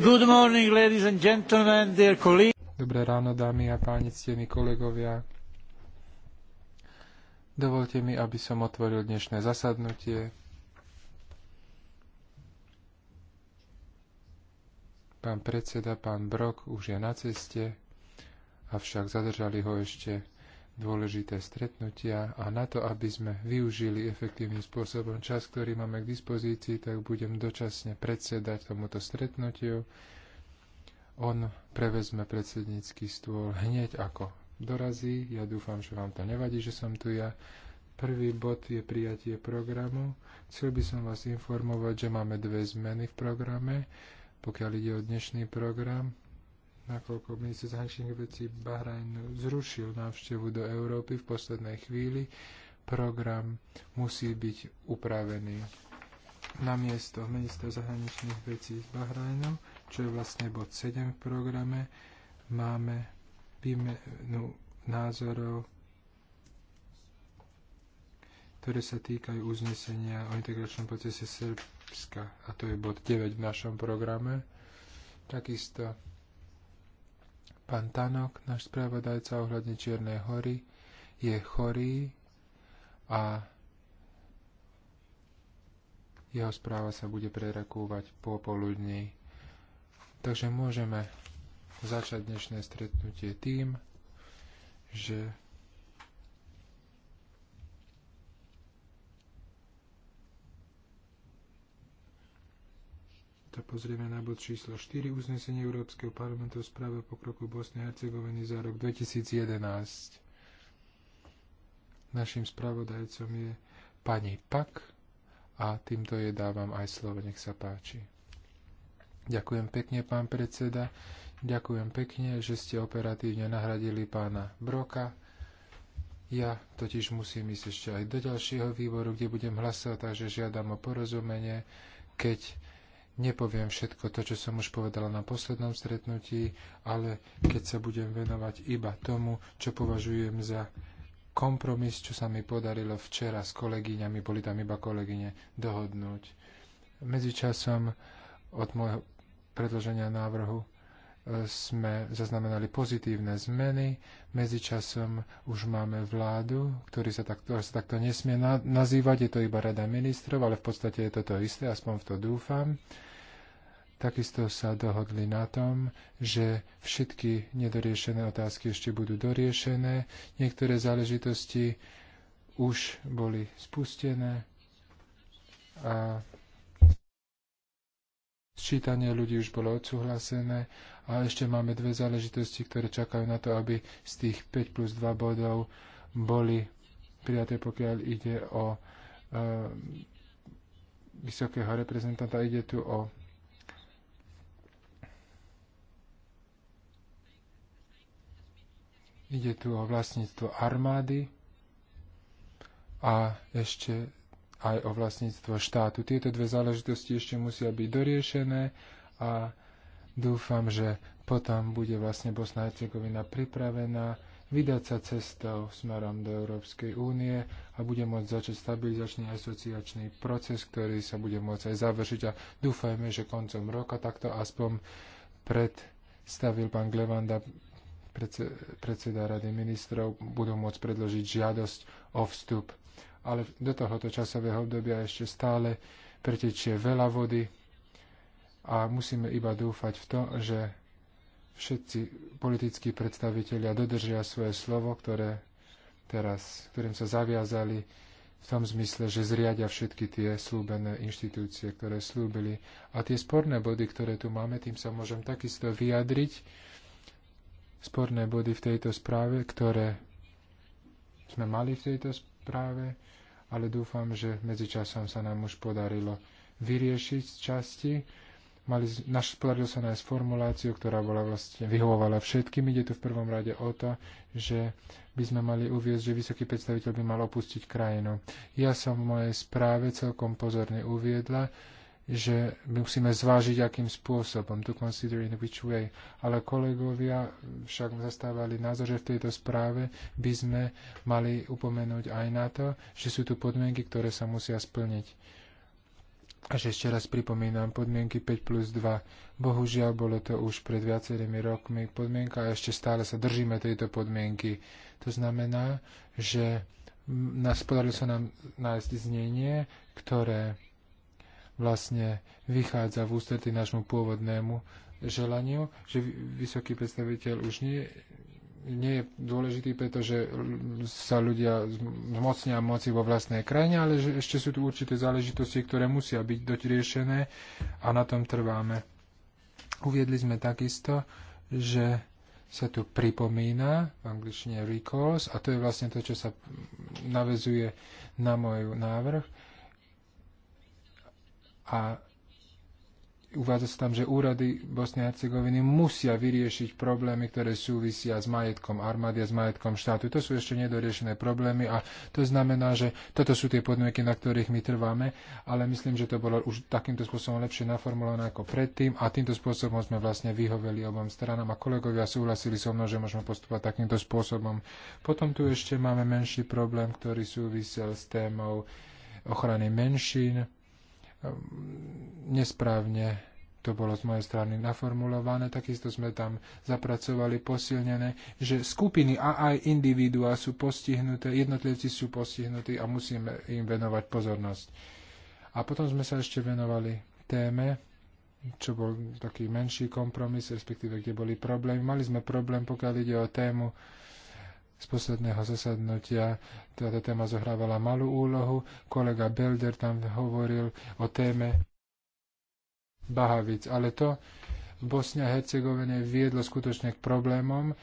Good morning, ladies and gentlemen, dear colleagues. Dobré ráno, dámy a páni, ctení kolegovia. Dovolte mi, aby som otvoril dnešné zasadnutie. Pán predseda, pán Brok už je na ceste, avšak zadržali ho ešte dôležité stretnutia a na to, aby sme využili efektívnym spôsobom čas, ktorý máme k dispozícii, tak budem dočasne predsedať tomuto stretnutiu. On prevezme predsednícky stôl hneď ako dorazí. Ja dúfam, že vám to nevadí, že som tu ja. Prvý bod je prijatie programu. Chcel by som vás informovať, že máme dve zmeny v programe. Pokiaľ ide o dnešný program, nakoľko minister zahraničných vecí Bahrajn zrušil návštevu do Európy v poslednej chvíli, program musí byť upravený. Na miesto ministra zahraničných vecí z Bahrajnu, čo je vlastne bod 7 v programe, máme výmenu názorov, ktoré sa týkajú uznesenia o integračnom procese Srbska, a to je bod 9 v našom programe. Takisto Pán Tanok, náš spravodajca ohľadne Čiernej hory, je chorý a jeho správa sa bude prerakúvať po poludní. Takže môžeme začať dnešné stretnutie tým, že sa pozrieme na bod číslo 4, uznesenie Európskeho parlamentu o správe pokroku Bosnej a Hercegoviny za rok 2011. Našim spravodajcom je pani Pak a týmto je dávam aj slovo, nech sa páči. Ďakujem pekne, pán predseda. Ďakujem pekne, že ste operatívne nahradili pána Broka. Ja totiž musím ísť ešte aj do ďalšieho výboru, kde budem hlasovať, takže žiadam o porozumenie, keď Nepoviem všetko to, čo som už povedala na poslednom stretnutí, ale keď sa budem venovať iba tomu, čo považujem za kompromis, čo sa mi podarilo včera s kolegyňami, boli tam iba kolegyne, dohodnúť. Medzičasom od môjho predloženia návrhu e, sme zaznamenali pozitívne zmeny. Medzičasom už máme vládu, ktorý sa takto, sa takto nesmie na, nazývať. Je to iba rada ministrov, ale v podstate je to to isté, aspoň v to dúfam. Takisto sa dohodli na tom, že všetky nedoriešené otázky ešte budú doriešené. Niektoré záležitosti už boli spustené a sčítanie ľudí už bolo odsúhlasené a ešte máme dve záležitosti, ktoré čakajú na to, aby z tých 5 plus 2 bodov boli prijaté, pokiaľ ide o e, vysokého reprezentanta. Ide tu o Ide tu o vlastníctvo armády a ešte aj o vlastníctvo štátu. Tieto dve záležitosti ešte musia byť doriešené a dúfam, že potom bude vlastne Bosna Hercegovina pripravená vydať sa cestou smerom do Európskej únie a bude môcť začať stabilizačný asociačný proces, ktorý sa bude môcť aj završiť a dúfajme, že koncom roka takto aspoň predstavil pán Glevanda predseda Rady ministrov budú môcť predložiť žiadosť o vstup. Ale do tohoto časového obdobia ešte stále pretečie veľa vody a musíme iba dúfať v to, že všetci politickí predstavitelia dodržia svoje slovo, ktoré teraz, ktorým sa zaviazali v tom zmysle, že zriadia všetky tie slúbené inštitúcie, ktoré slúbili. A tie sporné body, ktoré tu máme, tým sa môžem takisto vyjadriť sporné body v tejto správe, ktoré sme mali v tejto správe, ale dúfam, že medzičasom sa nám už podarilo vyriešiť z časti. Mali, naš, podarilo sa nájsť formuláciu, ktorá bola vlastne vyhovovala všetkým. Ide tu v prvom rade o to, že by sme mali uviezť, že vysoký predstaviteľ by mal opustiť krajinu. Ja som v mojej správe celkom pozorne uviedla, že musíme zvážiť, akým spôsobom, to consider in which way. Ale kolegovia však zastávali názor, že v tejto správe by sme mali upomenúť aj na to, že sú tu podmienky, ktoré sa musia splniť. A že ešte raz pripomínam, podmienky 5 plus 2. Bohužiaľ, bolo to už pred viacerými rokmi podmienka a ešte stále sa držíme tejto podmienky. To znamená, že nás podarilo sa nám nájsť znenie, ktoré vlastne vychádza v ústretí nášmu pôvodnému želaniu, že vysoký predstaviteľ už nie, nie je dôležitý, pretože sa ľudia zmocnia moci vo vlastnej krajine, ale že ešte sú tu určité záležitosti, ktoré musia byť dotriešené a na tom trváme. Uviedli sme takisto, že sa tu pripomína v angličtine recalls a to je vlastne to, čo sa navezuje na môj návrh, a uvádza sa tam, že úrady Bosnej a Hercegoviny musia vyriešiť problémy, ktoré súvisia s majetkom armády a s majetkom štátu. To sú ešte nedoriešené problémy a to znamená, že toto sú tie podmienky, na ktorých my trváme, ale myslím, že to bolo už takýmto spôsobom lepšie naformulované ako predtým a týmto spôsobom sme vlastne vyhoveli obom stranám a kolegovia súhlasili so mnou, že môžeme postupovať takýmto spôsobom. Potom tu ešte máme menší problém, ktorý súvisel s témou ochrany menšín Ehm, nesprávne to bolo z mojej strany naformulované, takisto sme tam zapracovali posilnené, že skupiny a aj individuá sú postihnuté, jednotlivci sú postihnutí a musíme im venovať pozornosť. A potom sme sa ešte venovali téme, čo bol taký menší kompromis, respektíve kde boli problémy. Mali sme problém, pokiaľ ide o tému z posledného zasadnutia táto téma zohrávala malú úlohu. Kolega Belder tam hovoril o téme Bahavic. Ale to v Bosne a Hercegovine viedlo skutočne k problémom e,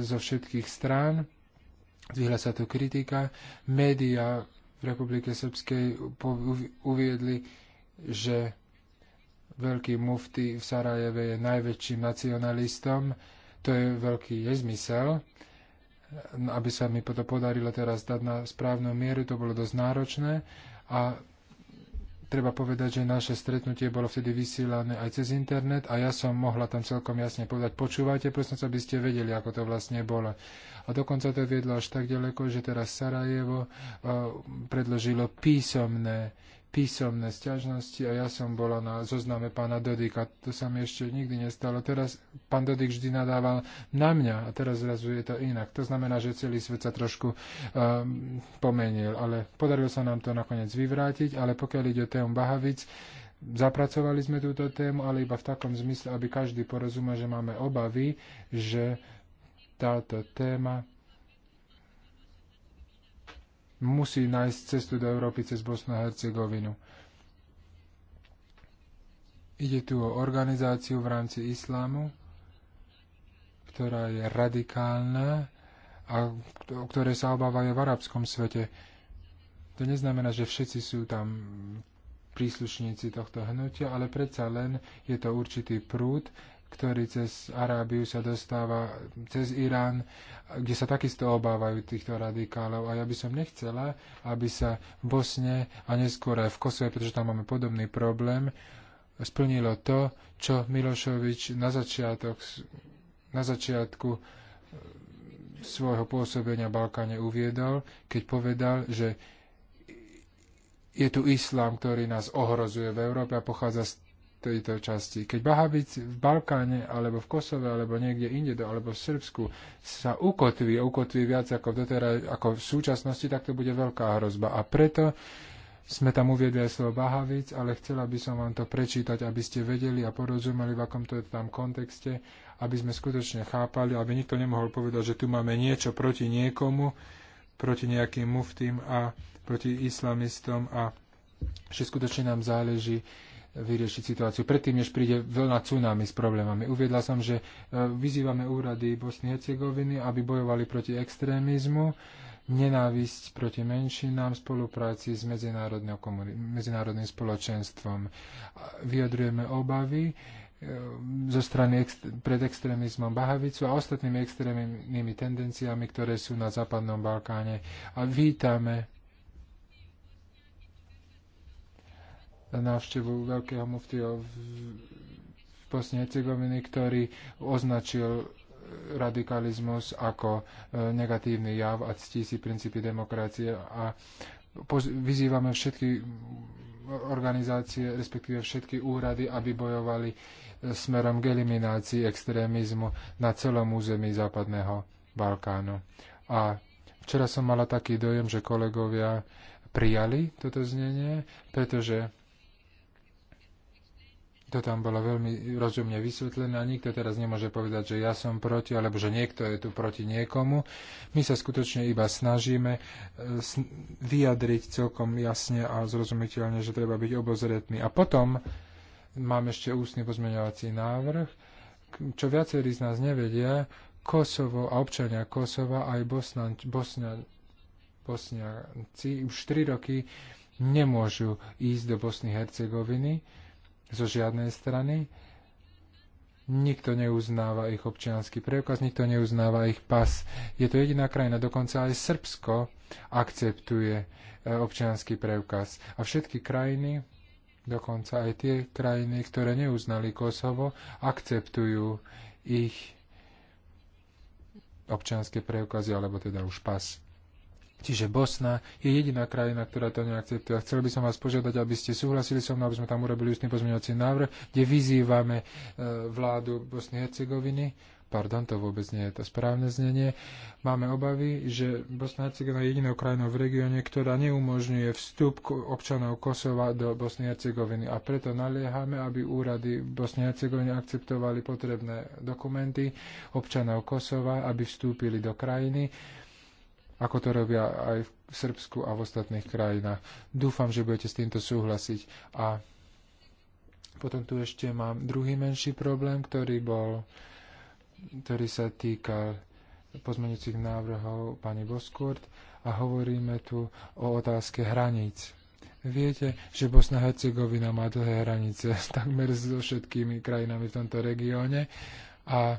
zo všetkých strán. Zvihla sa tu kritika. Média v Republike Srbskej uviedli, že veľký mufty v Sarajeve je najväčším nacionalistom. To je veľký nezmysel aby sa mi to podarilo teraz dať na správnu mieru, to bolo dosť náročné a treba povedať, že naše stretnutie bolo vtedy vysielané aj cez internet a ja som mohla tam celkom jasne povedať, počúvajte, prosím aby ste vedeli, ako to vlastne bolo. A dokonca to viedlo až tak ďaleko, že teraz Sarajevo uh, predložilo písomné, písomné sťažnosti a ja som bola na zozname pána Dodika. To sa mi ešte nikdy nestalo. Teraz pán Dodik vždy nadával na mňa a teraz zrazu je to inak. To znamená, že celý svet sa trošku um, pomenil, ale podarilo sa nám to nakoniec vyvrátiť, ale pokiaľ ide o tému Bahavic, zapracovali sme túto tému, ale iba v takom zmysle, aby každý porozumel, že máme obavy, že táto téma musí nájsť cestu do Európy cez Bosnu a Hercegovinu. Ide tu o organizáciu v rámci islámu, ktorá je radikálna a o ktoré sa obávajú v arabskom svete. To neznamená, že všetci sú tam príslušníci tohto hnutia, ale predsa len je to určitý prúd, ktorý cez Arábiu sa dostáva cez Irán, kde sa takisto obávajú týchto radikálov. A ja by som nechcela, aby sa v Bosne a neskôr aj v Kosove, pretože tam máme podobný problém, splnilo to, čo Milošovič na, začiatok, na začiatku e, svojho pôsobenia v Balkáne uviedol, keď povedal, že je tu islám, ktorý nás ohrozuje v Európe a pochádza z tejto časti. Keď Bahavíc v Balkáne, alebo v Kosove, alebo niekde inde, alebo v Srbsku sa ukotví, ukotví viac ako, dotera, ako v súčasnosti, tak to bude veľká hrozba. A preto sme tam uviedli aj slovo Bahavic, ale chcela by som vám to prečítať, aby ste vedeli a porozumeli, v akom to je tam kontexte, aby sme skutočne chápali, aby nikto nemohol povedať, že tu máme niečo proti niekomu, proti nejakým muftým a proti islamistom a že skutočne nám záleží vyriešiť situáciu predtým, než príde veľa tsunami s problémami. Uviedla som, že e, vyzývame úrady Bosny Hercegoviny, aby bojovali proti extrémizmu, nenávisť proti menšinám, spolupráci s medzinárodným spoločenstvom. Vyjadrujeme obavy e, zo strany pred extrémizmom Bahavicu a ostatnými extrémnymi tendenciami, ktoré sú na Západnom Balkáne. A vítame návštevu veľkého muftia v Bosne Hercegoviny, ktorý označil radikalizmus ako e, negatívny jav a ctí si princípy demokracie a vyzývame všetky organizácie, respektíve všetky úrady, aby bojovali e, smerom k eliminácii extrémizmu na celom území Západného Balkánu. A včera som mala taký dojem, že kolegovia prijali toto znenie, pretože to tam bolo veľmi rozumne vysvetlené a nikto teraz nemôže povedať, že ja som proti alebo že niekto je tu proti niekomu. My sa skutočne iba snažíme e, vyjadriť celkom jasne a zrozumiteľne, že treba byť obozretný. A potom mám ešte ústny pozmeňovací návrh, čo viacerí z nás nevedia, Kosovo a občania Kosova aj Bosna, Bosnia, Bosniaci už 3 roky nemôžu ísť do Bosny Hercegoviny, zo žiadnej strany. Nikto neuznáva ich občianský preukaz, nikto neuznáva ich pas. Je to jediná krajina, dokonca aj Srbsko akceptuje e, občianský preukaz. A všetky krajiny, dokonca aj tie krajiny, ktoré neuznali Kosovo, akceptujú ich občianské preukazy, alebo teda už pas. Čiže Bosna je jediná krajina, ktorá to neakceptuje. Chcel by som vás požiadať, aby ste súhlasili so mnou, aby sme tam urobili ústny pozmeňovací návrh, kde vyzývame e, vládu Bosny Hercegoviny, pardon, to vôbec nie je to správne znenie, máme obavy, že Bosna a Hercegovina je jedinou krajinou v regióne, ktorá neumožňuje vstup občanov Kosova do Bosny a Hercegoviny a preto naliehame, aby úrady Bosny a Hercegoviny akceptovali potrebné dokumenty občanov Kosova, aby vstúpili do krajiny ako to robia aj v Srbsku a v ostatných krajinách. Dúfam, že budete s týmto súhlasiť. A potom tu ešte mám druhý menší problém, ktorý bol, ktorý sa týkal pozmeňujúcich návrhov pani Boskurt a hovoríme tu o otázke hraníc. Viete, že Bosna Hercegovina má dlhé hranice takmer so všetkými krajinami v tomto regióne a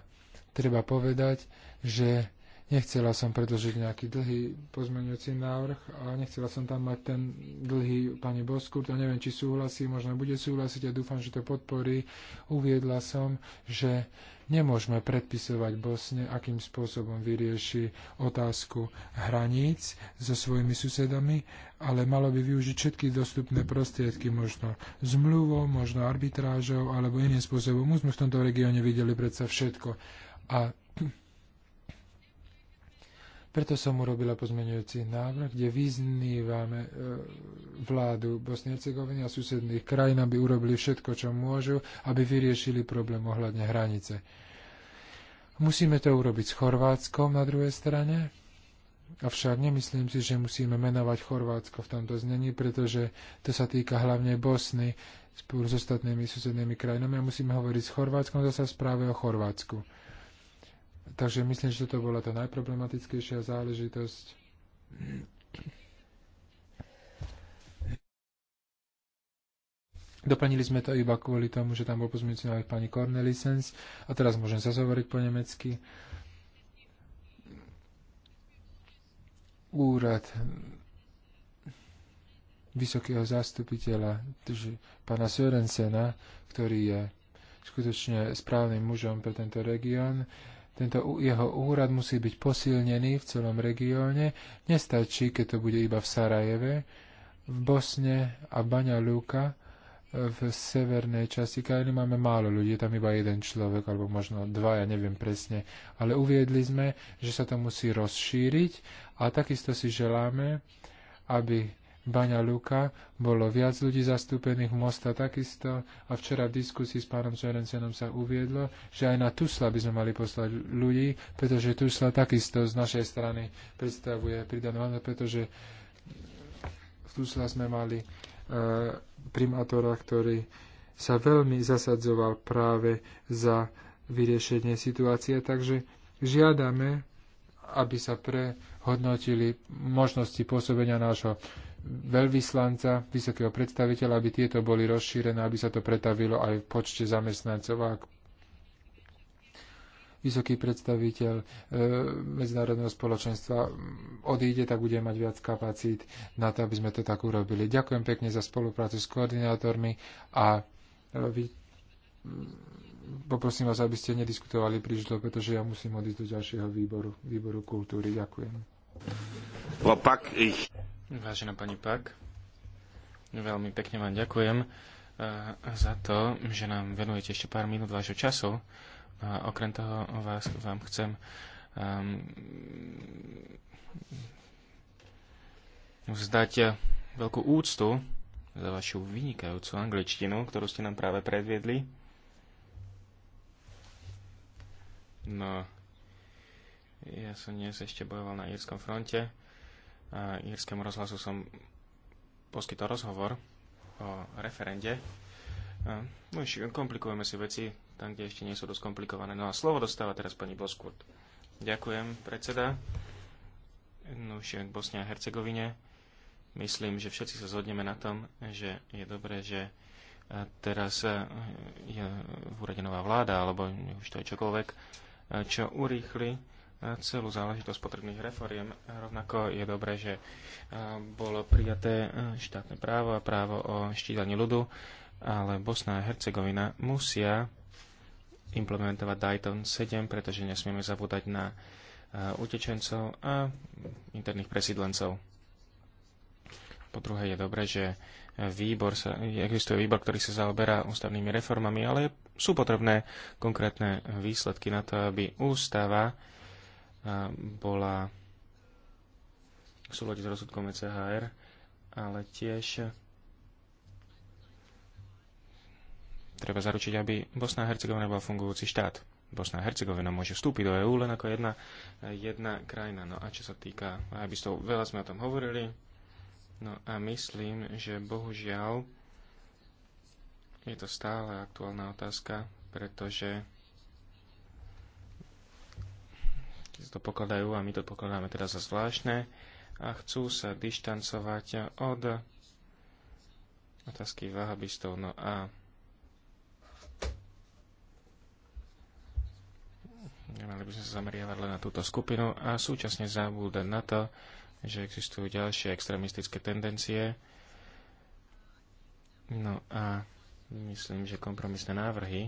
treba povedať, že Nechcela som predložiť nejaký dlhý pozmeňujúci návrh a nechcela som tam mať ten dlhý pani Boskur, to neviem, či súhlasí, možno bude súhlasiť a dúfam, že to podporí. Uviedla som, že nemôžeme predpisovať Bosne, akým spôsobom vyrieši otázku hraníc so svojimi susedami, ale malo by využiť všetky dostupné prostriedky, možno zmluvou, možno arbitrážou alebo iným spôsobom. Už sme v tomto regióne videli predsa všetko. A preto som urobila pozmeňujúci návrh, kde vyznívame e, vládu a Hercegoviny a susedných krajín, aby urobili všetko, čo môžu, aby vyriešili problém ohľadne hranice. Musíme to urobiť s Chorvátskom na druhej strane, avšak nemyslím si, že musíme menovať Chorvátsko v tomto znení, pretože to sa týka hlavne Bosny spolu s ostatnými susednými krajinami a musíme hovoriť s Chorvátskom zase v správe o Chorvátsku. Takže myslím, že to bola tá najproblematickejšia záležitosť. Doplnili sme to iba kvôli tomu, že tam bol pozmeňujúci návrh pani Cornelisens a teraz môžem sa hovoriť po nemecky. Úrad vysokého zastupiteľa, tži, pána Sörensena, ktorý je skutočne správnym mužom pre tento región, tento jeho úrad musí byť posilnený v celom regióne. Nestačí, keď to bude iba v Sarajeve, v Bosne a Baňa Luka, v severnej časti krajiny máme málo ľudí, tam iba jeden človek, alebo možno dva, ja neviem presne. Ale uviedli sme, že sa to musí rozšíriť a takisto si želáme, aby Baňa Luka bolo viac ľudí zastúpených, Mosta takisto a včera v diskusii s pánom Čerencenom sa uviedlo, že aj na Tusla by sme mali poslať ľudí, pretože Tusla takisto z našej strany predstavuje pridanú pretože v Tusla sme mali e, primátora, ktorý sa veľmi zasadzoval práve za vyriešenie situácie, takže žiadame, aby sa prehodnotili možnosti pôsobenia nášho veľvyslanca, vysokého predstaviteľa, aby tieto boli rozšírené, aby sa to pretavilo aj v počte zamestnancov. Ak vysoký predstaviteľ e, medzinárodného spoločenstva odíde, tak bude mať viac kapacít na to, aby sme to tak urobili. Ďakujem pekne za spoluprácu s koordinátormi a e, vy, poprosím vás, aby ste nediskutovali príliš dlho, pretože ja musím odísť do ďalšieho výboru, výboru kultúry. Ďakujem. Opak ich. Vážená pani Pak, veľmi pekne vám ďakujem eh, za to, že nám venujete ešte pár minút vášho času. A okrem toho vás, vám chcem ehm, vzdať eh, veľkú úctu za vašu vynikajúcu angličtinu, ktorú ste nám práve predviedli. No, ja som dnes ešte bojoval na írskom fronte írskému rozhlasu som poskytol rozhovor o referende. No, ešte komplikujeme si veci tam, kde ešte nie sú dosť komplikované. No a slovo dostáva teraz pani Boskurt. Ďakujem, predseda. No už k Bosne a Hercegovine. Myslím, že všetci sa zhodneme na tom, že je dobré, že teraz je v úrade nová vláda, alebo už to je čokoľvek, čo urýchli celú záležitosť potrebných reforiem. Rovnako je dobré, že bolo prijaté štátne právo a právo o štítaní ľudu, ale Bosna a Hercegovina musia implementovať Dayton 7, pretože nesmieme zabúdať na utečencov a interných presídlencov. Po druhé je dobré, že výbor sa, existuje výbor, ktorý sa zaoberá ústavnými reformami, ale sú potrebné konkrétne výsledky na to, aby ústava bola v súlade s rozsudkom ECHR, ale tiež treba zaručiť, aby Bosna a Hercegovina bola fungujúci štát. Bosna a Hercegovina môže vstúpiť do EÚ len ako jedna, jedna krajina. No a čo sa týka, aby s tou veľa sme o tom hovorili, no a myslím, že bohužiaľ je to stále aktuálna otázka, pretože si to pokladajú a my to pokladáme teda za zvláštne a chcú sa dištancovať od otázky vahabistov. No a nemali by sme sa zameriavať len na túto skupinu a súčasne zabúdať na to, že existujú ďalšie extremistické tendencie. No a myslím, že kompromisné návrhy,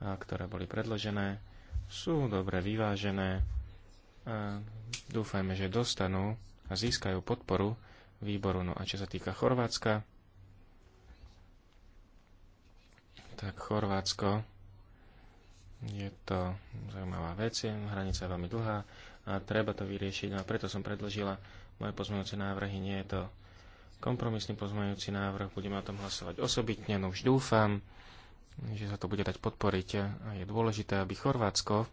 ktoré boli predložené, sú dobre vyvážené a dúfajme, že dostanú a získajú podporu výboru. No a čo sa týka Chorvátska, tak Chorvátsko je to zaujímavá vec, je, hranica je veľmi dlhá a treba to vyriešiť. No a preto som predložila moje pozmeňujúce návrhy. Nie je to kompromisný pozmeňujúci návrh, budeme o tom hlasovať osobitne, no už dúfam, že sa to bude dať podporiť a je dôležité, aby Chorvátsko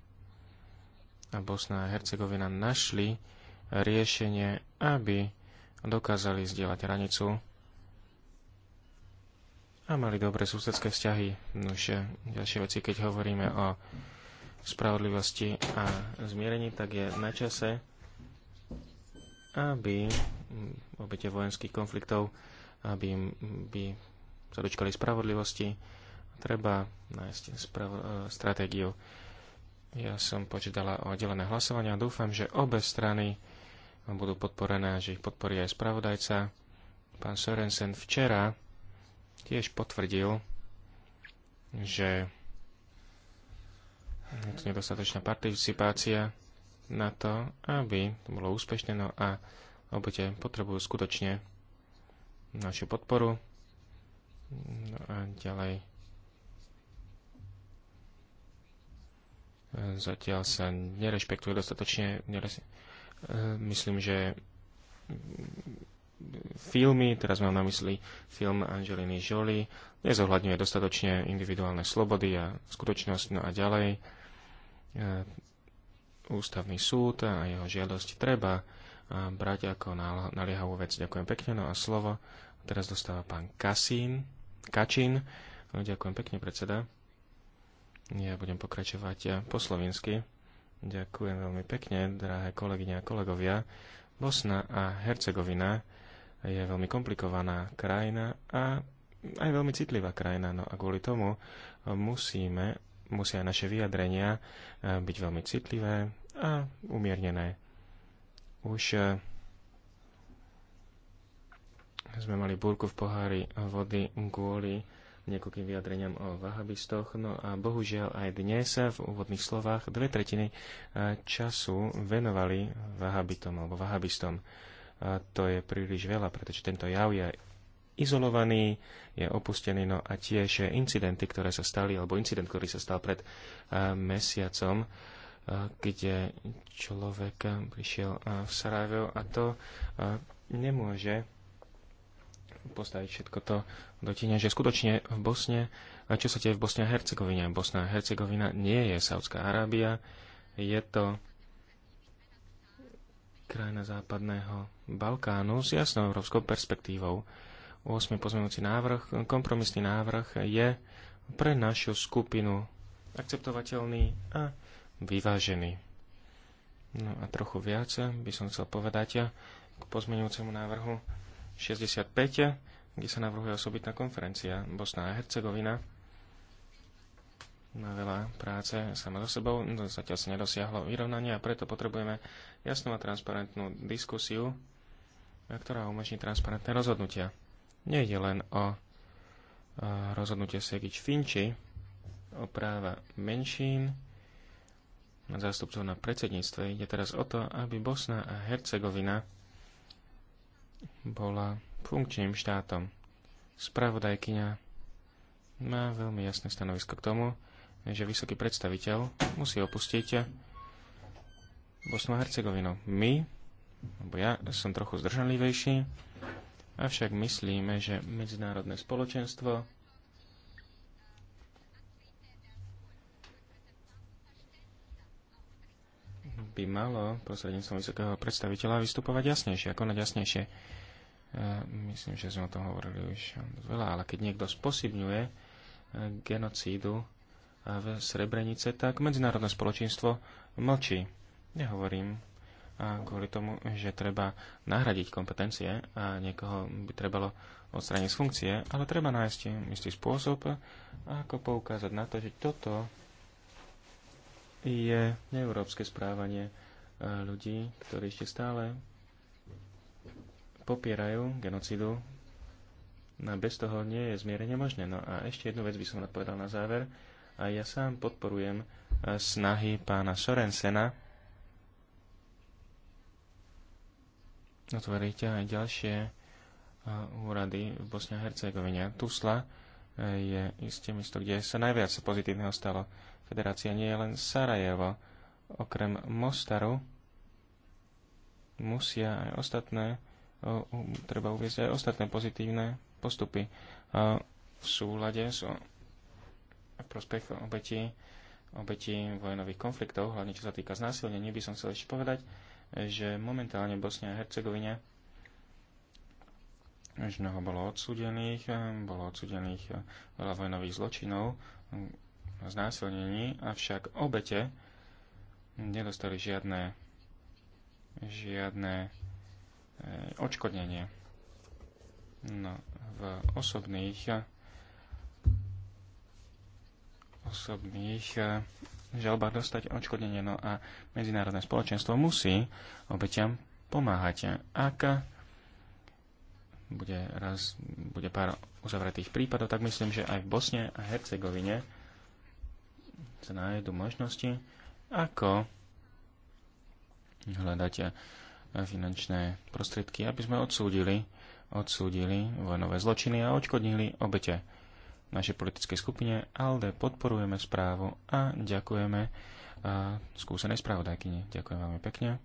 a Bosna a Hercegovina našli riešenie, aby dokázali zdieľať hranicu a mali dobré susedské vzťahy. Nož eh, ďalšie veci, keď hovoríme o spravodlivosti a zmierení, tak je na čase, aby mm, obete vojenských konfliktov, aby mm, by sa dočkali spravodlivosti. Treba nájsť spravo- eh, stratégiu ja som počítala o oddelené hlasovanie a dúfam, že obe strany budú podporené, že ich podporí aj spravodajca. Pán Sorensen včera tiež potvrdil, že je to nedostatočná participácia na to, aby to bolo úspešné, no a obete potrebujú skutočne našu podporu. No a ďalej zatiaľ sa nerešpektuje dostatočne. Neres... E, myslím, že filmy, teraz mám na mysli film Angeliny Jolie, nezohľadňuje dostatočne individuálne slobody a skutočnosť, no a ďalej. E, Ústavný súd a jeho žiadosť treba e, brať ako naliehavú vec. Ďakujem pekne, no a slovo teraz dostáva pán Kasín, Kačín. No, ďakujem pekne, predseda. Ja budem pokračovať ja eh, po slovensky. Ďakujem veľmi pekne, drahé kolegyne a kolegovia. Bosna a Hercegovina je veľmi komplikovaná krajina a aj veľmi citlivá krajina. No a kvôli tomu eh, musíme, musia naše vyjadrenia eh, byť veľmi citlivé a umiernené. Už sme mali búrku v pohári vody kvôli niekoľkým vyjadreniam o vahabistoch. No a bohužiaľ aj dnes v úvodných slovách dve tretiny e, času venovali vahabitom alebo vahabistom. A e, to je príliš veľa, pretože tento jav je izolovaný, je opustený, no a tiež incidenty, ktoré sa stali, alebo incident, ktorý sa stal pred e, mesiacom, kde človek prišiel v Sarajevo a to nemôže postaviť všetko to do tieňa, že skutočne v Bosne, a čo sa tie v Bosne a Hercegovine, Bosna a Hercegovina nie je Saudská Arábia, je to krajina západného Balkánu s jasnou európskou perspektívou. 8. pozmeňujúci návrh, kompromisný návrh je pre našu skupinu akceptovateľný a vyvážený. No a trochu viac by som chcel povedať ja k pozmeňujúcemu návrhu 65, kde sa navrhuje osobitná konferencia Bosna a Hercegovina. Má veľa práce sama so sebou, no zatiaľ sa nedosiahlo vyrovnanie a preto potrebujeme jasnú a transparentnú diskusiu, ktorá umožní transparentné rozhodnutia. Nejde len o e, rozhodnutie Segič Finči o práva menšín, zástupcov na predsedníctve. Ide teraz o to, aby Bosna a Hercegovina bola funkčným štátom. Spravodajkyňa má veľmi jasné stanovisko k tomu, že vysoký predstaviteľ musí opustiť Bosnu a Hercegovinu. My, lebo ja som trochu zdržanlivejší, avšak myslíme, že medzinárodné spoločenstvo by malo prostredníctvom vysokého predstaviteľa vystupovať jasnejšie Ako konať jasnejšie. E, myslím, že sme o tom hovorili už veľa, ale keď niekto sposibňuje e, genocídu e, v Srebrenice, tak medzinárodné spoločenstvo mlčí. Nehovorím a kvôli tomu, že treba nahradiť kompetencie a niekoho by trebalo odstrániť z funkcie, ale treba nájsť istý spôsob, ako poukázať na to, že toto je neeurópske správanie e, ľudí, ktorí ešte stále popierajú genocidu. No bez toho nie je zmierenie možné. No a ešte jednu vec by som rád povedal na záver. A ja sám podporujem e, snahy pána Sorensena otvoriť aj ďalšie e, úrady v Bosne a Hercegovine. Tusla je isté miesto, kde sa najviac pozitívneho stalo federácia nie je len Sarajevo. Okrem Mostaru musia aj ostatné, treba uvieť aj ostatné pozitívne postupy v súlade s v prospech obetí, obetí vojnových konfliktov, hlavne čo sa týka znásilnení, by som chcel ešte povedať, že momentálne Bosnia a Hercegovina už mnoho bolo odsudených, bolo odsudených veľa vojnových zločinov, znásilnení, avšak obete nedostali žiadne, žiadne eh, odškodnenie. No, v osobných osobných eh, žalbách dostať odškodnenie. No a medzinárodné spoločenstvo musí obeťam pomáhať. Ak bude, raz, bude pár uzavretých prípadov, tak myslím, že aj v Bosne a Hercegovine sa nájdu možnosti, ako hľadať eh, finančné prostriedky, aby sme odsúdili, odsúdili vojnové zločiny a odškodnili obete. V našej politickej skupine ALDE podporujeme správu a ďakujeme eh, skúsenej správodajkyni. Ďakujem veľmi pekne.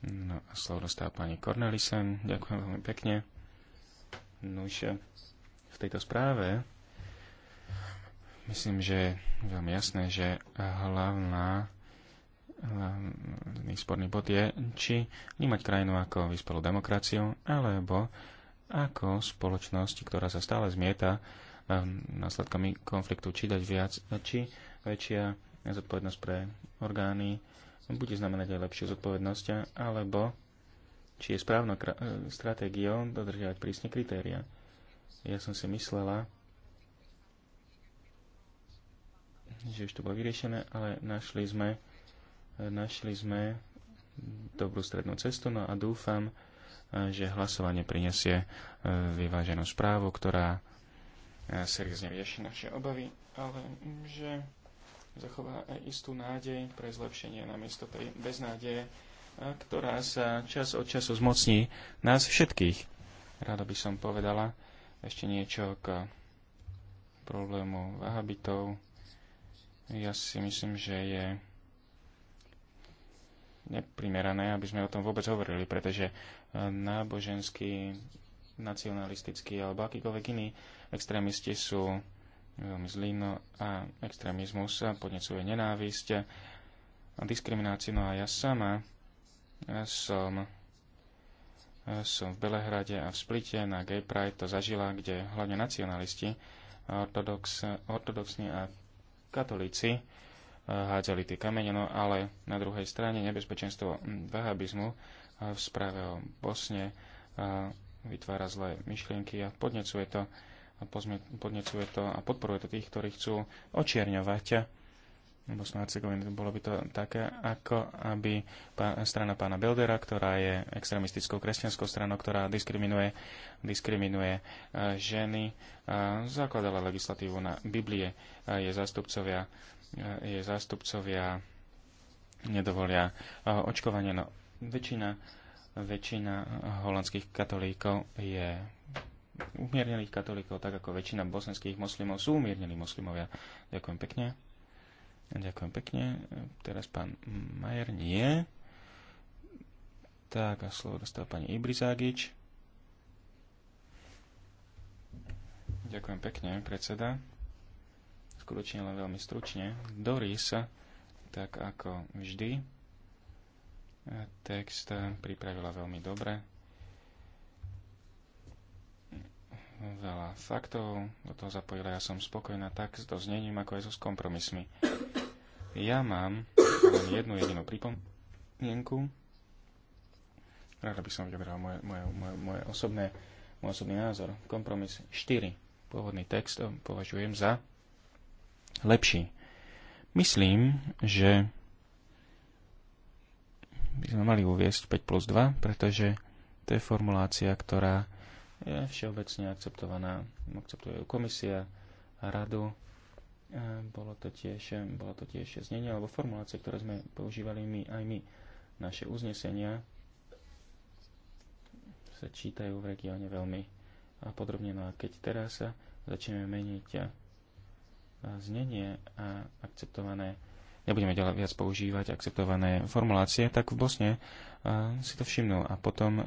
No a slovo dostáva pani Cornelisen. Ďakujem veľmi pekne. No, v tejto správe, myslím, že je veľmi jasné, že hlavná hlavný sporný bod je, či vnímať krajinu ako vyspelú demokraciu, alebo ako spoločnosť, ktorá sa stále zmieta um, následkami konfliktu, či dať viac, či väčšia zodpovednosť pre orgány bude znamenať aj lepšiu zodpovednosť, alebo či je správnou eh, stratégiou dodržiavať prísne kritéria. Ja som si myslela, že už to bolo vyriešené, ale našli sme, našli sme dobrú strednú cestu no a dúfam, že hlasovanie prinesie e, vyváženú správu, ktorá e, seriózne rieši naše obavy, ale že zachová aj istú nádej pre zlepšenie namiesto tej beznádeje, ktorá sa čas od času zmocní nás všetkých. rado by som povedala, ešte niečo k problému vahabitov. Ja si myslím, že je neprimerané, aby sme o tom vôbec hovorili, pretože e, náboženský, nacionalistický alebo akýkoľvek iní extrémisti sú veľmi zlí no a extrémizmus podnecuje nenávisť a diskrimináciu. No a ja sama ja som E, som v Belehrade a v Splite na Gay Pride to zažila, kde hlavne nacionalisti, ortodox, ortodoxní a katolíci e, hádzali tie kamene, no ale na druhej strane nebezpečenstvo vahabizmu e, v správe o Bosne vytvára zlé myšlienky a podnecuje to, podnecuje to a podporuje to tých, ktorí chcú očierňovať Bosnu a Hercegovinu. Bolo by to také, ako aby strana pána Beldera, ktorá je extremistickou kresťanskou stranou, ktorá diskriminuje, diskriminuje e, ženy, e, zakladala legislatívu na Biblie. E, je zástupcovia, je zástupcovia nedovolia očkovanie. No, väčšina, väčšina holandských katolíkov je umiernených katolíkov, tak ako väčšina bosenských moslimov sú umiernení moslimovia. Ďakujem pekne. Ďakujem pekne. Teraz pán Majer nie. Tak a slovo dostal pani Ibrizágič. Ďakujem pekne, predseda. Skutočne len veľmi stručne. Doris, tak ako vždy, text pripravila veľmi dobre. Veľa faktov do toho zapojila. Ja som spokojná tak s doznením, ako aj so s kompromismi. Ja mám len jednu jedinú pripomienku. Rada by som vyberal moje, moje, moje, moje osobné, môj osobný názor. Kompromis 4. Pôvodný text eh, považujem za lepší. Myslím, že by sme mali uviesť 5 plus 2, pretože to je formulácia, ktorá je všeobecne akceptovaná. Akceptuje komisia a radu bolo to tiež, bolo to tiež znenie alebo formulácie, ktoré sme používali my aj my. Naše uznesenia sa čítajú v regióne veľmi a podrobne. No a keď teraz sa začneme meniť znenie a akceptované, nebudeme ďalej viac používať akceptované formulácie, tak v Bosne si to všimnú a potom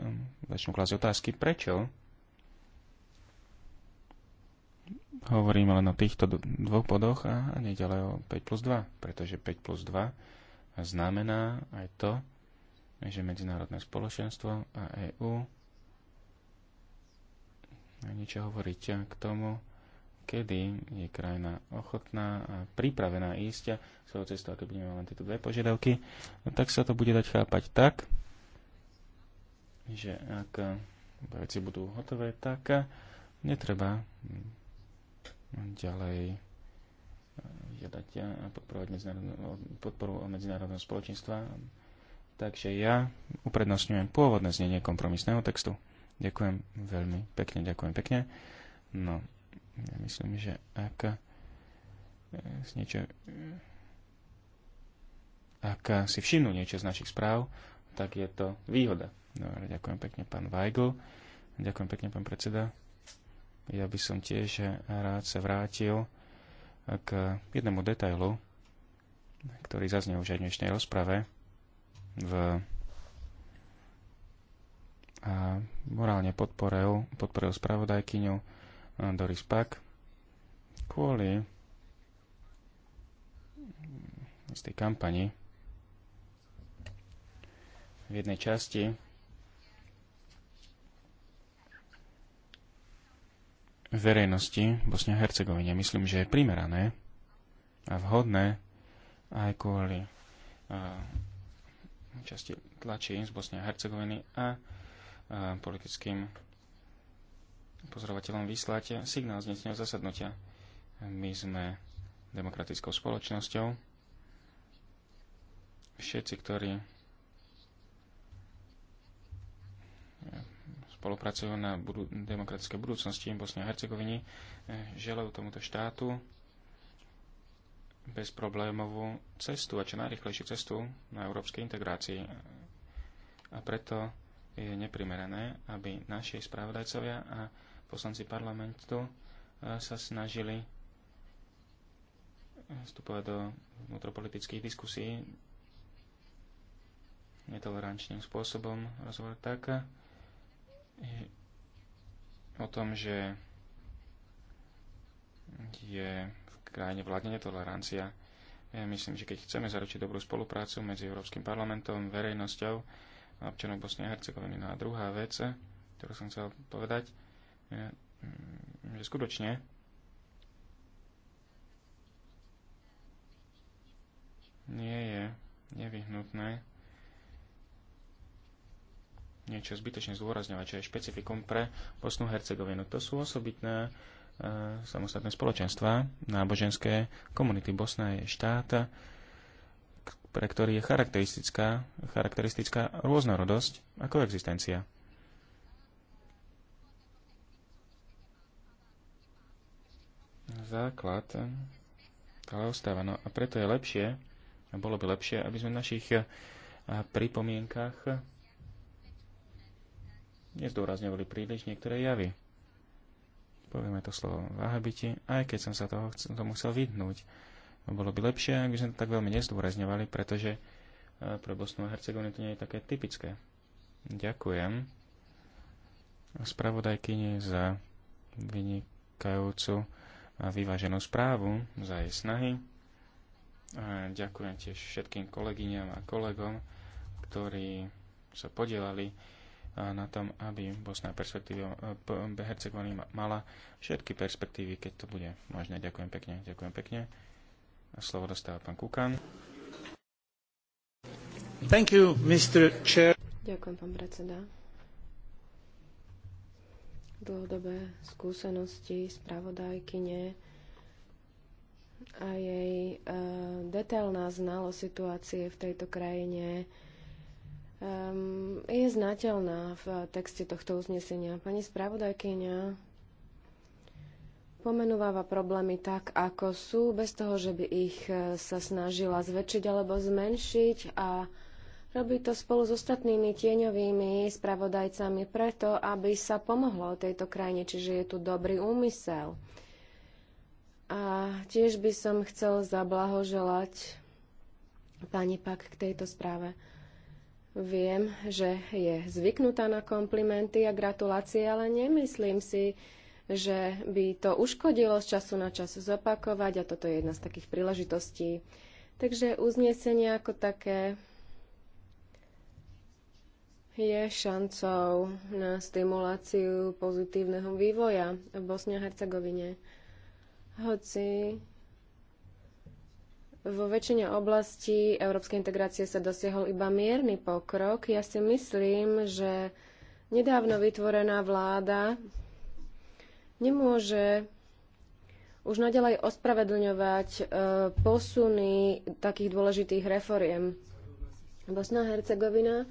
začnú klásť otázky, prečo Hovorím len o týchto dvoch bodoch a neďalej o 5 plus 2, pretože 5 plus 2 znamená aj to, že medzinárodné spoločenstvo a EÚ niečo hovoriť k tomu, kedy je krajina ochotná a pripravená ísť svojou cestou, keď budeme len tieto dve požiadavky, no tak sa to bude dať chápať tak, že ak veci budú hotové, tak netreba ďalej eh, žiadať a podporovať podporu medzinárodného spoločenstva. Takže ja uprednostňujem pôvodné znenie kompromisného textu. Ďakujem veľmi pekne, ďakujem pekne. No, ja myslím, že ak eh, z niečo, eh, ak si všimnú niečo z našich správ, tak je to výhoda. Dobre, ďakujem pekne, pán Weigl. Ďakujem pekne, pán predseda ja by som tiež rád sa vrátil k jednému detailu, ktorý zaznel už aj v dnešnej rozprave v a morálne podporil, podporil spravodajkyňu eh, Doris Pak kvôli z tej kampani v jednej časti verejnosti v Bosne a Hercegovine. Myslím, že je primerané a vhodné aj kvôli časti tlačí z Bosne a Hercegoviny a politickým pozorovateľom vyslať signál z dnešného zasadnutia. My sme demokratickou spoločnosťou. Všetci, ktorí spolupracujú na budu- demokratické budúcnosti v Bosne a Hercegovini, eh, želajú tomuto štátu bezproblémovú cestu a čo najrychlejšiu cestu na európskej integrácii. A preto je neprimerané, aby naši spravodajcovia a poslanci parlamentu eh, sa snažili eh, vstupovať do vnútropolitických diskusí netolerančným spôsobom rozhovor tak, o tom, že je v krajine vládne netolerancia. Ja myslím, že keď chceme zaručiť dobrú spoluprácu medzi Európskym parlamentom, verejnosťou a občanom Bosnej a Hercegoviny. No a druhá vec, ktorú som chcel povedať, je, mm, že skutočne nie je nevyhnutné niečo zbytočne zdôrazňovať, čo je špecifikum pre Bosnu Hercegovinu. To sú osobitné e, samostatné spoločenstva, náboženské komunity. Bosna je štát, pre ktorý je charakteristická, charakteristická rôznorodosť ako existencia. Základ ale ostáva. No a preto je lepšie, a bolo by lepšie, aby sme v našich e, pripomienkach nezdôrazňovali príliš niektoré javy. Povieme to slovo váhabiti, aj keď som sa toho, chcel, to musel vyhnúť. Bolo by lepšie, ak by sme to tak veľmi nezdôrazňovali, pretože e, pre Bosnu a Hercegovinu to nie je také typické. Ďakujem spravodajkyni za vynikajúcu a vyváženú správu, za jej snahy. A ďakujem tiež všetkým kolegyňam a kolegom, ktorí sa podielali na tom, aby Bosna perspektíva Hercegovina eh, mala všetky perspektívy, keď to bude možné. Ďakujem pekne, ďakujem pekne. A slovo dostáva pán Kukan. Thank you, Mr. Chair. Ďakujem, pán predseda. Dlhodobé skúsenosti spravodajkyne a jej uh, detailná znalosť situácie v tejto krajine uh, um, je znateľná v texte tohto uznesenia. Pani spravodajkyňa pomenúva problémy tak, ako sú, bez toho, že by ich e, sa snažila zväčšiť alebo zmenšiť a robí to spolu s ostatnými tieňovými spravodajcami preto, aby sa pomohlo tejto krajine, čiže je tu dobrý úmysel. A tiež by som chcel zablahoželať pani Pak k tejto správe. Viem, že je zvyknutá na komplimenty a gratulácie, ale nemyslím si, že by to uškodilo z času na čas zopakovať a toto je jedna z takých príležitostí. Takže uznesenie ako také je šancou na stimuláciu pozitívneho vývoja v Bosne a Hercegovine. Hoci vo väčšine oblastí európskej integrácie sa dosiahol iba mierny pokrok. Ja si myslím, že nedávno vytvorená vláda nemôže už naďalej ospravedlňovať e, posuny takých dôležitých reforiem. Bosna a Hercegovina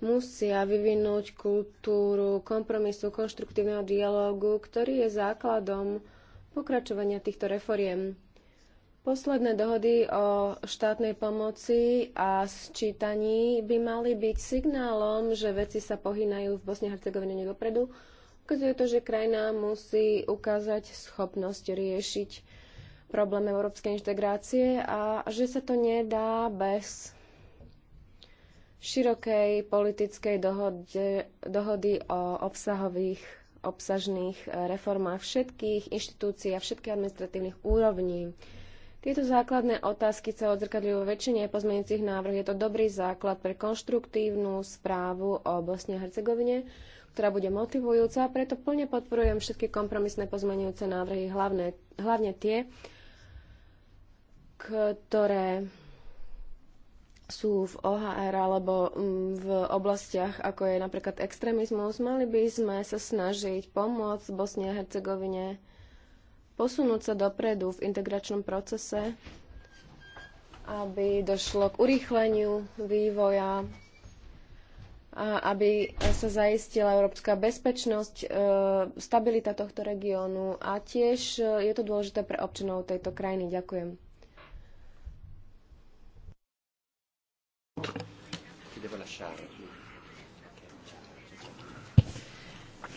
musia vyvinúť kultúru kompromisu, konštruktívneho dialógu, ktorý je základom pokračovania týchto reforiem. Posledné dohody o štátnej pomoci a sčítaní by mali byť signálom, že veci sa pohýnajú v Bosne a Hercegovine dopredu. Ukazuje to, že krajina musí ukázať schopnosť riešiť problém európskej integrácie a že sa to nedá bez širokej politickej dohode, dohody o obsahových obsažných eh, reformách všetkých inštitúcií a všetkých administratívnych úrovní. Tieto základné otázky sa odzrkadľujú väčšine pozmeňujúcich návrh. Je to dobrý základ pre konštruktívnu správu o Bosne a Hercegovine, ktorá bude motivujúca, preto plne podporujem všetky kompromisné pozmeňujúce návrhy, hlavne, hlavne tie, ktoré sú v OHR alebo mm, v oblastiach, ako je napríklad extrémizmus, mali by sme sa snažiť pomôcť Bosne a Hercegovine posunúť sa dopredu v integračnom procese, aby došlo k urýchleniu vývoja, a aby sa zaistila európska bezpečnosť, e, stabilita tohto regiónu a tiež e, je to dôležité pre občanov tejto krajiny. Ďakujem.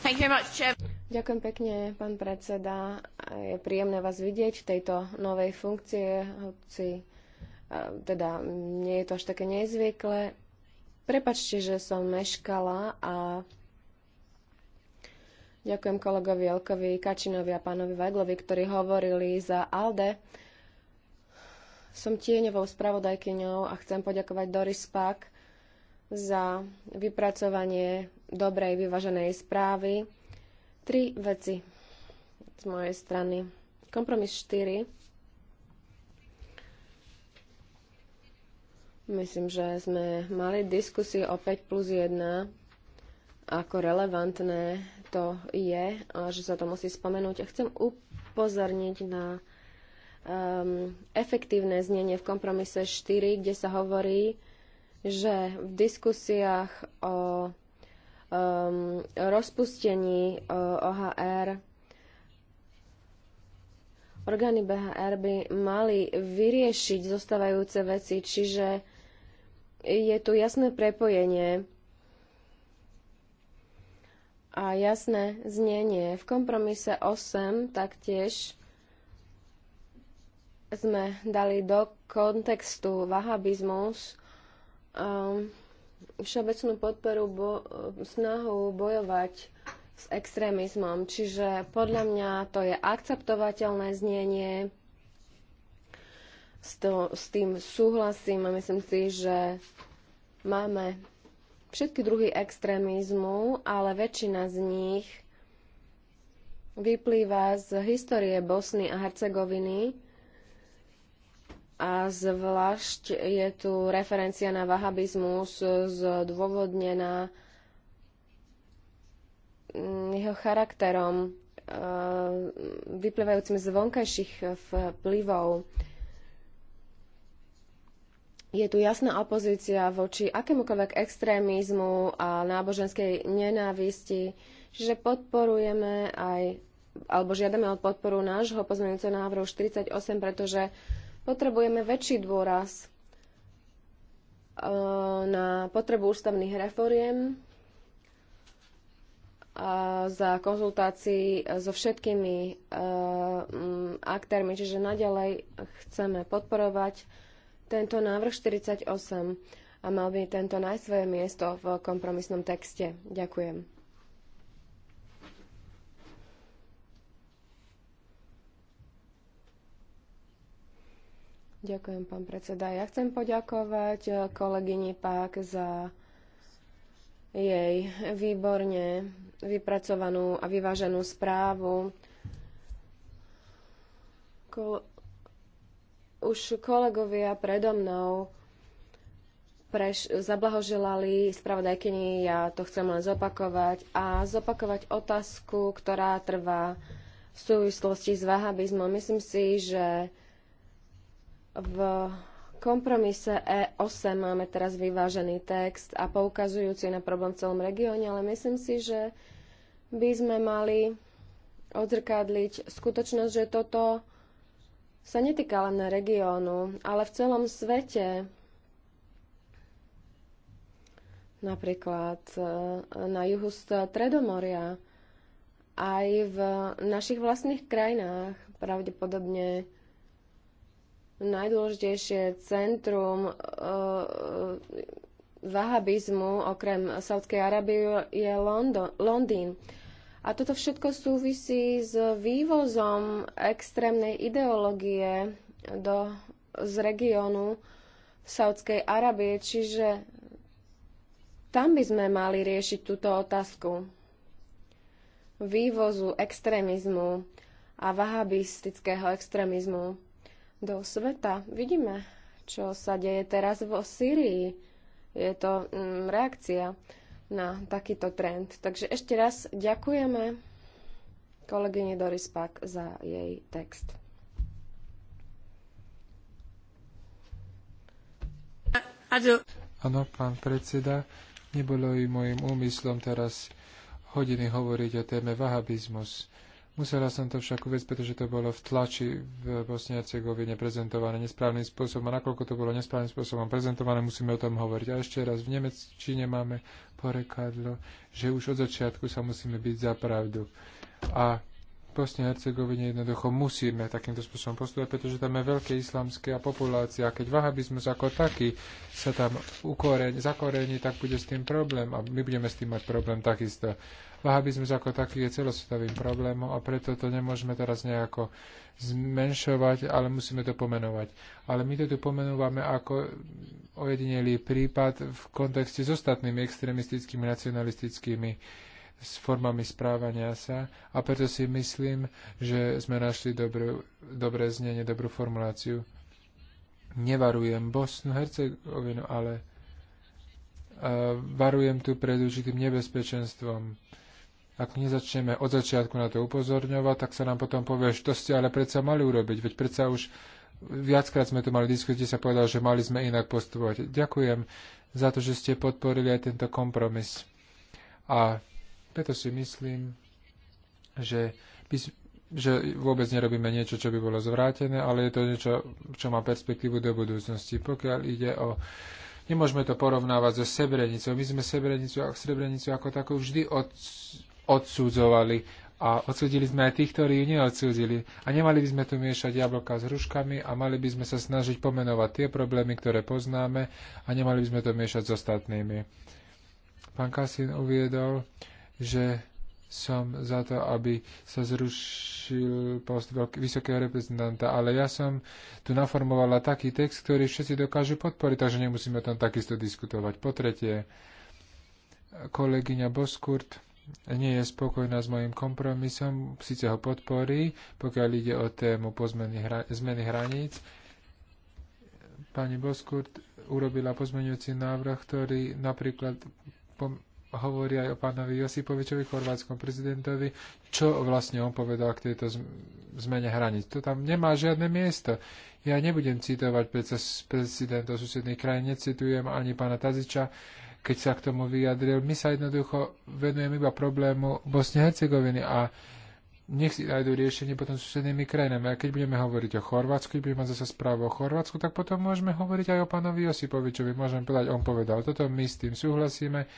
Thank you very much, Chair. Ďakujem pekne, pán predseda. Je príjemné vás vidieť v tejto novej funkcie, hoci e, teda nie je to až také nezvykle. Prepačte, že som meškala a ďakujem kolegovi Elkovi Kačinovi a pánovi Vajglovi, ktorí hovorili za ALDE. Som tieňovou spravodajkyňou a chcem poďakovať Doris Pak za vypracovanie dobrej, vyvaženej správy Tri veci z mojej strany. Kompromis 4. Myslím, že sme mali diskusiu o 5 plus 1, ako relevantné to je a že sa to musí spomenúť. A chcem upozorniť na um, efektívne znenie v kompromise 4, kde sa hovorí, že v diskusiách o um, rozpustení uh, OHR orgány BHR by mali vyriešiť zostávajúce veci, čiže je tu jasné prepojenie a jasné znenie. V kompromise 8 taktiež sme dali do kontextu vahabizmus. Um, všeobecnú podporu bo- snahu bojovať s extrémizmom. Čiže podľa mňa to je akceptovateľné znenie. S, to, s tým súhlasím a myslím si, že máme všetky druhy extrémizmu, ale väčšina z nich vyplýva z histórie Bosny a Hercegoviny a zvlášť je tu referencia na vahabizmus zdôvodnená mm, jeho charakterom, e, vyplývajúcim z vonkajších vplyvov. Je tu jasná opozícia voči akémukoľvek extrémizmu a náboženskej nenávisti, že podporujeme aj, alebo žiadame o podporu nášho pozmeňujúceho návrhu 48, pretože Potrebujeme väčší dôraz e, na potrebu ústavných reforiem a za konzultácií so všetkými e, aktérmi, čiže naďalej chceme podporovať tento návrh 48 a mal by tento nájsť svoje miesto v kompromisnom texte. Ďakujem. Ďakujem, pán predseda. Ja chcem poďakovať eh, kolegyni Pák za jej výborne vypracovanú a vyváženú správu. Ko- už kolegovia predo mnou preš- zablahoželali spravodajkyni, ja to chcem len zopakovať, a zopakovať otázku, ktorá trvá v súvislosti s vahabizmom. Myslím si, že v kompromise E8 máme teraz vyvážený text a poukazujúci na problém v celom regióne, ale myslím si, že by sme mali odzrkadliť skutočnosť, že toto sa netýka len regiónu, ale v celom svete napríklad e, na juhu Stredomoria, aj v našich vlastných krajinách pravdepodobne najdôležitejšie centrum e, e, vahabizmu okrem Saudskej Arábie je Londo- Londýn. A toto všetko súvisí s vývozom extrémnej ideológie do, z regiónu Saudskej Arábie, čiže tam by sme mali riešiť túto otázku vývozu extrémizmu a vahabistického extrémizmu do sveta. Vidíme, čo sa deje teraz vo Syrii. Je to mm, reakcia na takýto trend. Takže ešte raz ďakujeme kolegyne Doris Pak za jej text. Áno, pán predseda, nebolo i môjim úmyslom teraz hodiny hovoriť o téme vahabizmus. Musela som to však uvieť, pretože to bolo v tlači v Bosne a Cegovine prezentované nesprávnym spôsobom a nakoľko to bolo nesprávnym spôsobom prezentované, musíme o tom hovoriť. A ešte raz, v Nemeččine máme porekadlo, že už od začiatku sa musíme byť za pravdu. A v Bosne a Hercegovine jednoducho musíme takýmto spôsobom postupovať, pretože tam je veľké islamské a populácia. A keď vahabizmus ako taký sa tam ukoreň, zakorení, tak bude s tým problém a my budeme s tým mať problém takisto. Vahabizmus ako taký je celosvetovým problémom a preto to nemôžeme teraz nejako zmenšovať, ale musíme to pomenovať. Ale my to tu pomenúvame ako ojedinelý prípad v kontexte s ostatnými extremistickými, nacionalistickými s formami správania sa a preto si myslím, že sme našli dobrú, dobré znenie, dobrú formuláciu. Nevarujem Bosnu, Hercegovinu, ale uh, varujem tu pred určitým nebezpečenstvom ak nezačneme od začiatku na to upozorňovať, tak sa nám potom povie, že to ste ale predsa mali urobiť, veď predsa už viackrát sme tu mali diskusie, sa povedal, že mali sme inak postupovať. Ďakujem za to, že ste podporili aj tento kompromis. A preto si myslím, že, by, že vôbec nerobíme niečo, čo by bolo zvrátené, ale je to niečo, čo má perspektívu do budúcnosti. Pokiaľ ide o Nemôžeme to porovnávať so Sebrenicou. My sme a Srebrenicu ako takú vždy od, odsudzovali. A odsudili sme aj tých, ktorí ju neodsudzili. A nemali by sme tu miešať jablka s hruškami a mali by sme sa snažiť pomenovať tie problémy, ktoré poznáme a nemali by sme to miešať s ostatnými. Pán Kasin uviedol, že som za to, aby sa zrušil post vysokého reprezentanta, ale ja som tu naformovala taký text, ktorý všetci dokážu podporiť, takže nemusíme tam takisto diskutovať. Po tretie, kolegyňa Boskurt nie je spokojná s mojim kompromisom, síce ho podporí, pokiaľ ide o tému pozmeny hra, zmeny hraníc. Pani Boskurt urobila pozmeňujúci návrh, ktorý napríklad pom- hovorí aj o pánovi Josipovičovi, chorvátskom prezidentovi, čo vlastne on povedal k tejto zmene hraníc. To tam nemá žiadne miesto. Ja nebudem citovať predsa prezidentov susedných krajín, necitujem ani pána Taziča, keď sa k tomu vyjadril. My sa jednoducho venujeme iba problému Bosne Hercegoviny a nech si nájdú riešenie potom s susednými krajinami. A keď budeme hovoriť o Chorvátsku, keď budeme mať zase správu o Chorvátsku, tak potom môžeme hovoriť aj o pánovi Josipovičovi. Môžeme povedať, on povedal toto, my s tým súhlasíme.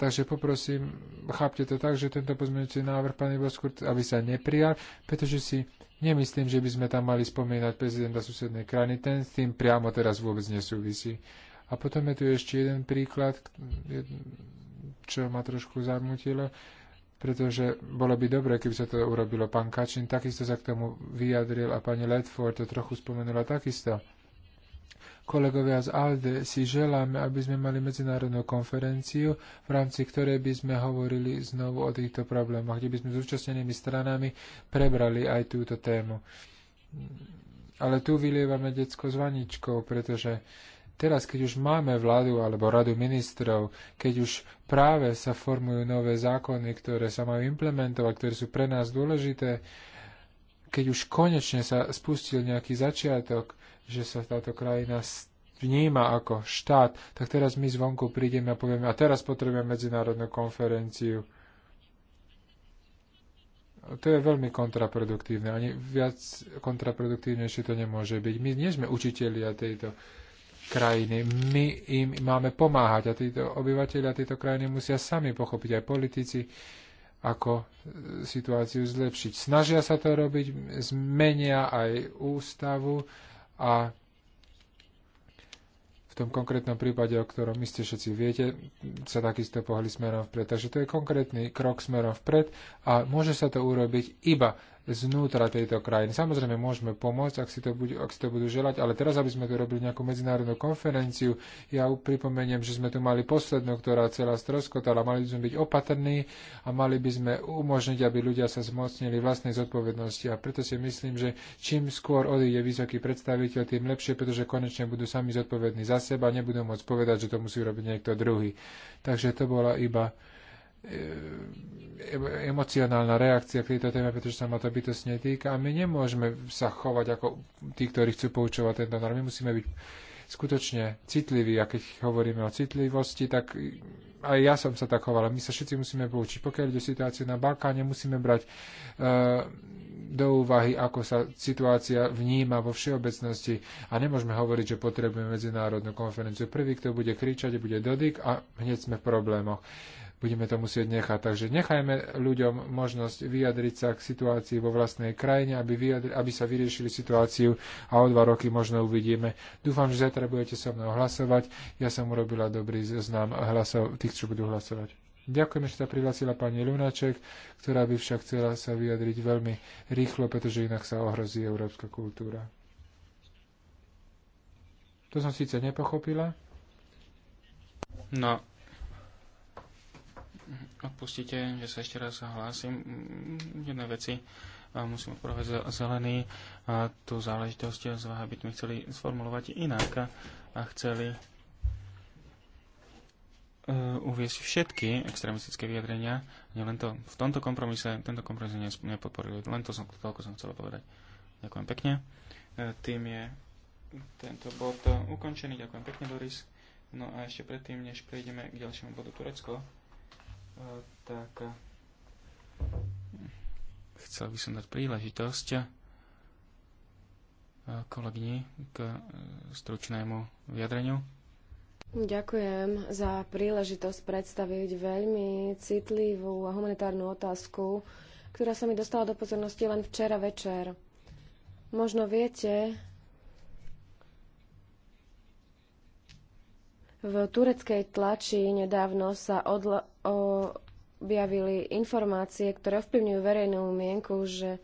Takže poprosím, chápte to tak, že tento pozmeňujúci návrh, pani Boskurt, aby sa neprijal, pretože si nemyslím, že by sme tam mali spomínať prezidenta susednej krajiny. Ten s tým priamo teraz vôbec nesúvisí. A potom je tu ešte jeden príklad, čo ma trošku zamutilo, pretože bolo by dobre, keby sa to urobilo. Pán Kačin takisto sa k tomu vyjadril a pani Ledford to trochu spomenula takisto. Kolegovia z ALDE si želáme, aby sme mali medzinárodnú konferenciu, v rámci ktorej by sme hovorili znovu o týchto problémoch, kde by sme s účastnenými stranami prebrali aj túto tému. Ale tu vylievame detsko s vaničkou, pretože teraz, keď už máme vládu alebo radu ministrov, keď už práve sa formujú nové zákony, ktoré sa majú implementovať, ktoré sú pre nás dôležité, keď už konečne sa spustil nejaký začiatok, že sa táto krajina vníma ako štát, tak teraz my zvonku prídeme a povieme, a teraz potrebujeme medzinárodnú konferenciu. To je veľmi kontraproduktívne. Ani viac kontraproduktívnejšie to nemôže byť. My nie sme učitelia tejto krajiny. My im máme pomáhať a títo obyvateľia tejto krajiny musia sami pochopiť aj politici, ako e, situáciu zlepšiť. Snažia sa to robiť, zmenia aj ústavu a v tom konkrétnom prípade, o ktorom my ste všetci viete, sa takisto pohli smerom vpred. Takže to je konkrétny krok smerom vpred a môže sa to urobiť iba znútra tejto krajiny. Samozrejme, môžeme pomôcť, ak si, to budú, ak si to budú želať, ale teraz, aby sme tu robili nejakú medzinárodnú konferenciu, ja pripomeniem, že sme tu mali poslednú, ktorá celá stroskotala. Mali by sme byť opatrní a mali by sme umožniť, aby ľudia sa zmocnili vlastnej zodpovednosti. A preto si myslím, že čím skôr odíde vysoký predstaviteľ, tým lepšie, pretože konečne budú sami zodpovední za seba, nebudú môcť povedať, že to musí robiť niekto druhý. Takže to bola iba E, emocionálna reakcia k tejto téme, pretože sa ma to bytosne týka a my nemôžeme sa chovať ako tí, ktorí chcú poučovať tento norm. My musíme byť skutočne citliví a keď hovoríme o citlivosti, tak aj ja som sa tak chovala. My sa všetci musíme poučiť. Pokiaľ ide situáciu na Balkáne, musíme brať uh, do úvahy, ako sa situácia vníma vo všeobecnosti a nemôžeme hovoriť, že potrebujeme medzinárodnú konferenciu. Prvý, kto bude kričať, bude Dodik a hneď sme v problémoch. Uh, budeme to musieť nechať. Takže nechajme ľuďom možnosť vyjadriť sa k situácii vo vlastnej krajine, aby, vyjadri, aby sa vyriešili situáciu a o dva roky možno uvidíme. Dúfam, že zajtra budete so mnou hlasovať. Ja som urobila dobrý znám hlasov tých, čo budú hlasovať. Ďakujem, že sa prihlásila pani Lunaček, ktorá by však chcela sa vyjadriť veľmi rýchlo, pretože inak sa ohrozí európska kultúra. To som síce nepochopila. No, odpustite, že sa ešte raz hlásim. Mm, jedné veci musím odpovedať zelený. A tú záležitosť z by sme chceli sformulovať inak a chceli e, uviesť všetky extremistické vyjadrenia, nielen to v tomto kompromise, tento kompromis nepodporili, len to som, toľko som chcel povedať. Ďakujem pekne. E, tým je tento bod ukončený. Ďakujem pekne, Doris. No a ešte predtým, než prejdeme k ďalšiemu bodu Turecko, tak chcel by som dať príležitosť kolegyni k e, stručnému vyjadreniu. Ďakujem za príležitosť predstaviť veľmi citlivú a humanitárnu otázku, ktorá sa mi dostala do pozornosti len včera večer. Možno viete, V tureckej tlači nedávno sa odla- objavili informácie, ktoré ovplyvňujú verejnú mienku, že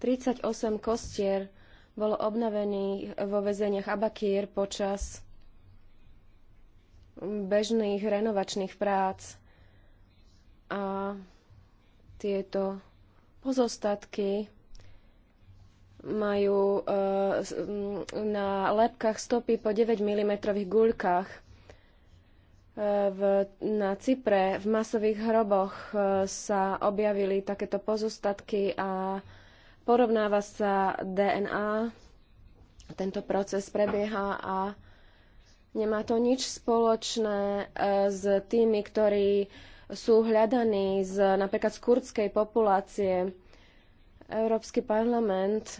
38 kostier bolo obnovených vo väzeniach Abakír počas bežných renovačných prác a tieto pozostatky majú e, na lepkách stopy po 9 mm guľkách v, na Cypre v masových hroboch e, sa objavili takéto pozostatky a porovnáva sa DNA. Tento proces prebieha a nemá to nič spoločné e, s tými, ktorí sú hľadaní z, napríklad z kurdskej populácie. Európsky parlament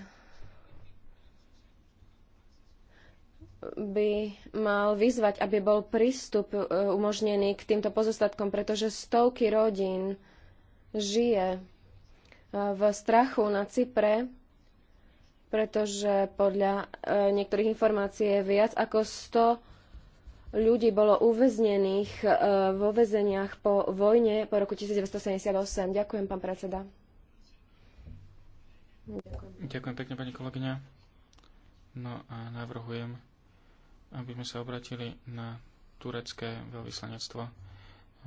by mal vyzvať, aby bol prístup e, umožnený k týmto pozostatkom, pretože stovky rodín žije e, v strachu na Cypre, pretože podľa e, niektorých informácií je viac ako 100 ľudí bolo uväznených vo väzeniach po vojne po roku 1978. Ďakujem, pán predseda. Ďakujem. Ďakujem pekne, pani kolegyňa. No a navrhujem aby sme sa obratili na turecké veľvyslanectvo.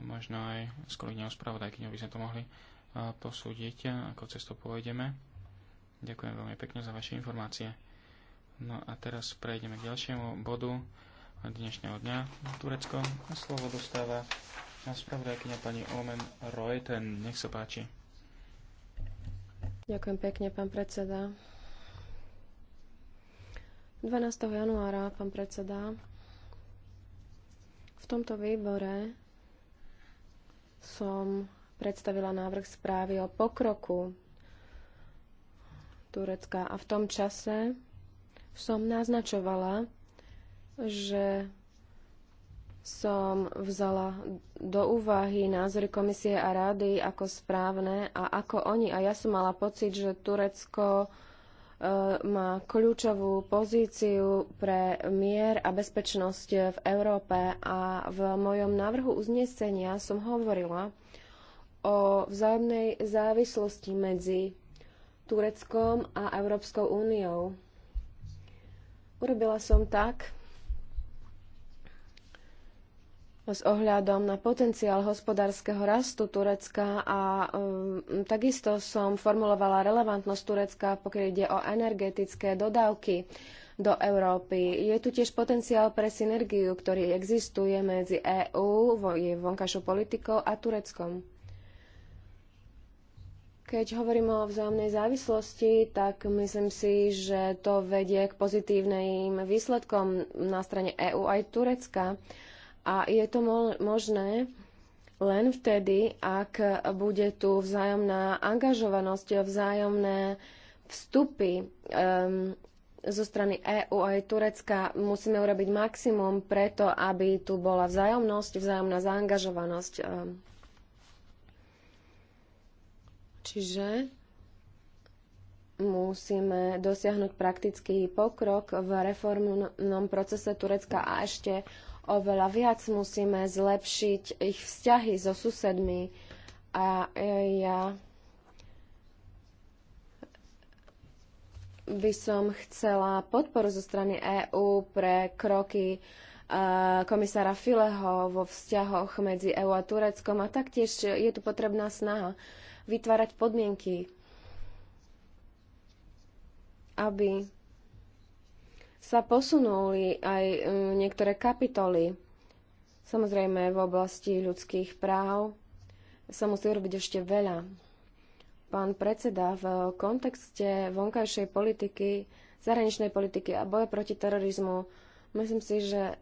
Možno aj s kolegyňou spravodajkyňou by sme to mohli posúdiť, ako cestou pôjdeme. Ďakujem veľmi pekne za vaše informácie. No a teraz prejdeme k ďalšiemu bodu dnešného dňa. Turecko slovo dostáva na spravodajkyňa pani Omen Reuten. Nech sa páči. Ďakujem pekne, pán predseda. 12. januára, pán predseda, v tomto výbore som predstavila návrh správy o pokroku Turecka a v tom čase som naznačovala, že som vzala do úvahy názory komisie a rady ako správne a ako oni. A ja som mala pocit, že Turecko E, má kľúčovú pozíciu pre mier a bezpečnosť v Európe a v mojom návrhu uznesenia som hovorila o vzájomnej závislosti medzi Tureckom a Európskou úniou. Urobila som tak, s ohľadom na potenciál hospodárskeho rastu Turecka a um, takisto som formulovala relevantnosť Turecka, pokiaľ ide o energetické dodávky do Európy. Je tu tiež potenciál pre synergiu, ktorý existuje medzi EÚ, vo, jej vonkajšou politikou a Tureckom. Keď hovorím o vzájomnej závislosti, tak myslím si, že to vedie k pozitívnym výsledkom na strane EÚ aj Turecka. A je to možné len vtedy, ak bude tu vzájomná angažovanosť, vzájomné vstupy um, zo strany EÚ aj Turecka. Musíme urobiť maximum preto, aby tu bola vzájomnosť, vzájomná zaangažovanosť. Um, čiže musíme dosiahnuť praktický pokrok v reformnom procese Turecka a ešte oveľa viac musíme zlepšiť ich vzťahy so susedmi. A e, ja by som chcela podporu zo strany EÚ pre kroky e, komisára Fileho vo vzťahoch medzi EÚ a Tureckom a taktiež je tu potrebná snaha vytvárať podmienky, aby sa posunuli aj mm, niektoré kapitoly. Samozrejme, v oblasti ľudských práv sa musí robiť ešte veľa. Pán predseda, v kontexte vonkajšej politiky, zahraničnej politiky a boja proti terorizmu, myslím si, že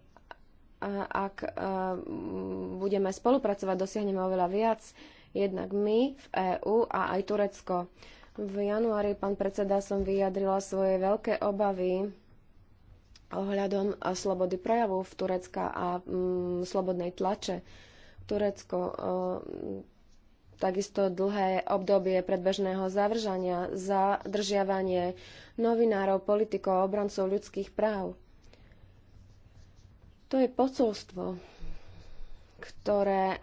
ak e, budeme spolupracovať, dosiahneme oveľa viac, jednak my v EÚ a aj Turecko. V januári, pán predseda, som vyjadrila svoje veľké obavy ohľadom eh, slobody prejavu v Turecka a mm, slobodnej tlače. Turecko o, eh, takisto dlhé obdobie predbežného zavržania, zadržiavanie novinárov, politikov, obrancov ľudských práv. To je posolstvo, ktoré e,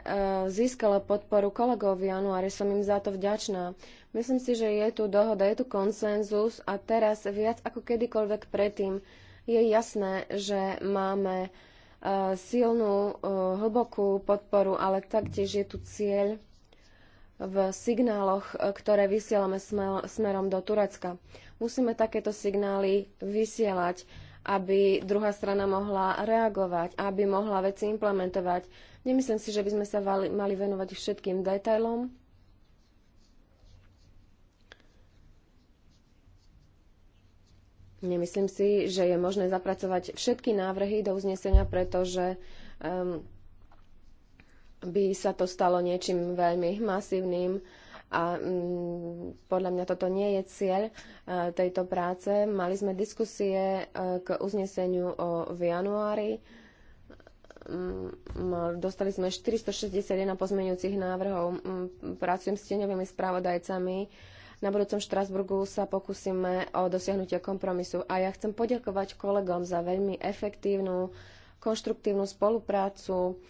získalo podporu kolegov v januári. Som im za to vďačná. Myslím si, že je tu dohoda, je tu konsenzus a teraz viac ako kedykoľvek predtým je jasné, že máme e, silnú, e, hlbokú podporu, ale taktiež je tu cieľ v signáloch, e, ktoré vysielame smerom do Turecka. Musíme takéto signály vysielať, aby druhá strana mohla reagovať, aby mohla veci implementovať. Nemyslím si, že by sme sa mali venovať všetkým detailom, Nemyslím si, že je možné zapracovať všetky návrhy do uznesenia, pretože um, by sa to stalo niečím veľmi masívnym a um, podľa mňa toto nie je cieľ uh, tejto práce. Mali sme diskusie uh, k uzneseniu o, v januári. Um, dostali sme 461 pozmeňujúcich návrhov. Um, pracujem s tieňovými spravodajcami. Uh, na budúcom Štrasburgu sa pokúsime o dosiahnutie kompromisu a ja chcem poďakovať kolegom za veľmi efektívnu, konštruktívnu spoluprácu.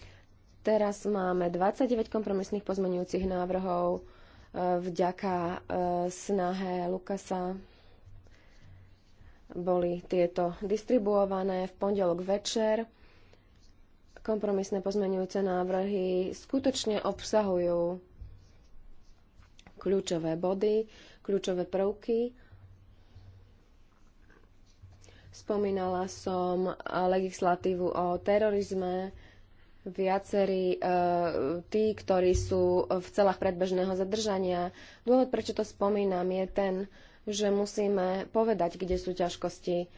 Teraz máme 29 kompromisných pozmenujúcich návrhov e, vďaka e, snahe Lukasa boli tieto distribuované v pondelok večer. Kompromisné pozmenujúce návrhy skutočne obsahujú kľúčové body, kľúčové prvky. Spomínala som eh, legislatívu o terorizme. Viacerí e, tí, ktorí sú v celách predbežného zadržania. Dôvod, prečo to spomínam, je ten, že musíme povedať, kde sú ťažkosti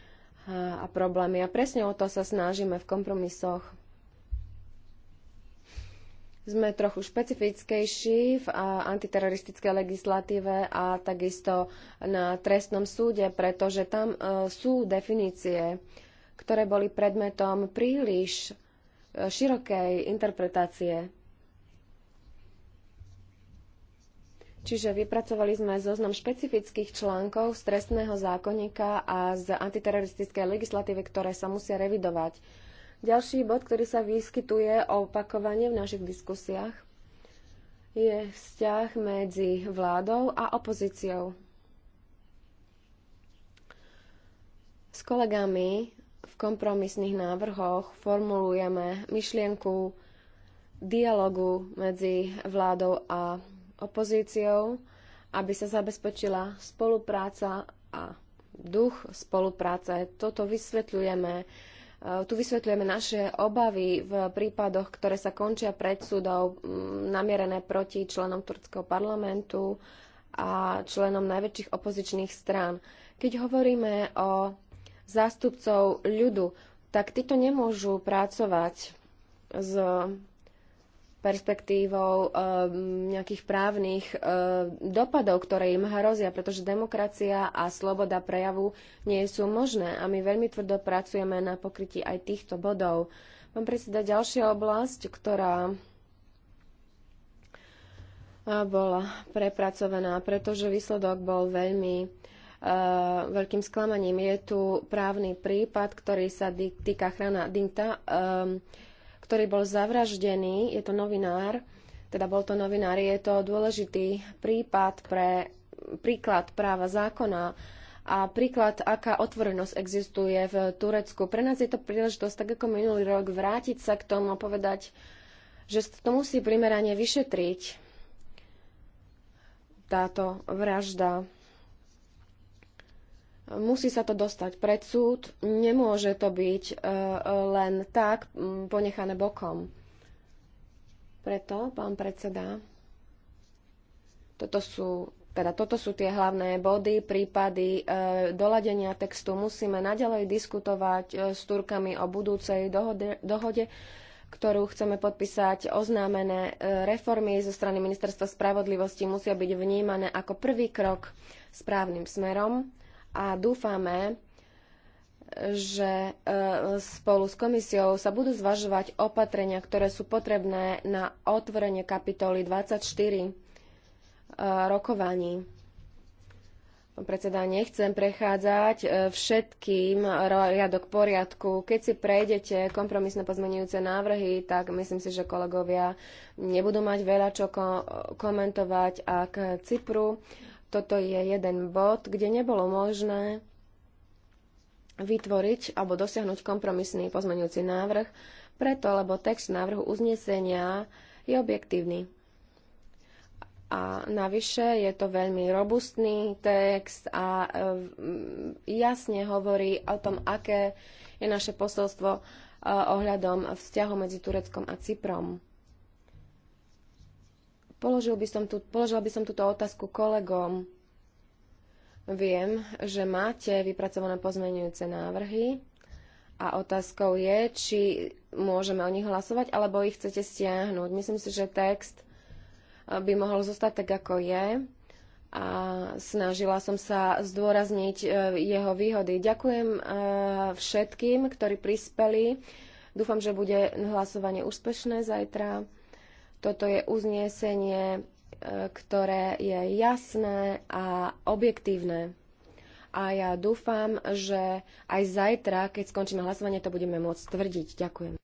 a problémy. A presne o to sa snažíme v kompromisoch sme trochu špecifickejší v antiteroristickej legislatíve a takisto na trestnom súde, pretože tam e, sú definície, ktoré boli predmetom príliš e, širokej interpretácie. Čiže vypracovali sme zoznam špecifických článkov z trestného zákonníka a z antiteroristickej legislatívy, ktoré sa musia revidovať ďalší bod, ktorý sa vyskytuje opakovane v našich diskusiách, je vzťah medzi vládou a opozíciou. S kolegami v kompromisných návrhoch formulujeme myšlienku dialogu medzi vládou a opozíciou, aby sa zabezpečila spolupráca a duch spolupráce. Toto vysvetľujeme tu vysvetľujeme naše obavy v prípadoch, ktoré sa končia pred súdov namierené proti členom turckého parlamentu a členom najväčších opozičných strán. Keď hovoríme o zástupcov ľudu, tak títo nemôžu pracovať s perspektívou eh, nejakých právnych eh, dopadov, ktoré im hrozia, pretože demokracia a sloboda prejavu nie sú možné a my veľmi tvrdo pracujeme na pokrytí aj týchto bodov. Pán predseda, ďalšia oblasť, ktorá eh, bola prepracovaná, pretože výsledok bol veľmi uh, veľkým sklamaním. Je tu právny prípad, ktorý sa týka chrana Dinta. Um, ktorý bol zavraždený. Je to novinár, teda bol to novinár. Je to dôležitý prípad pre príklad práva zákona a príklad, aká otvorenosť existuje v Turecku. Pre nás je to príležitosť, tak ako minulý rok, vrátiť sa k tomu a povedať, že to musí primerane vyšetriť táto vražda. Musí sa to dostať pred súd, nemôže to byť e, len tak ponechané bokom. Preto, pán predseda, toto sú, teda toto sú tie hlavné body, prípady e, doladenia textu. Musíme naďalej diskutovať e, s Turkami o budúcej dohode, dohode ktorú chceme podpísať, oznámené reformy zo strany Ministerstva spravodlivosti musia byť vnímané ako prvý krok správnym smerom a dúfame, že e, spolu s komisiou sa budú zvažovať opatrenia, ktoré sú potrebné na otvorenie kapitoly 24 e, rokovaní. Predseda, nechcem prechádzať e, všetkým riadok poriadku. Keď si prejdete kompromisné pozmenujúce návrhy, tak myslím si, že kolegovia nebudú mať veľa čo komentovať a k Cypru. Uh, toto je jeden bod, kde nebolo možné vytvoriť alebo dosiahnuť kompromisný pozmeňujúci návrh, preto lebo text návrhu uznesenia je objektívny. A navyše je to veľmi robustný text a e, jasne hovorí o tom, aké je naše posolstvo e, ohľadom vzťahu medzi Tureckom a Cyprom. Položil by som tu, položila by som túto otázku kolegom. Viem, že máte vypracované pozmenujúce návrhy a otázkou je, či môžeme o nich hlasovať, alebo ich chcete stiahnuť. Myslím si, že text by mohol zostať tak, ako je a snažila som sa zdôrazniť e, jeho výhody. Ďakujem e, všetkým, ktorí prispeli. Dúfam, že bude hlasovanie úspešné zajtra. Toto je uznesenie, e, ktoré je jasné a objektívne. A ja dúfam, že aj zajtra, keď skončíme hlasovanie, to budeme môcť tvrdiť. Ďakujem.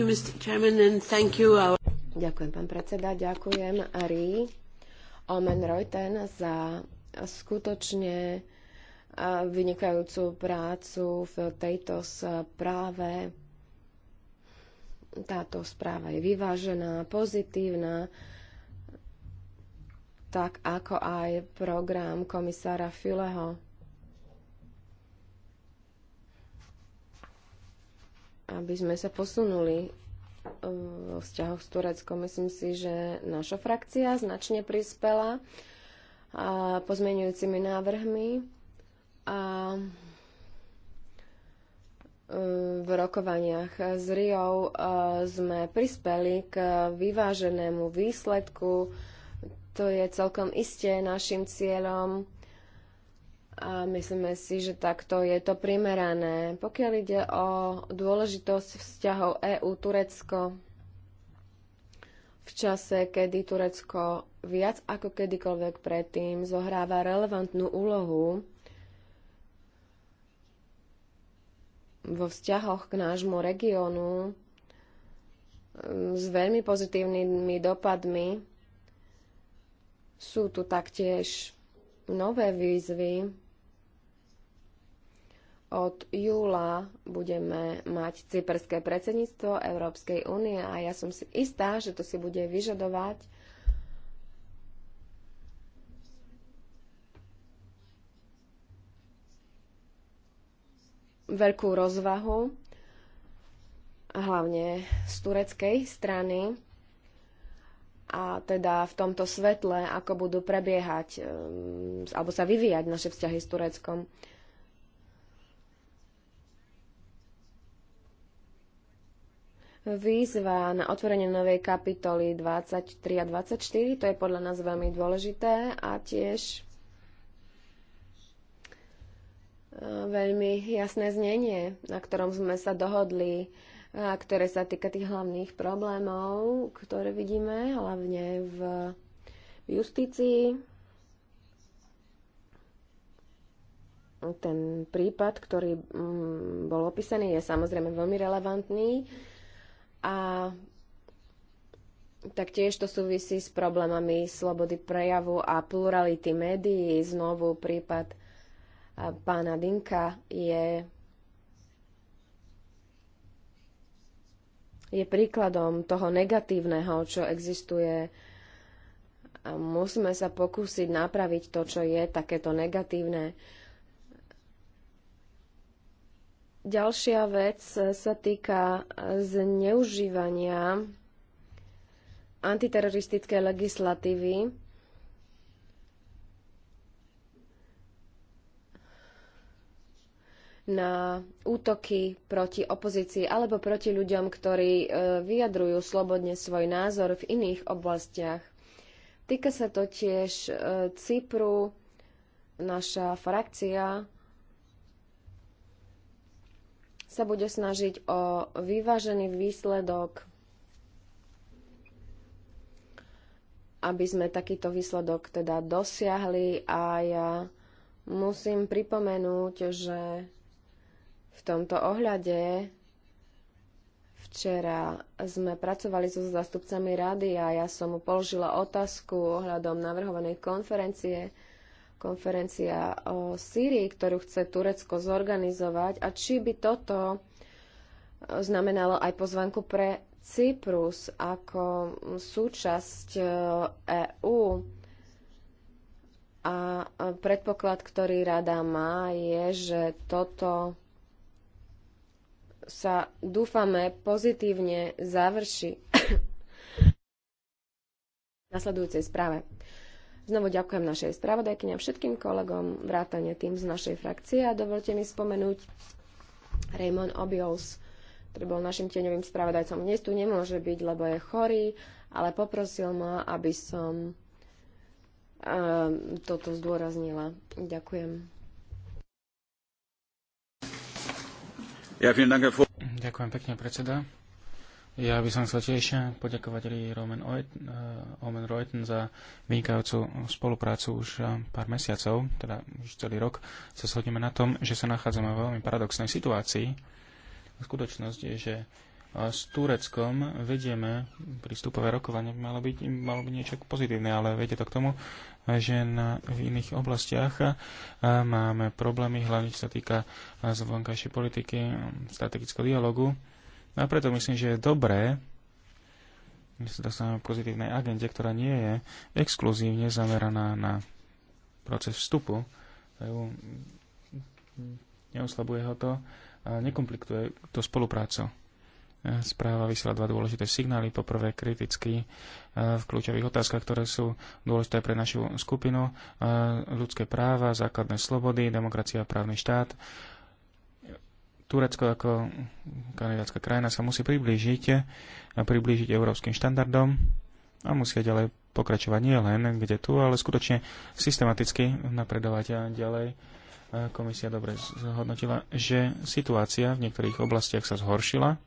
You, Chairman, our... Ďakujem, pán predseda. Ďakujem Ari Omen Reuten za skutočne vynikajúcu prácu v tejto správe. Táto správa je vyvážená, pozitívna, tak ako aj program komisára Fileho. Aby sme sa posunuli e, vo vzťahoch s Tureckom, myslím si, že naša frakcia značne prispela pozmenujúcimi návrhmi a e, v rokovaniach s Rio e, sme prispeli k vyváženému výsledku. To je celkom isté našim cieľom a myslíme si, že takto je to primerané. Pokiaľ ide o dôležitosť vzťahov EÚ-Turecko v čase, kedy Turecko viac ako kedykoľvek predtým zohráva relevantnú úlohu, vo vzťahoch k nášmu regiónu ehm, s veľmi pozitívnymi dopadmi. Sú tu taktiež nové výzvy. Od júla budeme mať cyperské predsedníctvo Európskej únie a ja som si istá, že to si bude vyžadovať veľkú rozvahu, hlavne z tureckej strany. A teda v tomto svetle, ako budú prebiehať ehm, alebo sa vyvíjať naše vzťahy s Tureckom. Výzva na otvorenie novej kapitoly 23 a 24, to je podľa nás veľmi dôležité a tiež veľmi jasné znenie, na ktorom sme sa dohodli, a ktoré sa týka tých hlavných problémov, ktoré vidíme hlavne v justícii. Ten prípad, ktorý mm, bol opísaný, je samozrejme veľmi relevantný a taktiež to súvisí s problémami slobody prejavu a plurality médií. Znovu prípad pána Dinka je je príkladom toho negatívneho, čo existuje. a Musíme sa pokúsiť napraviť to, čo je takéto negatívne. Ďalšia vec sa týka zneužívania antiteroristickej legislatívy na útoky proti opozícii alebo proti ľuďom, ktorí e, vyjadrujú slobodne svoj názor v iných oblastiach. Týka sa to tiež e, Cypru, naša frakcia sa bude snažiť o vyvážený výsledok, aby sme takýto výsledok teda dosiahli a ja musím pripomenúť, že v tomto ohľade včera sme pracovali so zastupcami rady a ja som mu položila otázku ohľadom navrhovanej konferencie, konferencia o Sýrii, ktorú chce Turecko zorganizovať a či by toto znamenalo aj pozvanku pre Cyprus ako súčasť EÚ. E a predpoklad, ktorý rada má, je, že toto sa dúfame pozitívne završí nasledujúcej správe. Znovu ďakujem našej spravodajkyni a všetkým kolegom, vrátane tým z našej frakcie a dovolte mi spomenúť Raymond Obiols, ktorý bol našim tieňovým spravodajcom. Dnes tu nemôže byť, lebo je chorý, ale poprosil ma, aby som um, toto zdôraznila. Ďakujem. Ďakujem pekne, predseda. Ja by som chcel tiež poďakovať Roman eh, Omen Reuten za vynikajúcu spoluprácu už eh, pár mesiacov, teda už celý rok. Sa shodneme na tom, že sa nachádzame v veľmi paradoxnej situácii. Skutočnosť je, že s Tureckom vedieme prístupové rokovanie, malo byť, malo byť niečo pozitívne, ale vedie to k tomu, že na, v iných oblastiach máme problémy, hlavne čo sa týka zvonkajšej politiky, strategického dialogu. a preto myslím, že je dobré, že sa dostávame pozitívnej agende, ktorá nie je exkluzívne zameraná na proces vstupu. E neoslabuje ho to, a nekomplikuje to spoluprácu správa vysiela dva dôležité signály. Poprvé kriticky e, v kľúčových otázkach, ktoré sú dôležité pre našu skupinu. E, ľudské práva, základné slobody, demokracia a právny štát. Turecko ako kandidátska krajina sa musí priblížiť a priblížiť európskym štandardom a musia ďalej pokračovať nie len kde tu, ale skutočne systematicky napredovať a ďalej e, komisia dobre zhodnotila, že situácia v niektorých oblastiach sa zhoršila,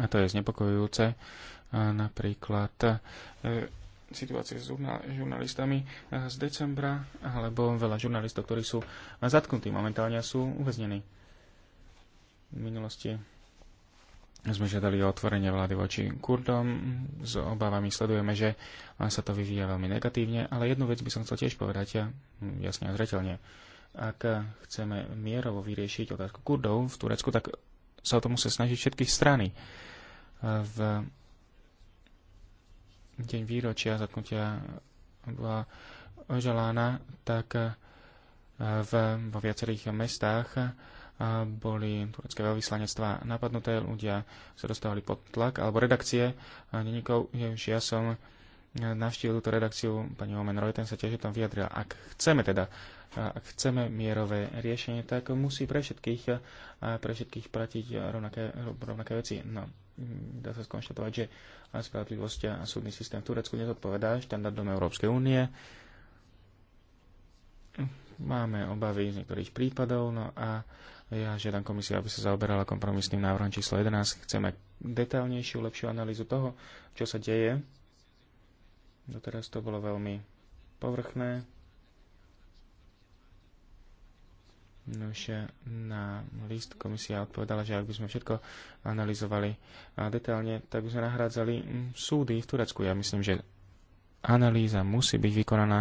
a to je znepokojujúce. Napríklad e, situácie s žurnalistami e, z decembra, alebo veľa žurnalistov, ktorí sú zatknutí momentálne sú uväznení. V minulosti sme žiadali o otvorenie vlády voči Kurdom. S obávami sledujeme, že sa to vyvíja veľmi negatívne, ale jednu vec by som chcel tiež povedať ja, jasne a zretelne. Ak chceme mierovo vyriešiť otázku Kurdov v Turecku, tak sa o to musia snažiť všetky strany. E, v deň výročia zatknutia bola oželána, tak e, v, vo viacerých mestách e, boli turecké veľvyslanectvá napadnuté, ľudia sa dostávali pod tlak, alebo redakcie denníkov, že ja som navštívil túto redakciu, pani Omen Rojten sa tiež tam vyjadrila. Ak chceme teda a ak chceme mierové riešenie, tak musí pre všetkých, a pre všetkých platiť rovnaké, rovnaké veci. No, dá sa skonštatovať, že spravodlivosť a súdny systém v Turecku nezodpovedá štandardom Európskej únie. Máme obavy z niektorých prípadov, no a ja žiadam komisiu, aby sa zaoberala kompromisným návrhom číslo 11. Chceme detailnejšiu, lepšiu analýzu toho, čo sa deje. Doteraz to bolo veľmi povrchné. Nož na list komisia odpovedala, že ak by sme všetko analyzovali detailne, tak by sme nahrádzali mm, súdy v Turecku. Ja myslím, že analýza musí byť vykonaná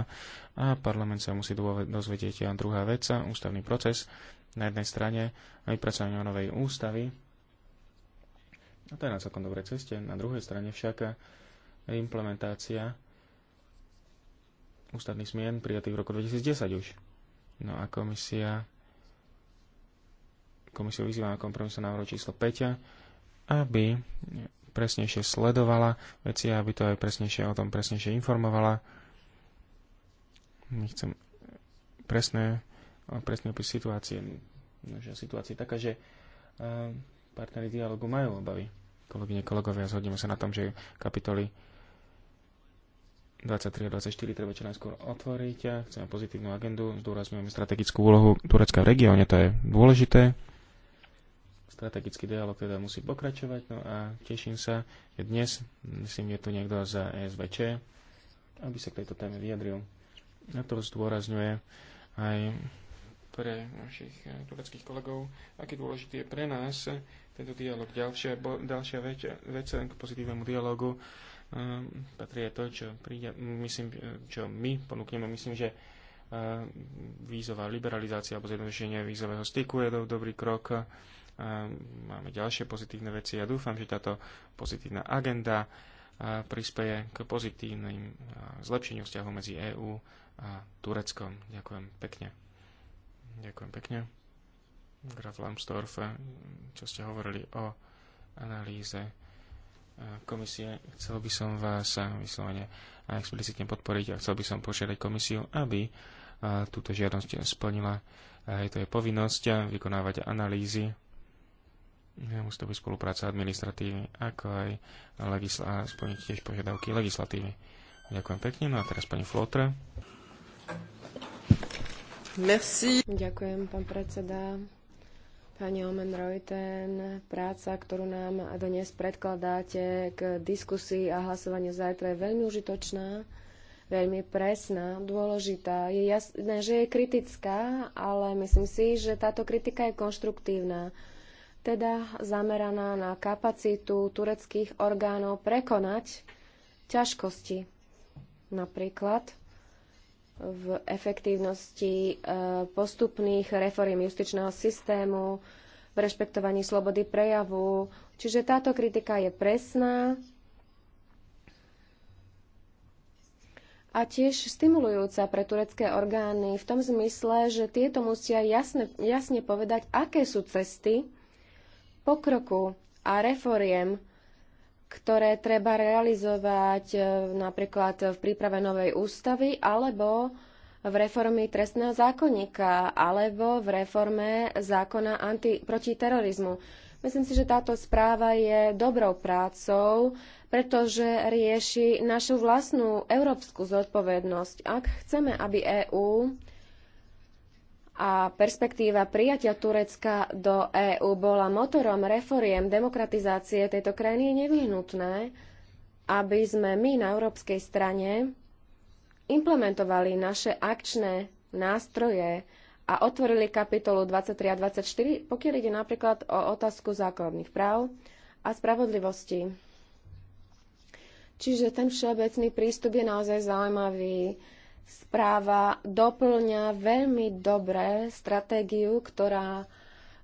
a parlament sa musí dozvedieť. A druhá vec, ústavný proces, na jednej strane vypracovanie novej ústavy, a to je na celkom dobrej ceste, na druhej strane však implementácia ústavných zmien prijatých v roku 2010 už. No a komisia komisiu vyzýva na kompromisnú návrhu číslo 5, aby presnejšie sledovala veci, aby to aj presnejšie o tom presnejšie informovala. Nechcem presné, presný opis situácie. Že situácia je taká, že partnery dialogu majú obavy. Kolegyne, kolegovia, zhodneme sa na tom, že kapitoly 23 a 24 treba čo najskôr otvoriť. Chceme pozitívnu agendu, zdôrazňujeme strategickú úlohu Turecka v regióne, to je dôležité strategický dialog teda musí pokračovať. No a teším sa, že dnes, myslím, je tu niekto za ESVČ, aby sa k tejto téme vyjadril. Na to zdôrazňuje aj pre našich eh, tureckých kolegov, aký dôležitý je pre nás eh, tento dialog. Ďalšia, bo, ďalšia vec, vec eh, k pozitívnemu dialogu um, patrí to, čo, príde, myslím, čo my ponúkneme. Myslím, že uh, vízová liberalizácia alebo zjednodušenie vízového styku je do, dobrý krok. Uh, máme ďalšie pozitívne veci. Ja dúfam, že táto pozitívna agenda prispieje k pozitívnym zlepšeniu vzťahu medzi EÚ a Tureckom. Ďakujem pekne. Ďakujem pekne. Graf Lambsdorff, čo ste hovorili o analýze komisie, chcel by som vás vyslovene a explicitne podporiť a chcel by som požiadať komisiu, aby túto žiadosť splnila. Je to je povinnosť vykonávať analýzy Musí to byť spolupráca administratívy, ako aj legisla- splniť tiež požiadavky legislatívy. Ďakujem pekne. No a teraz pani flotra. Merci. Ďakujem, pán predseda. Pani Omen Reuten, práca, ktorú nám dnes predkladáte k diskusii a hlasovaniu zajtra je veľmi užitočná, veľmi presná, dôležitá. Je jasné, že je kritická, ale myslím si, že táto kritika je konštruktívna teda zameraná na kapacitu tureckých orgánov prekonať ťažkosti. Napríklad v efektívnosti e, postupných reform justičného systému, v rešpektovaní slobody prejavu. Čiže táto kritika je presná a tiež stimulujúca pre turecké orgány v tom zmysle, že tieto musia jasne, jasne povedať, aké sú cesty, pokroku a reforiem, ktoré treba realizovať e, napríklad v príprave novej ústavy alebo v reformy trestného zákonníka alebo v reforme zákona anti, proti terorizmu. Myslím si, že táto správa je dobrou prácou, pretože rieši našu vlastnú európsku zodpovednosť. Ak chceme, aby EÚ a perspektíva prijatia Turecka do EÚ bola motorom reforiem demokratizácie tejto krajiny, je nevyhnutné, aby sme my na európskej strane implementovali naše akčné nástroje a otvorili kapitolu 23 a 24, pokiaľ ide napríklad o otázku základných práv a spravodlivosti. Čiže ten všeobecný prístup je naozaj zaujímavý správa doplňa veľmi dobre stratégiu, ktorá,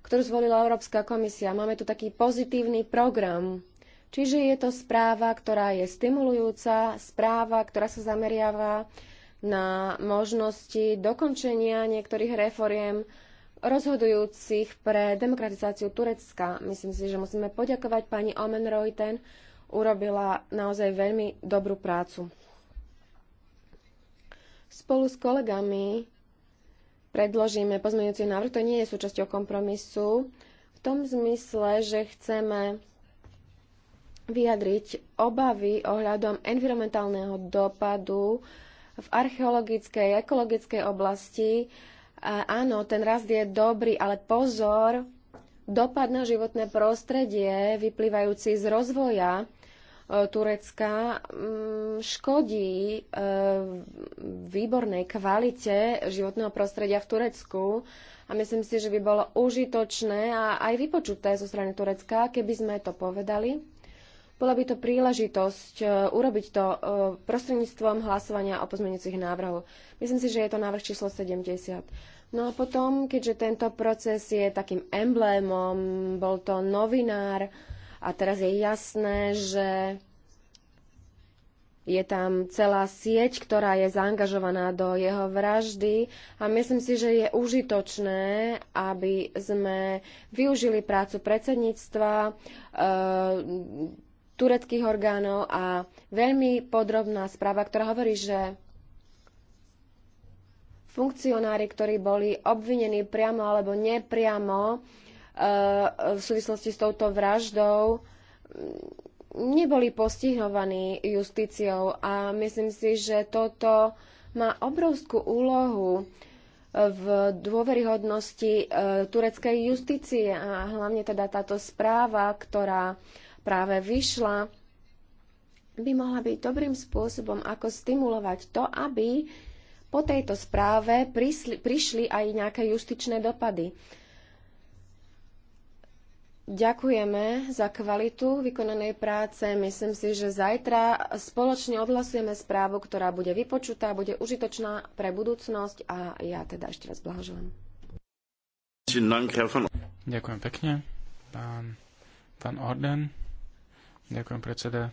ktorú zvolila Európska komisia. Máme tu taký pozitívny program. Čiže je to správa, ktorá je stimulujúca, správa, ktorá sa zameriava na možnosti dokončenia niektorých reforiem rozhodujúcich pre demokratizáciu Turecka. Myslím si, že musíme poďakovať pani Omen Reuten, urobila naozaj veľmi dobrú prácu. Spolu s kolegami predložíme pozmeňujúci návrh, to nie je súčasťou kompromisu, v tom zmysle, že chceme vyjadriť obavy ohľadom environmentálneho dopadu v archeologickej, ekologickej oblasti. A áno, ten rast je dobrý, ale pozor, dopad na životné prostredie vyplývajúci z rozvoja Turecka mm, škodí eh, výbornej kvalite životného prostredia v Turecku a myslím si, že by bolo užitočné a aj vypočuté zo strany Turecka, keby sme to povedali. Bola by to príležitosť eh, urobiť to eh, prostredníctvom hlasovania o pozmeňujúcich návrhov. Myslím si, že je to návrh číslo 70. No a potom, keďže tento proces je takým emblémom, bol to novinár, a teraz je jasné, že je tam celá sieť, ktorá je zaangažovaná do jeho vraždy a myslím si, že je užitočné, aby sme využili prácu predsedníctva, e, tureckých orgánov a veľmi podrobná správa, ktorá hovorí, že funkcionári, ktorí boli obvinení priamo alebo nepriamo, Eh, v súvislosti s touto vraždou mm, neboli postihovaní justíciou a myslím si, že toto má obrovskú úlohu v dôveryhodnosti eh, tureckej justície a hlavne teda táto správa, ktorá práve vyšla, by mohla byť dobrým spôsobom, ako stimulovať to, aby po tejto správe prišli aj nejaké justičné dopady. Ďakujeme za kvalitu vykonanej práce. Myslím si, že zajtra spoločne odhlasujeme správu, ktorá bude vypočutá, bude užitočná pre budúcnosť a ja teda ešte raz blahoželám. Ďakujem pekne. Pán, pán Orden. Ďakujem predseda.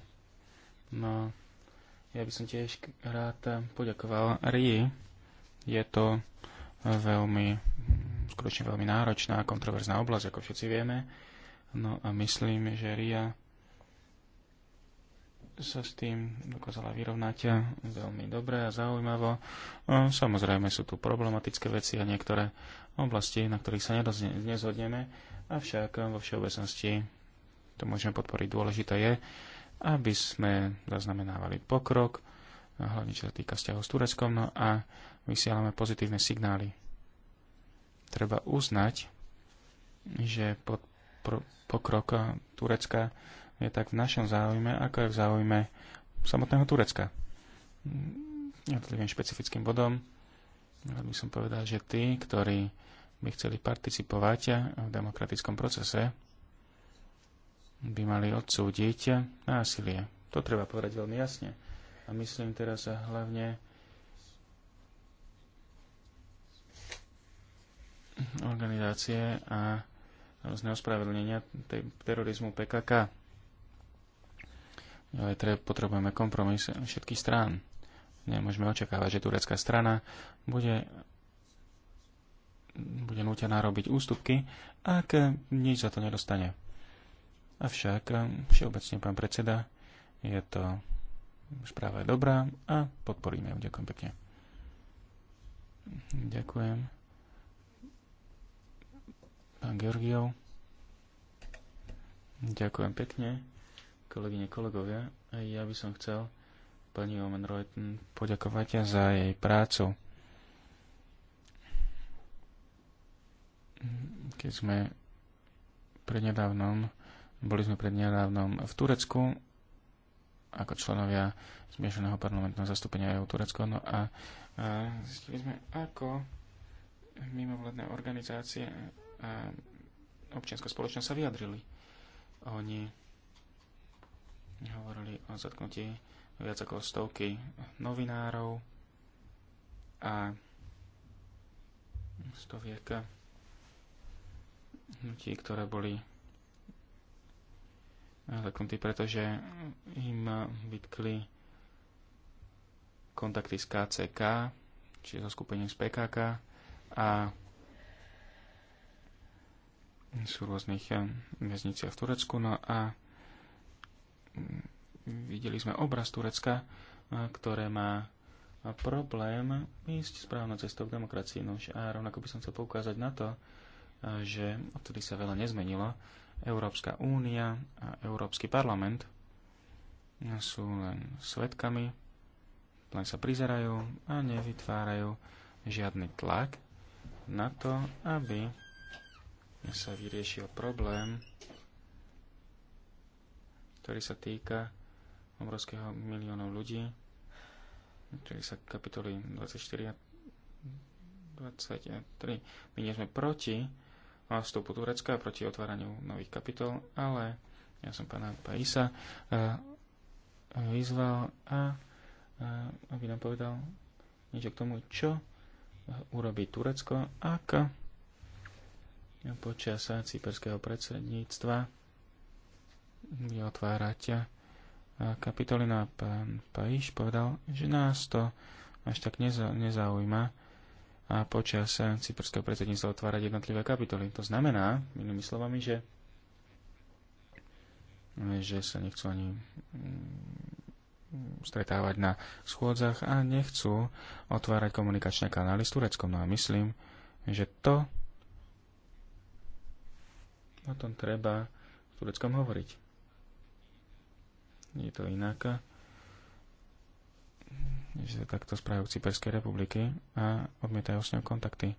No, ja by som tiež rád poďakoval Rii. Je to veľmi, skutočne veľmi náročná a kontroverzná oblasť, ako všetci vieme No a myslím, že RIA sa s tým dokázala vyrovnať veľmi dobre a zaujímavo. Samozrejme sú tu problematické veci a niektoré oblasti, na ktorých sa nezhodneme, avšak vo všeobecnosti to môžeme podporiť. Dôležité je, aby sme zaznamenávali pokrok, hlavne čo sa týka vzťahov s Tureckom, no a vysielame pozitívne signály. Treba uznať, že pod pokrok Turecka je tak v našom záujme, ako aj v záujme samotného Turecka. viem špecifickým bodom rád by som povedal, že tí, ktorí by chceli participovať v demokratickom procese, by mali odsúdiť násilie. To treba povedať veľmi jasne. A myslím teraz hlavne organizácie a rôzne ospravedlnenia terorizmu PKK. Ale treba, potrebujeme kompromis všetkých strán. Nemôžeme očakávať, že turecká strana bude, bude nútená robiť ústupky, ak nič za to nedostane. Avšak všeobecne, pán predseda, je to správa dobrá a podporíme ju. Ďakujem pekne. Ďakujem. Pán Georgiev. Ďakujem pekne, kolegyne, kolegovia. Ja by som chcel pani Omen Reuten poďakovať za jej prácu. Keď sme prednedávnom, boli sme prednedávnom v Turecku ako členovia zmiešaného parlamentného zastúpenia EU Turecko. No a, a zistili sme, ako mimovládne organizácie a občianská spoločnosť sa vyjadrili. Oni hovorili o zatknutí viac ako stovky novinárov a stoviek hnutí, ktoré boli zatknutí, pretože im vytkli kontakty z KCK, či so skupením z PKK a sú v rôznych eh, väzniciach v Turecku. No a mm, videli sme obraz Turecka, eh, ktoré má eh, problém ísť správnou cestou k demokracii. Nož a rovnako by som chcel poukázať na to, že odtedy sa veľa nezmenilo. Európska únia a Európsky parlament sú len svetkami, len sa prizerajú a nevytvárajú žiadny tlak na to, aby sa vyriešil problém, ktorý sa týka obrovského miliónov ľudí, ktorý sa kapitoly 24 a 23. My nie sme proti vstupu Turecka, a proti otváraniu nových kapitol, ale ja som pána Paisa eh, vyzval a eh, aby nám povedal niečo k tomu, čo eh, urobí Turecko, ak počas cyperského predsedníctva otvárať kapitoly na no pán Pajíš povedal, že nás to až tak neza, nezaujíma a počas cyperského predsedníctva otvárať jednotlivé kapitoly. To znamená, inými slovami, že že sa nechcú ani mm, stretávať na schôdzach a nechcú otvárať komunikačné kanály s Tureckom. No a myslím, že to O tom treba v Tureckom hovoriť. Je to inak, eh, že sa takto v Cyperskej republiky a odmietajú s ňou kontakty.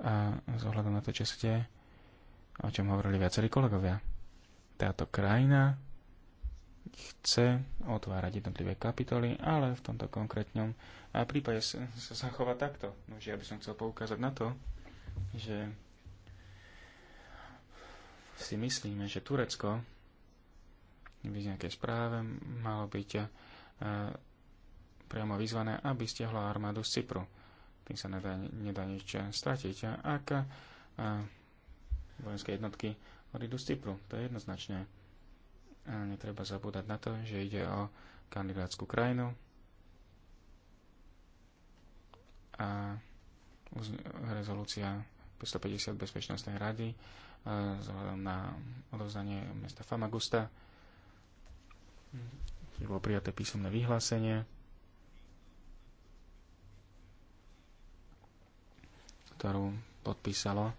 A z ohľadom na to, čo ste, o čom hovorili viacerí kolegovia. Táto krajina chce otvárať jednotlivé kapitoly, ale v tomto konkrétnom prípade sa, sa zachová takto. No, že ja by som chcel poukázať na to, že si myslíme, že Turecko v nejakej správe malo byť eh, priamo vyzvané, aby stiahlo armádu z Cypru. Tým sa nedá, nedá nič eh, stratiť. Ak eh, vojenské jednotky odídu z Cypru, to je jednoznačne A netreba zabúdať na to, že ide o kandidátsku krajinu a rezolúcia 150 bezpečnostnej rady e, vzhľadom na odovzdanie mesta Famagusta. Bolo prijaté písomné vyhlásenie. ktorú podpísalo,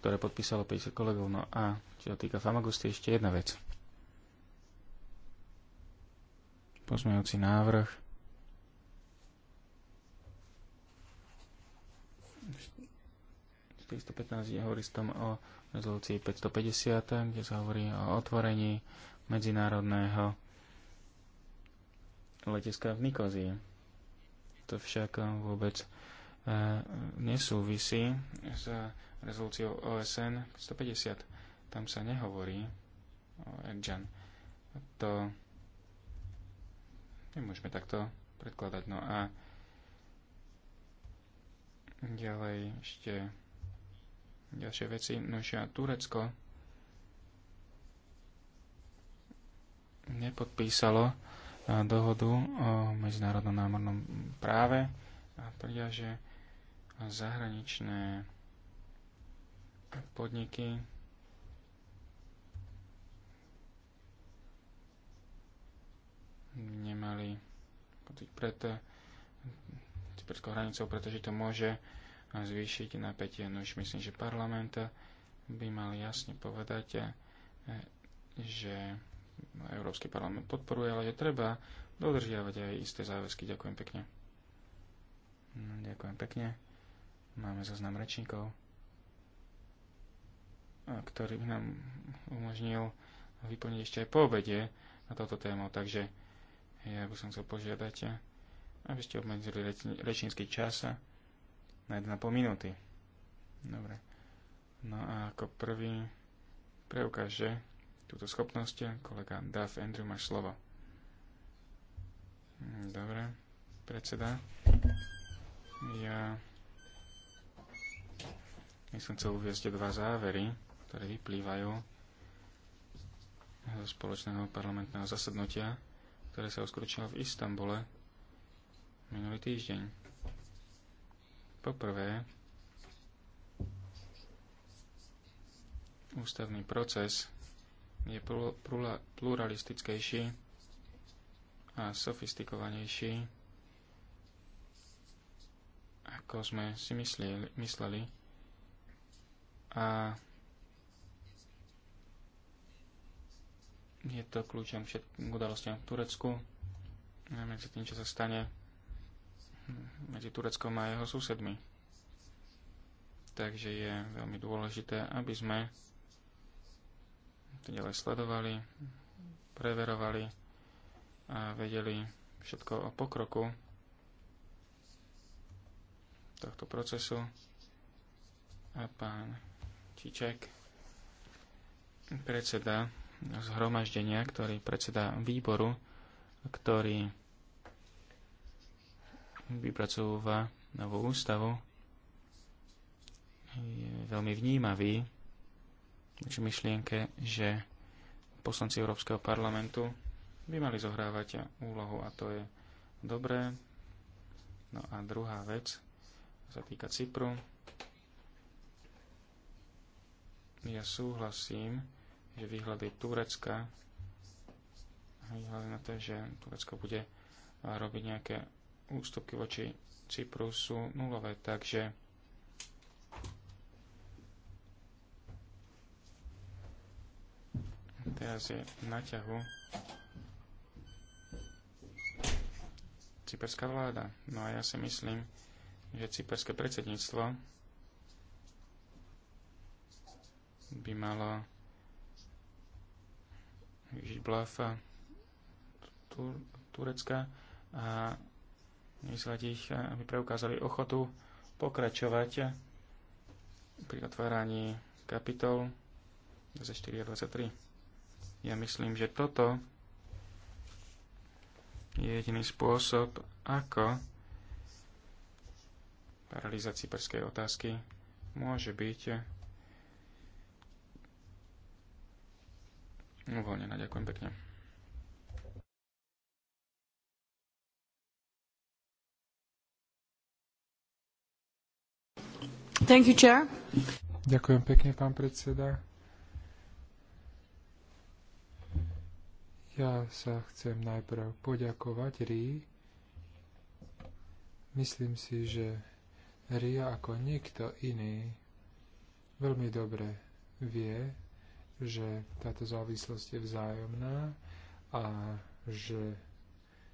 ktoré podpísalo 50 kolegov. No a čo sa týka Famagusty, ešte jedna vec. Pozmejúci návrh 415 je hovoristom o rezolúcii 550, kde sa hovorí o otvorení medzinárodného letiska v Nikozii. To však vôbec e, nesúvisí s rezolúciou OSN 150. Tam sa nehovorí o Erdžan. To nemôžeme takto predkladať. No a ďalej ešte ďalšie veci. Nošia Turecko nepodpísalo dohodu o medzinárodnom námornom práve a tvrdia, že zahraničné podniky nemali pred cyperskou hranicou, pretože to môže zvýšiť napätie. No už myslím, že parlament by mal jasne povedať, eh, že Európsky parlament podporuje, ale že treba dodržiavať aj isté záväzky. Ďakujem pekne. No, ďakujem pekne. Máme zoznam rečníkov, eh, ktorý by nám umožnil vyplniť ešte aj po obede na toto tému. Takže ja by som chcel požiadať, eh, aby ste obmedzili rečnícky čas na 1,5 minúty. Dobre. No a ako prvý preukáže túto schopnosť kolega Duff Andrew máš slovo. Hm, dobre, predseda. Ja ja som chcel uviezť dva závery, ktoré vyplývajú zo spoločného parlamentného zasadnutia, ktoré sa uskutočnilo v Istambule minulý týždeň. Poprvé, ústavný proces je pluralistickejší a sofistikovanejší, ako sme si mysleli, mysleli. A je to kľúčom všetkým udalostiam v Turecku, medzi tým, čo sa stane medzi Tureckom a jeho susedmi. Takže je veľmi dôležité, aby sme to ďalej sledovali, preverovali a vedeli všetko o pokroku tohto procesu. A pán Čiček, predseda zhromaždenia, ktorý predseda výboru, ktorý vypracúva novú ústavu, je veľmi vnímavý či myšlienke, že poslanci Európskeho parlamentu by mali zohrávať úlohu a to je dobré. No a druhá vec sa týka Cypru. Ja súhlasím, že výhľady Turecka, výhľady na to, že Turecko bude robiť nejaké ústupky voči Cypru sú nulové, takže teraz je na ťahu cyperská vláda. No a ja si myslím, že cyperské predsedníctvo by malo využiť blafa Turecka a vyzvať ich, aby preukázali ochotu pokračovať pri otváraní kapitol 24 a 23. Ja myslím, že toto je jediný spôsob, ako paralýza prskej otázky môže byť uvoľnená. Ďakujem pekne. Thank you, chair. Ďakujem pekne, pán predseda. Ja sa chcem najprv poďakovať Rí. Myslím si, že Ria ako nikto iný veľmi dobre vie, že táto závislosť je vzájomná a že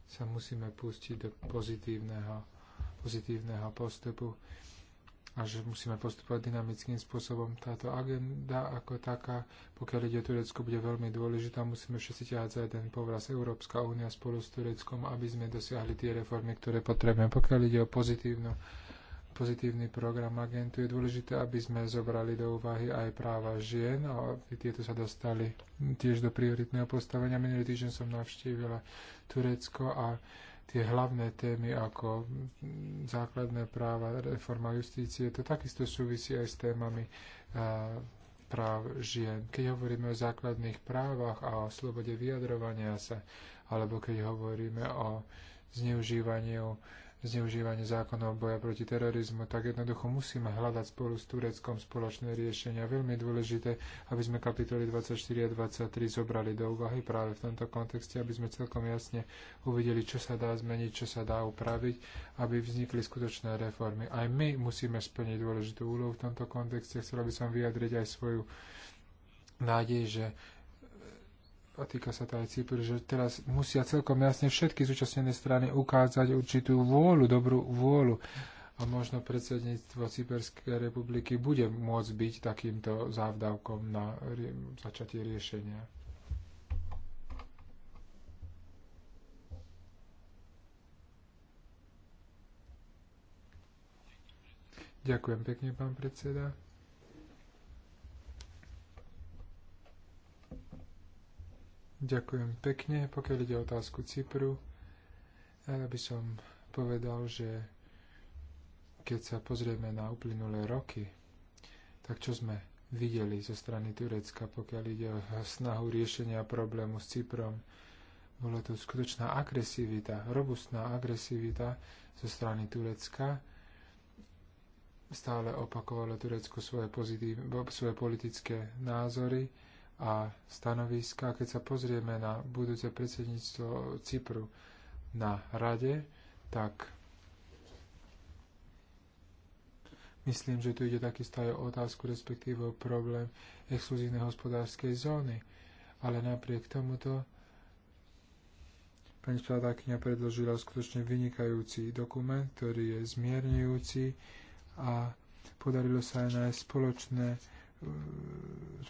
sa musíme pustiť do pozitívneho, pozitívneho postupu a že musíme postupovať dynamickým spôsobom. Táto agenda ako taká, pokiaľ ide o Turecko, bude veľmi dôležitá. Musíme všetci ťahať za jeden povraz Európska únia spolu s Tureckom, aby sme dosiahli tie reformy, ktoré potrebujeme. Pokiaľ ide o pozitívnu, pozitívny program agentu, je dôležité, aby sme zobrali do úvahy aj práva žien a aby tieto sa dostali tiež do prioritného postavenia. Minulý týždeň som navštívila Turecko a tie hlavné témy ako základné práva, reforma justície, to takisto súvisí aj s témami e, práv žien. Keď hovoríme o základných právach a o slobode vyjadrovania sa, alebo keď hovoríme o zneužívaniu zneužívanie zákonov boja proti terorizmu, tak jednoducho musíme hľadať spolu s Tureckom spoločné riešenia. Veľmi dôležité, aby sme kapitoly 24 a 23 zobrali do úvahy práve v tomto kontexte, aby sme celkom jasne uvideli, čo sa dá zmeniť, čo sa dá upraviť, aby vznikli skutočné reformy. Aj my musíme splniť dôležitú úlohu v tomto kontexte. Chcela by som vyjadriť aj svoju nádej, že a týka sa to aj Cypru, že teraz musia celkom jasne všetky zúčastnené strany ukázať určitú vôľu, dobrú vôľu. A možno predsedníctvo Cyperskej republiky bude môcť byť takýmto závdavkom na začatie riešenia. Ďakujem pekne, pán predseda. Ďakujem pekne. Pokiaľ ide o otázku Cypru, ja eh, by som povedal, že keď sa pozrieme na uplynulé roky, tak čo sme videli zo strany Turecka, pokiaľ ide o snahu riešenia problému s Cyprom, bola to skutočná agresivita, robustná agresivita zo strany Turecka. Stále opakovalo Turecko svoje, pozitív, svoje politické názory a stanoviska. Keď sa pozrieme na budúce predsedníctvo Cypru na rade, tak myslím, že tu ide takisto aj o otázku, respektíve o problém exkluzívnej hospodárskej zóny. Ale napriek tomuto pani spravodajkynia predložila skutočne vynikajúci dokument, ktorý je zmierňujúci a podarilo sa aj nájsť spoločné E,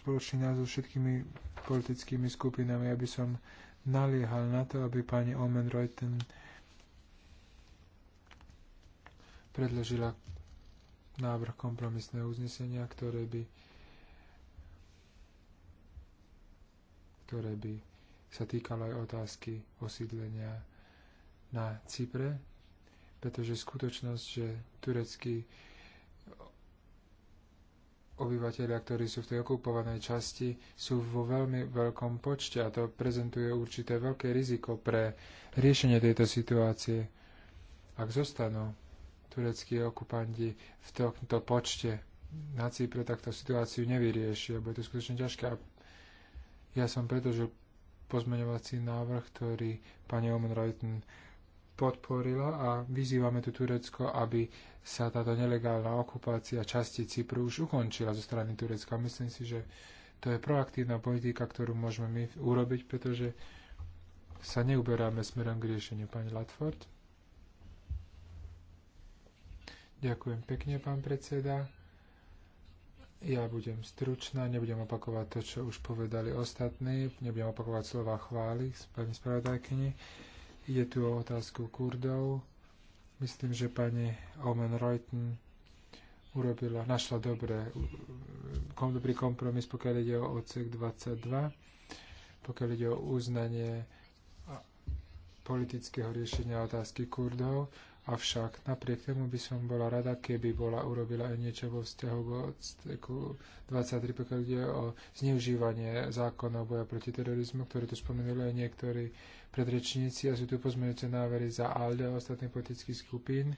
spoločný názor s všetkými politickými skupinami, aby som naliehal na to, aby pani Omen Reuten predložila návrh kompromisného uznesenia, ktoré by ktoré by sa týkalo aj otázky osídlenia na Cypre, pretože skutočnosť, že tureckí obyvateľia, ktorí sú v tej okupovanej časti, sú vo veľmi veľkom počte a to prezentuje určité veľké riziko pre riešenie tejto situácie. Ak zostanú tureckí okupanti v tomto počte na Cypre, tak situáciu nevyrieši, lebo bude to skutočne ťažké. A ja som že pozmeňovací návrh, ktorý pani Omen Reuten podporila a vyzývame tu Turecko, aby sa táto nelegálna okupácia časti Cypru už ukončila zo strany Turecka. Myslím si, že to je proaktívna politika, ktorú môžeme my urobiť, pretože sa neuberáme smerom k riešeniu. Pani Latford. Ďakujem pekne, pán predseda. Ja budem stručná, nebudem opakovať to, čo už povedali ostatní, nebudem opakovať slova chvály pani spravodajkyni. Ide tu o otázku Kurdov. Myslím, že pani Omen Reuten urobila, našla dobré, kom, dobrý kompromis, pokiaľ ide o odsek 22, pokiaľ ide o uznanie politického riešenia otázky Kurdov. Avšak napriek tomu by som bola rada, keby bola urobila aj niečo vo vzťahu k odsteku 23, pokiaľ ide o zneužívanie zákonov boja proti terorizmu, ktoré tu spomenuli aj niektorí predrečníci a sú tu pozmeňujúce návery za ALDE a ostatných politických skupín,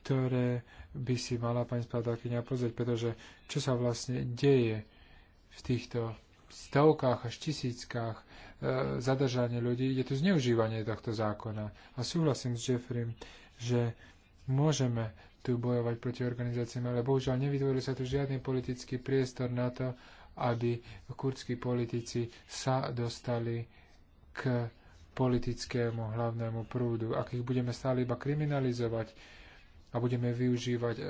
ktoré by si mala pani spravodajkyňa pozrieť, pretože čo sa vlastne deje v týchto stovkách až tisíckách e, zadržanie ľudí, je tu zneužívanie tohto zákona. A súhlasím s Jeffrey že môžeme tu bojovať proti organizáciám, ale bohužiaľ nevytvoril sa tu žiadny politický priestor na to, aby kurdskí politici sa dostali k politickému hlavnému prúdu. Ak ich budeme stále iba kriminalizovať a budeme využívať e,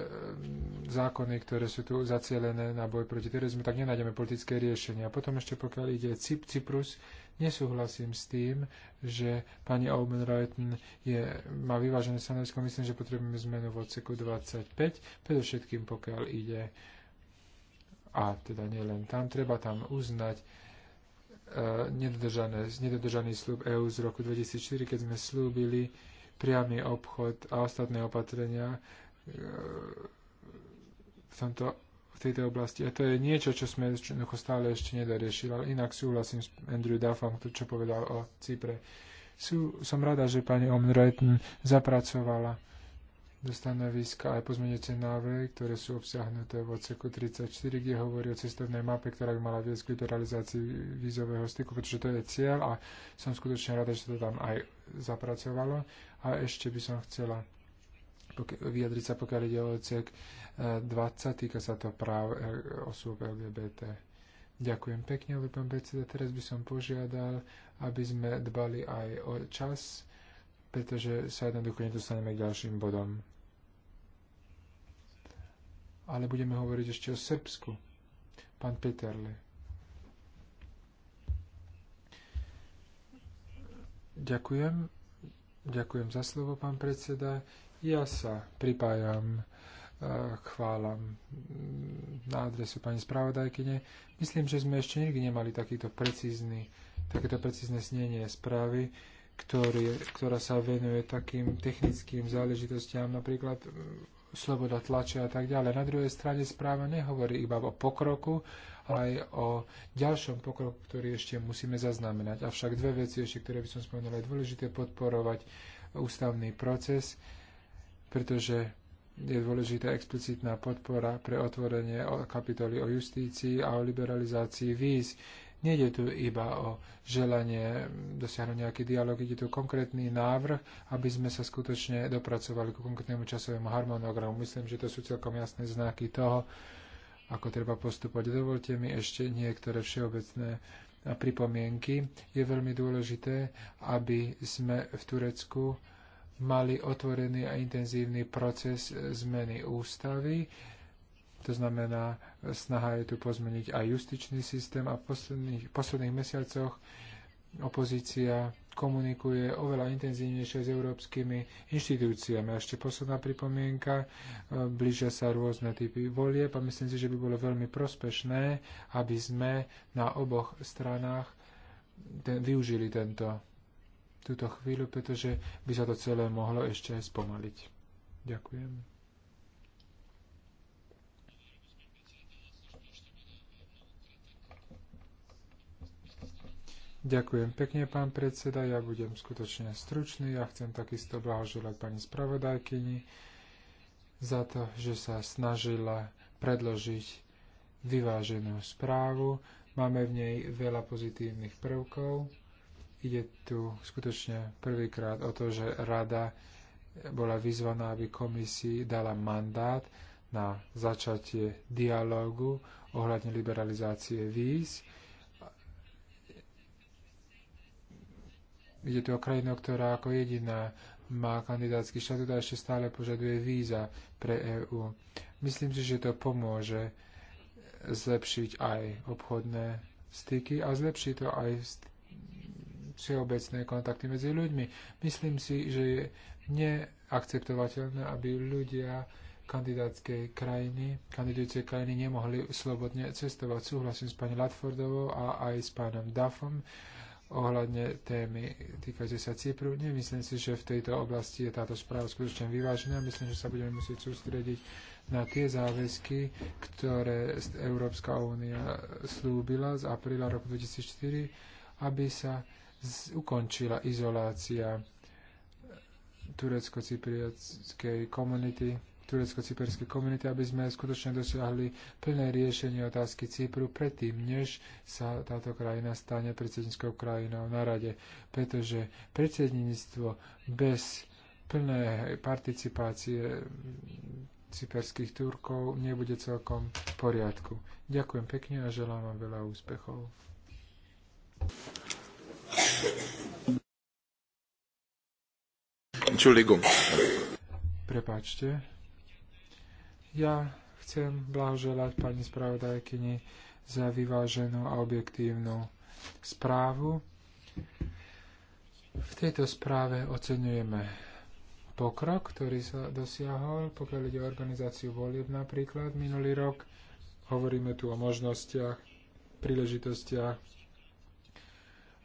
zákony, ktoré sú tu zacielené na boj proti terorizmu, tak nenájdeme politické riešenie. A potom ešte pokiaľ ide Cyprus, Nesúhlasím s tým, že pani Omen Reuten je, má vyvážené stanovisko. Myslím, že potrebujeme zmenu v odseku 25, predovšetkým pokiaľ ide a teda nielen tam, treba tam uznať uh, nedodržaný slúb EÚ z roku 2004, keď sme slúbili priamy obchod a ostatné opatrenia uh, v tomto v tejto oblasti. A to je niečo, čo sme jednoducho stále ešte nedoriešili, ale inak súhlasím s Andrew Duffom, čo povedal o Cypre. Sú, som rada, že pani Omdrojten zapracovala do stanoviska aj pozmeňujúce návrhy, ktoré sú obsiahnuté v odseku 34, kde hovorí o cestovnej mape, ktorá by mala viesť k liberalizácii vízového styku, pretože to je cieľ a som skutočne rada, že to tam aj zapracovalo. A ešte by som chcela vyjadriť sa, pokiaľ ide o odsek 20, e, týka sa to práv e, osôb LGBT. Ďakujem pekne, ale pán predseda, teraz by som požiadal, aby sme dbali aj o čas, pretože sa jednoducho nedostaneme k ďalším bodom. Ale budeme hovoriť ešte o Srbsku. Pán Peterle. Ďakujem. Ďakujem za slovo, pán predseda. Ja sa pripájam e, k chválam na adresu pani spravodajkyne. Myslím, že sme ešte nikdy nemali takýto precízny, takéto precízne snenie správy, ktorý, ktorá sa venuje takým technickým záležitostiam, napríklad e, sloboda tlače a tak ďalej. Na druhej strane správa nehovorí iba o pokroku, ale aj o ďalšom pokroku, ktorý ešte musíme zaznamenať. Avšak dve veci ešte, ktoré by som spomenul, je dôležité podporovať ústavný proces, pretože je dôležitá explicitná podpora pre otvorenie kapitoly o justícii a o liberalizácii víz. Nejde tu iba o želanie dosiahnuť nejaký dialog, ide tu konkrétny návrh, aby sme sa skutočne dopracovali ku konkrétnemu časovému harmonogramu. Myslím, že to sú celkom jasné znaky toho, ako treba postupovať. Dovolte mi ešte niektoré všeobecné pripomienky. Je veľmi dôležité, aby sme v Turecku mali otvorený a intenzívny proces e, zmeny ústavy. To znamená, e, snaha je tu pozmeniť aj justičný systém a v posledných, posledných mesiacoch opozícia komunikuje oveľa intenzívnejšie s európskymi inštitúciami. ešte posledná pripomienka, e, blížia sa rôzne typy volie, a myslím si, že by bolo veľmi prospešné, aby sme na oboch stranách ten, využili tento túto chvíľu, pretože by sa to celé mohlo ešte aj spomaliť. Ďakujem. Ďakujem pekne, pán predseda. Ja budem skutočne stručný. Ja chcem takisto blahoželať pani spravodajkyni za to, že sa snažila predložiť vyváženú správu. Máme v nej veľa pozitívnych prvkov Ide tu skutočne prvýkrát o to, že rada bola vyzvaná, aby komisii dala mandát na začatie dialógu ohľadne liberalizácie víz. Ide tu o krajinu, ktorá ako jediná má kandidátsky štatút a ešte stále požaduje víza pre EÚ. Myslím si, že to pomôže zlepšiť aj obchodné styky a zlepší to aj všeobecné kontakty medzi ľuďmi. Myslím si, že je neakceptovateľné, aby ľudia kandidátskej krajiny, kandidujúcej krajiny nemohli slobodne cestovať. Súhlasím s pani Latfordovou a aj s pánom Duffom ohľadne témy týkajúce sa Cypru. Nemyslím si, že v tejto oblasti je táto správa skutočne vyvážená. Myslím, že sa budeme musieť sústrediť na tie záväzky, ktoré Európska únia slúbila z apríla roku 2004, aby sa ukončila izolácia turecko cyperskej komunity, turecko-cyperskej komunity, aby sme skutočne dosiahli plné riešenie otázky Cypru predtým, než sa táto krajina stane predsedníckou krajinou na rade. Pretože predsedníctvo bez plnej participácie cyperských Turkov nebude celkom v poriadku. Ďakujem pekne a želám vám veľa úspechov. Entschuldigung. Prepáčte. Ja chcem blahoželať pani spravodajkyni za vyváženú a objektívnu správu. V tejto správe oceňujeme pokrok, ktorý sa dosiahol, pokiaľ ide o organizáciu volieb napríklad minulý rok. Hovoríme tu o možnostiach, príležitostiach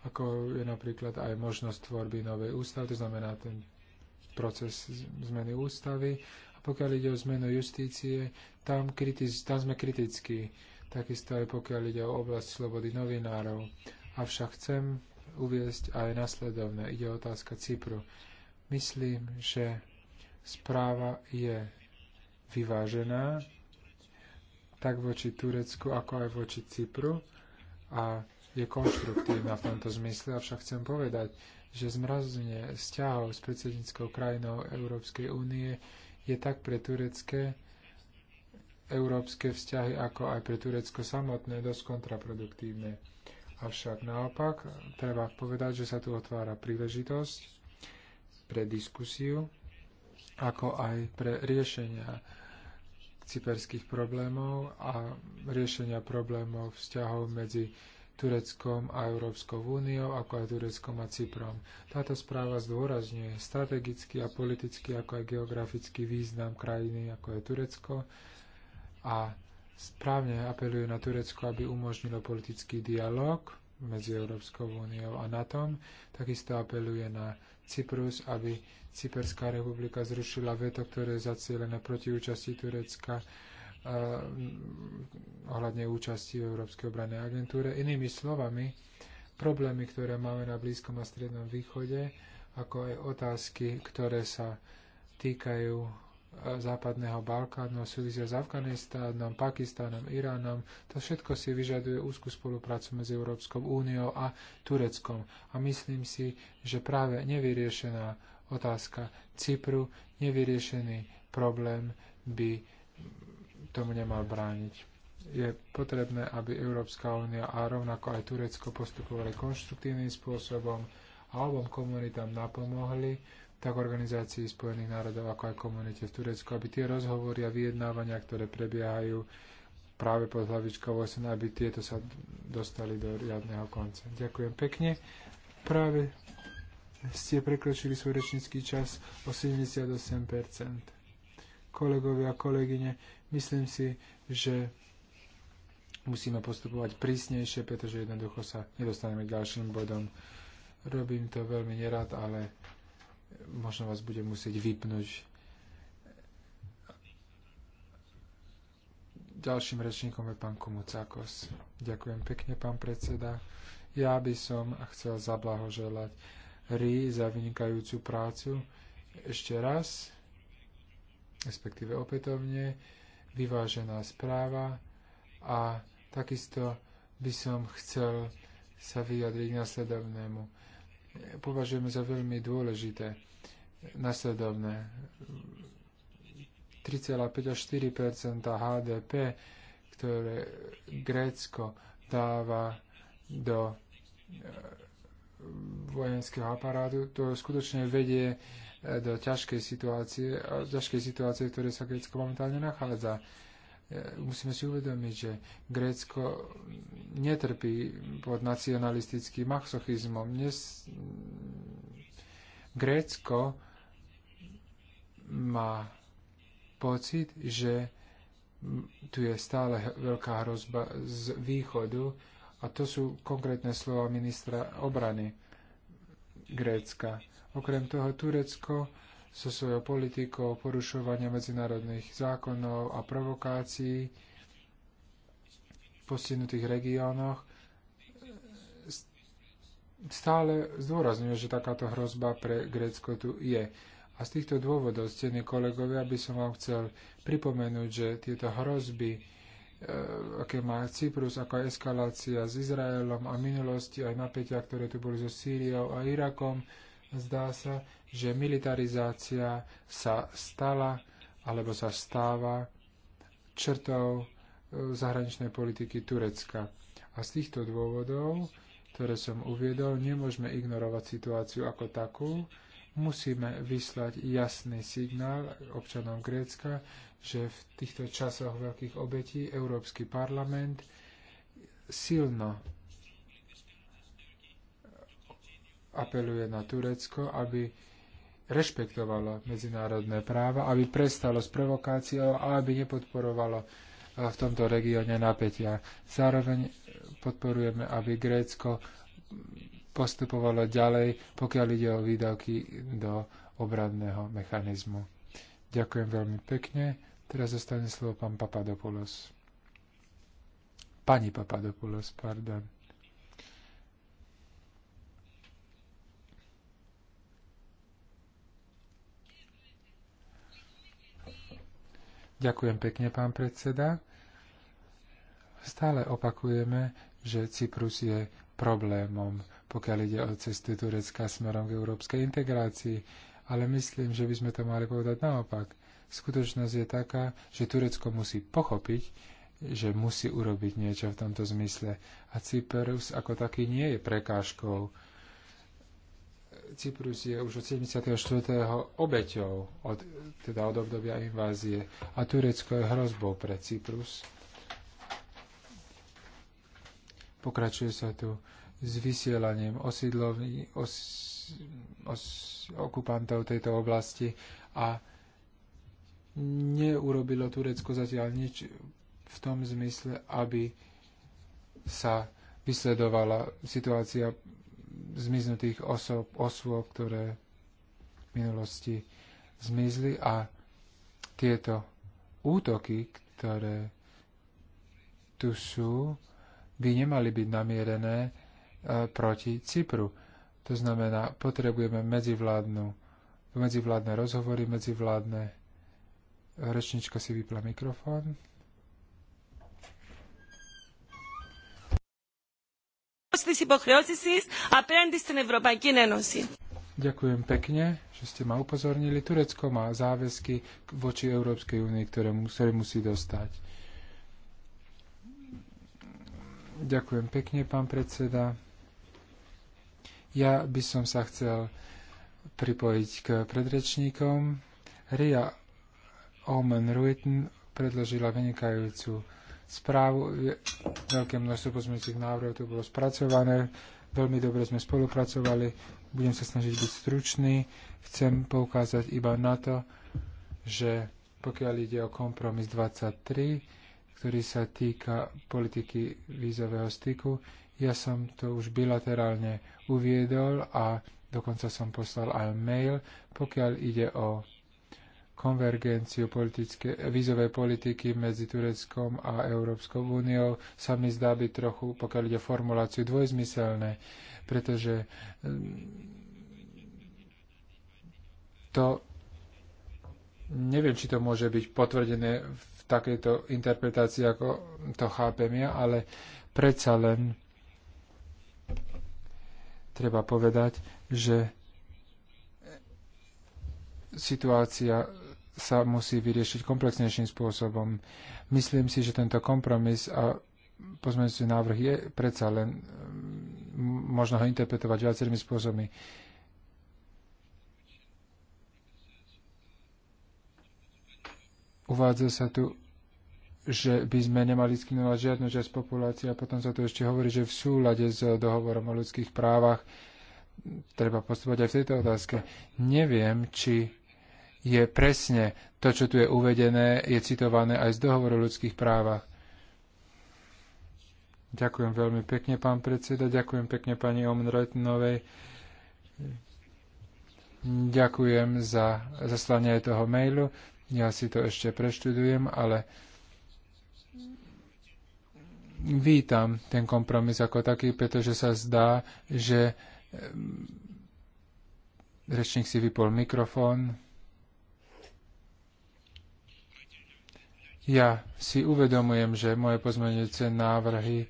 ako je napríklad aj možnosť tvorby novej ústavy, to znamená ten proces zmeny ústavy. A pokiaľ ide o zmenu justície, tam, kritiz, tam sme kritickí, takisto aj pokiaľ ide o oblasť slobody novinárov. Avšak chcem uviesť aj nasledovné. Ide o otázka Cypru. Myslím, že správa je vyvážená tak voči Turecku, ako aj voči Cypru. A je konštruktívna v tomto zmysle, avšak chcem povedať, že zmrazenie vzťahov s predsedníckou krajinou Európskej únie je tak pre turecké európske vzťahy, ako aj pre Turecko samotné, dosť kontraproduktívne. Avšak naopak, treba povedať, že sa tu otvára príležitosť pre diskusiu, ako aj pre riešenia cyperských problémov a riešenia problémov vzťahov medzi Tureckom a Európskou úniou, ako aj Tureckom a Cyprom. Táto správa zdôrazňuje strategický a politický, ako aj geografický význam krajiny, ako je Turecko a správne apeluje na Turecko, aby umožnilo politický dialog medzi Európskou úniou a NATO. Takisto apeluje na Cyprus, aby Cyperská republika zrušila veto, ktoré je zacielené proti účasti Turecka Mm, ohľadne účasti v Európskej obranej agentúre. Inými slovami, problémy, ktoré máme na Blízkom a Strednom východe, ako aj otázky, ktoré sa týkajú e, západného Balkánu, súvisia s Afganistánom, Pakistánom, Iránom. To všetko si vyžaduje úzkú spoluprácu medzi Európskou úniou a Tureckom. A myslím si, že práve nevyriešená otázka Cypru, nevyriešený problém by tomu nemal brániť. Je potrebné, aby Európska únia a rovnako aj Turecko postupovali konštruktívnym spôsobom a obom komunitám napomohli, tak organizácii Spojených národov, ako aj komunite v Turecku, aby tie rozhovory a vyjednávania, ktoré prebiehajú práve pod hlavičkou 8, aby tieto sa dostali do riadneho konca. Ďakujem pekne. Práve ste prekročili svoj rečnícky čas o 78%. Kolegovia a kolegyne, Myslím si, že musíme postupovať prísnejšie, pretože jednoducho sa nedostaneme k ďalším bodom. Robím to veľmi nerad, ale možno vás budem musieť vypnúť. Ďalším rečníkom je pán Komucakos. Ďakujem pekne, pán predseda. Ja by som chcel zablahoželať Ri za vynikajúcu prácu ešte raz, respektíve opätovne vyvážená správa a takisto by som chcel sa vyjadriť nasledovnému. Považujeme za veľmi dôležité nasledovné. 3,5 až 4 HDP, ktoré Grécko dáva do e, vojenského aparátu, to skutočne vedie do ťažkej situácie, ťažkej situácie, v ktorej sa Grécko momentálne nachádza. E, musíme si uvedomiť, že Grécko netrpí pod nacionalistickým masochizmom. Nes... Grécko má pocit, že tu je stále veľká hrozba z východu a to sú konkrétne slova ministra obrany. Grécka. Okrem toho Turecko so svojou politikou porušovania medzinárodných zákonov a provokácií v postihnutých regiónoch stále zdôrazňuje, že takáto hrozba pre Grécko tu je. A z týchto dôvodov, stení kolegovia, by som vám chcel pripomenúť, že tieto hrozby Eh, aké má Cyprus, aká eskalácia s Izraelom a minulosti, aj napätia, ktoré tu boli so Sýriou a Irakom, zdá sa, že militarizácia sa stala alebo sa stáva črtou eh, zahraničnej politiky Turecka. A z týchto dôvodov, ktoré som uviedol, nemôžeme ignorovať situáciu ako takú musíme vyslať jasný signál občanom Grécka, že v týchto časoch veľkých obetí Európsky parlament silno apeluje na Turecko, aby rešpektovalo medzinárodné práva, aby prestalo s provokáciou a aby nepodporovalo eh, v tomto regióne napätia. Zároveň podporujeme, aby Grécko postupovalo ďalej, pokiaľ ide o výdavky do obradného mechanizmu. Ďakujem veľmi pekne. Teraz zostane slovo pán Papadopoulos. Pani Papadopoulos, pardon. Ďakujem pekne, pán predseda. Stále opakujeme, že Cyprus je problémom pokiaľ ide o cestu Turecka smerom k európskej integrácii. Ale myslím, že by sme to mali povedať naopak. Skutočnosť je taká, že Turecko musí pochopiť, že musí urobiť niečo v tomto zmysle. A Cyprus ako taký nie je prekážkou. Cyprus je už od 74. obeťou, od, teda od obdobia invázie. A Turecko je hrozbou pre Cyprus. Pokračuje sa tu s vysielaním osídlovní, os, os, okupantov tejto oblasti a neurobilo Turecko zatiaľ nič v tom zmysle, aby sa vysledovala situácia zmiznutých osob, osôb, ktoré v minulosti zmizli a tieto útoky, ktoré tu sú, by nemali byť namierené E, proti Cypru. To znamená, potrebujeme medzivládnu, medzivládne rozhovory, medzivládne... Rečnička si vypla mikrofón. Ďakujem pekne, že ste ma upozornili. Turecko má záväzky voči Európskej únii, ktoré, ktoré musí dostať. Ďakujem pekne, pán predseda. Ja by som sa chcel pripojiť k predrečníkom. Ria Omen Ruiten predložila vynikajúcu správu. Veľké množstvo pozmeňujúcich návrhov tu bolo spracované. Veľmi dobre sme spolupracovali. Budem sa snažiť byť stručný. Chcem poukázať iba na to, že pokiaľ ide o kompromis 23, ktorý sa týka politiky vízového styku, ja som to už bilaterálne uviedol a dokonca som poslal aj mail, pokiaľ ide o konvergenciu vízovej politiky medzi Tureckom a Európskou úniou sa mi zdá byť trochu, pokiaľ ide o formuláciu, dvojzmyselné, pretože mm, to neviem, či to môže byť potvrdené v takejto interpretácii, ako to chápem ja, ale predsa len treba povedať, že situácia sa musí vyriešiť komplexnejším spôsobom. Myslím si, že tento kompromis a pozmeňujúci návrh je predsa len možno ho interpretovať viacerými spôsobmi. Uvádza sa tu že by sme nemali diskriminovať žiadnu časť populácie a potom sa tu ešte hovorí, že v súlade s dohovorom o ľudských právach treba postupovať aj v tejto otázke. Neviem, či je presne to, čo tu je uvedené, je citované aj z dohovoru o ľudských právach. Ďakujem veľmi pekne, pán predseda. Ďakujem pekne pani Omrotnovej. Ďakujem za zaslanie toho mailu. Ja si to ešte preštudujem, ale vítam ten kompromis ako taký, pretože sa zdá, že ehm, rečník si vypol mikrofón. Ja si uvedomujem, že moje pozmeňujúce návrhy,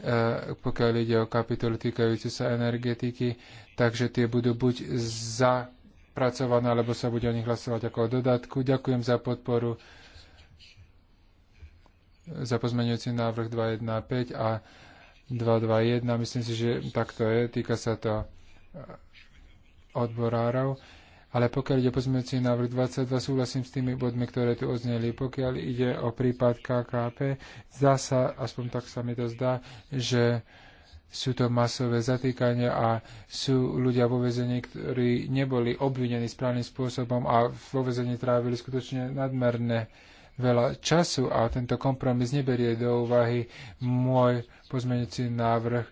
ehm, pokiaľ ide o kapitolu týkajúce sa energetiky, takže tie budú buď zapracované, alebo sa bude o nich hlasovať ako o dodatku. Ďakujem za podporu za pozmeňujúci návrh 215 a 221. Myslím si, že takto je. Týka sa to e, odborárov. Ale pokiaľ ide pozmeňujúci návrh 22, súhlasím s tými bodmi, ktoré tu ozneli. Pokiaľ ide o prípad KKP, zdá sa, aspoň tak sa mi to zdá, že sú to masové zatýkania a sú ľudia vo vezení, ktorí neboli obvinení správnym spôsobom a vo vezení trávili skutočne nadmerné veľa času a tento kompromis neberie do úvahy môj pozmeňujúci návrh,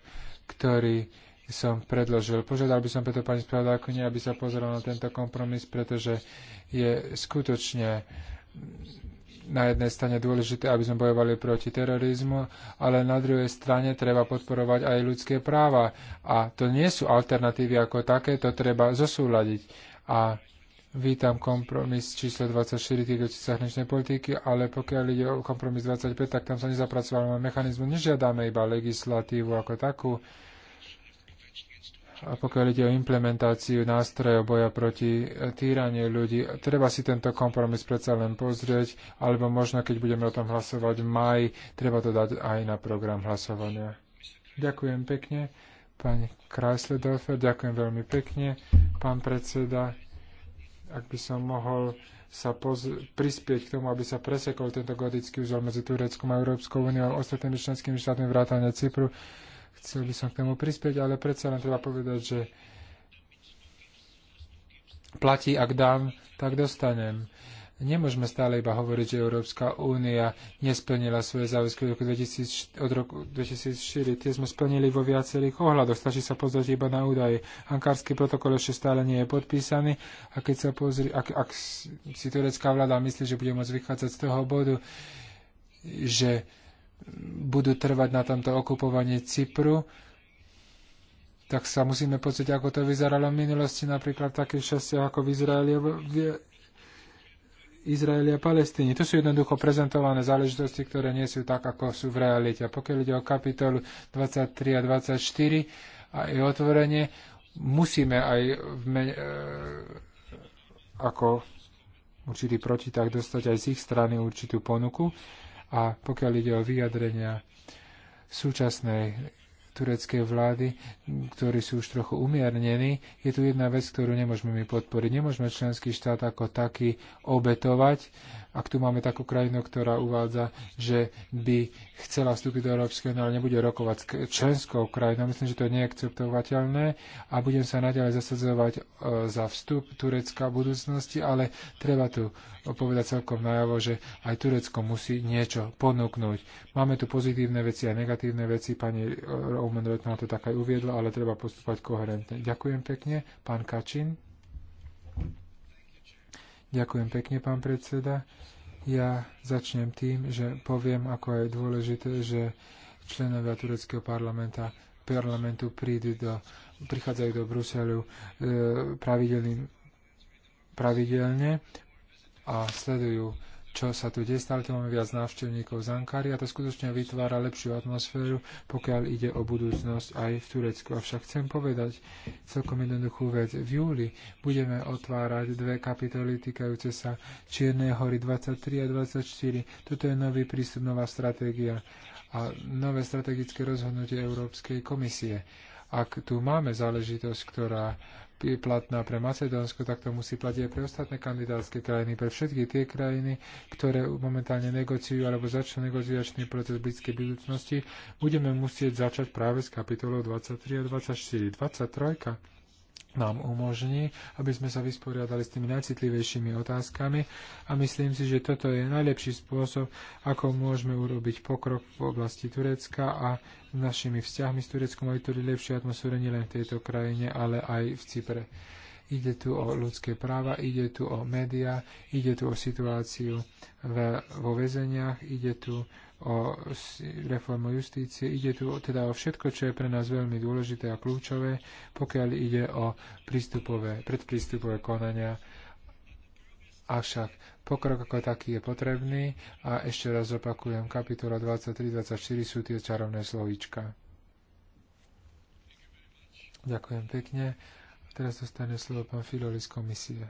ktorý som predložil. Požiadal by som preto pani spravodajkyni, aby sa pozrel na tento kompromis, pretože je skutočne na jednej strane dôležité, aby sme bojovali proti terorizmu, ale na druhej strane treba podporovať aj ľudské práva. A to nie sú alternatívy ako také, to treba zosúľadiť. A Vítam kompromis číslo 24 týkajúci zahraničnej politiky, ale pokiaľ ide o kompromis 25, tak tam sa na mechanizmu. Nežiadame iba legislatívu ako takú, a pokiaľ ide o implementáciu nástrojov boja proti týraniu ľudí, treba si tento kompromis predsa len pozrieť, alebo možno, keď budeme o tom hlasovať v maj, treba to dať aj na program hlasovania. Ďakujem pekne, pani Kreisledorfer, ďakujem veľmi pekne, pán predseda ak by som mohol sa poz- prispieť k tomu, aby sa presekol tento godický úzol medzi Tureckom a Európskou úniou a ostatnými členskými štátmi vrátane Cypru. Chcel by som k tomu prispieť, ale predsa len treba povedať, že platí, ak dám, tak dostanem. Nemôžeme stále iba hovoriť, že Európska únia nesplnila svoje záväzky od roku 2004, od roku 2004. Tie sme splnili vo viacerých ohľadoch. Stačí sa pozrieť iba na údaje. Ankarský protokol ešte stále nie je podpísaný a keď sa pozri, ak, ak si turecká vláda myslí, že bude môcť vychádzať z toho bodu, že budú trvať na tomto okupovaní Cypru, tak sa musíme pozrieť, ako to vyzeralo v minulosti, napríklad v takých častiach ako v Izraeli, Izraeli a Palestíni. To sú jednoducho prezentované záležitosti, ktoré nie sú tak, ako sú v realite. A pokiaľ ide o kapitolu 23 a 24 a jej otvorenie, musíme aj v mene, ako určitý protitak dostať aj z ich strany určitú ponuku. A pokiaľ ide o vyjadrenia súčasnej tureckej vlády, ktorí sú už trochu umiernení, je tu jedna vec, ktorú nemôžeme my podporiť. Nemôžeme členský štát ako taký obetovať ak tu máme takú krajinu, ktorá uvádza, že by chcela vstúpiť do Európskej únie, ale nebude rokovať s členskou krajinou, myslím, že to nie je akceptovateľné a budem sa naďalej zasadzovať e, za vstup Turecka v budúcnosti, ale treba tu povedať celkom najavo, že aj Turecko musí niečo ponúknuť. Máme tu pozitívne veci a negatívne veci, pani e, Roman to tak aj uviedla, ale treba postupovať koherentne. Ďakujem pekne, pán Kačin. Ďakujem pekne, pán predseda. Ja začnem tým, že poviem, ako je dôležité, že členovia tureckého parlamenta parlamentu prídu do, prichádzajú do Bruselu e, pravidelne a sledujú čo sa tu deje. Stále tu máme viac návštevníkov z Ankary a to skutočne vytvára lepšiu atmosféru, pokiaľ ide o budúcnosť aj v Turecku. Avšak chcem povedať celkom jednoduchú vec. V júli budeme otvárať dve kapitoly týkajúce sa Čiernej hory 23 a 24. Toto je nový prístup, nová stratégia a nové strategické rozhodnutie Európskej komisie. Ak tu máme záležitosť, ktorá platná pre Macedónsko, tak to musí platiť aj pre ostatné kandidátske krajiny, pre všetky tie krajiny, ktoré momentálne negociujú alebo začnú negociačný proces blízkej budúcnosti, budeme musieť začať práve s kapitolou 23 a 24. 23 nám umožní, aby sme sa vysporiadali s tými najcitlivejšími otázkami a myslím si, že toto je najlepší spôsob, ako môžeme urobiť pokrok v oblasti Turecka a našimi vzťahmi s Tureckom aj vytvoriť lepšiu atmosféru nielen v tejto krajine, ale aj v Cypre. Ide tu o ľudské práva, ide tu o médiá, ide tu o situáciu v, vo väzeniach, ide tu o reformu justície. Ide tu teda o všetko, čo je pre nás veľmi dôležité a kľúčové, pokiaľ ide o prístupové, predprístupové konania. Avšak pokrok ako taký je potrebný a ešte raz opakujem, kapitola 23-24 sú tie čarovné slovíčka. Ďakujem pekne. teraz dostane slovo pán Filoli z komisie.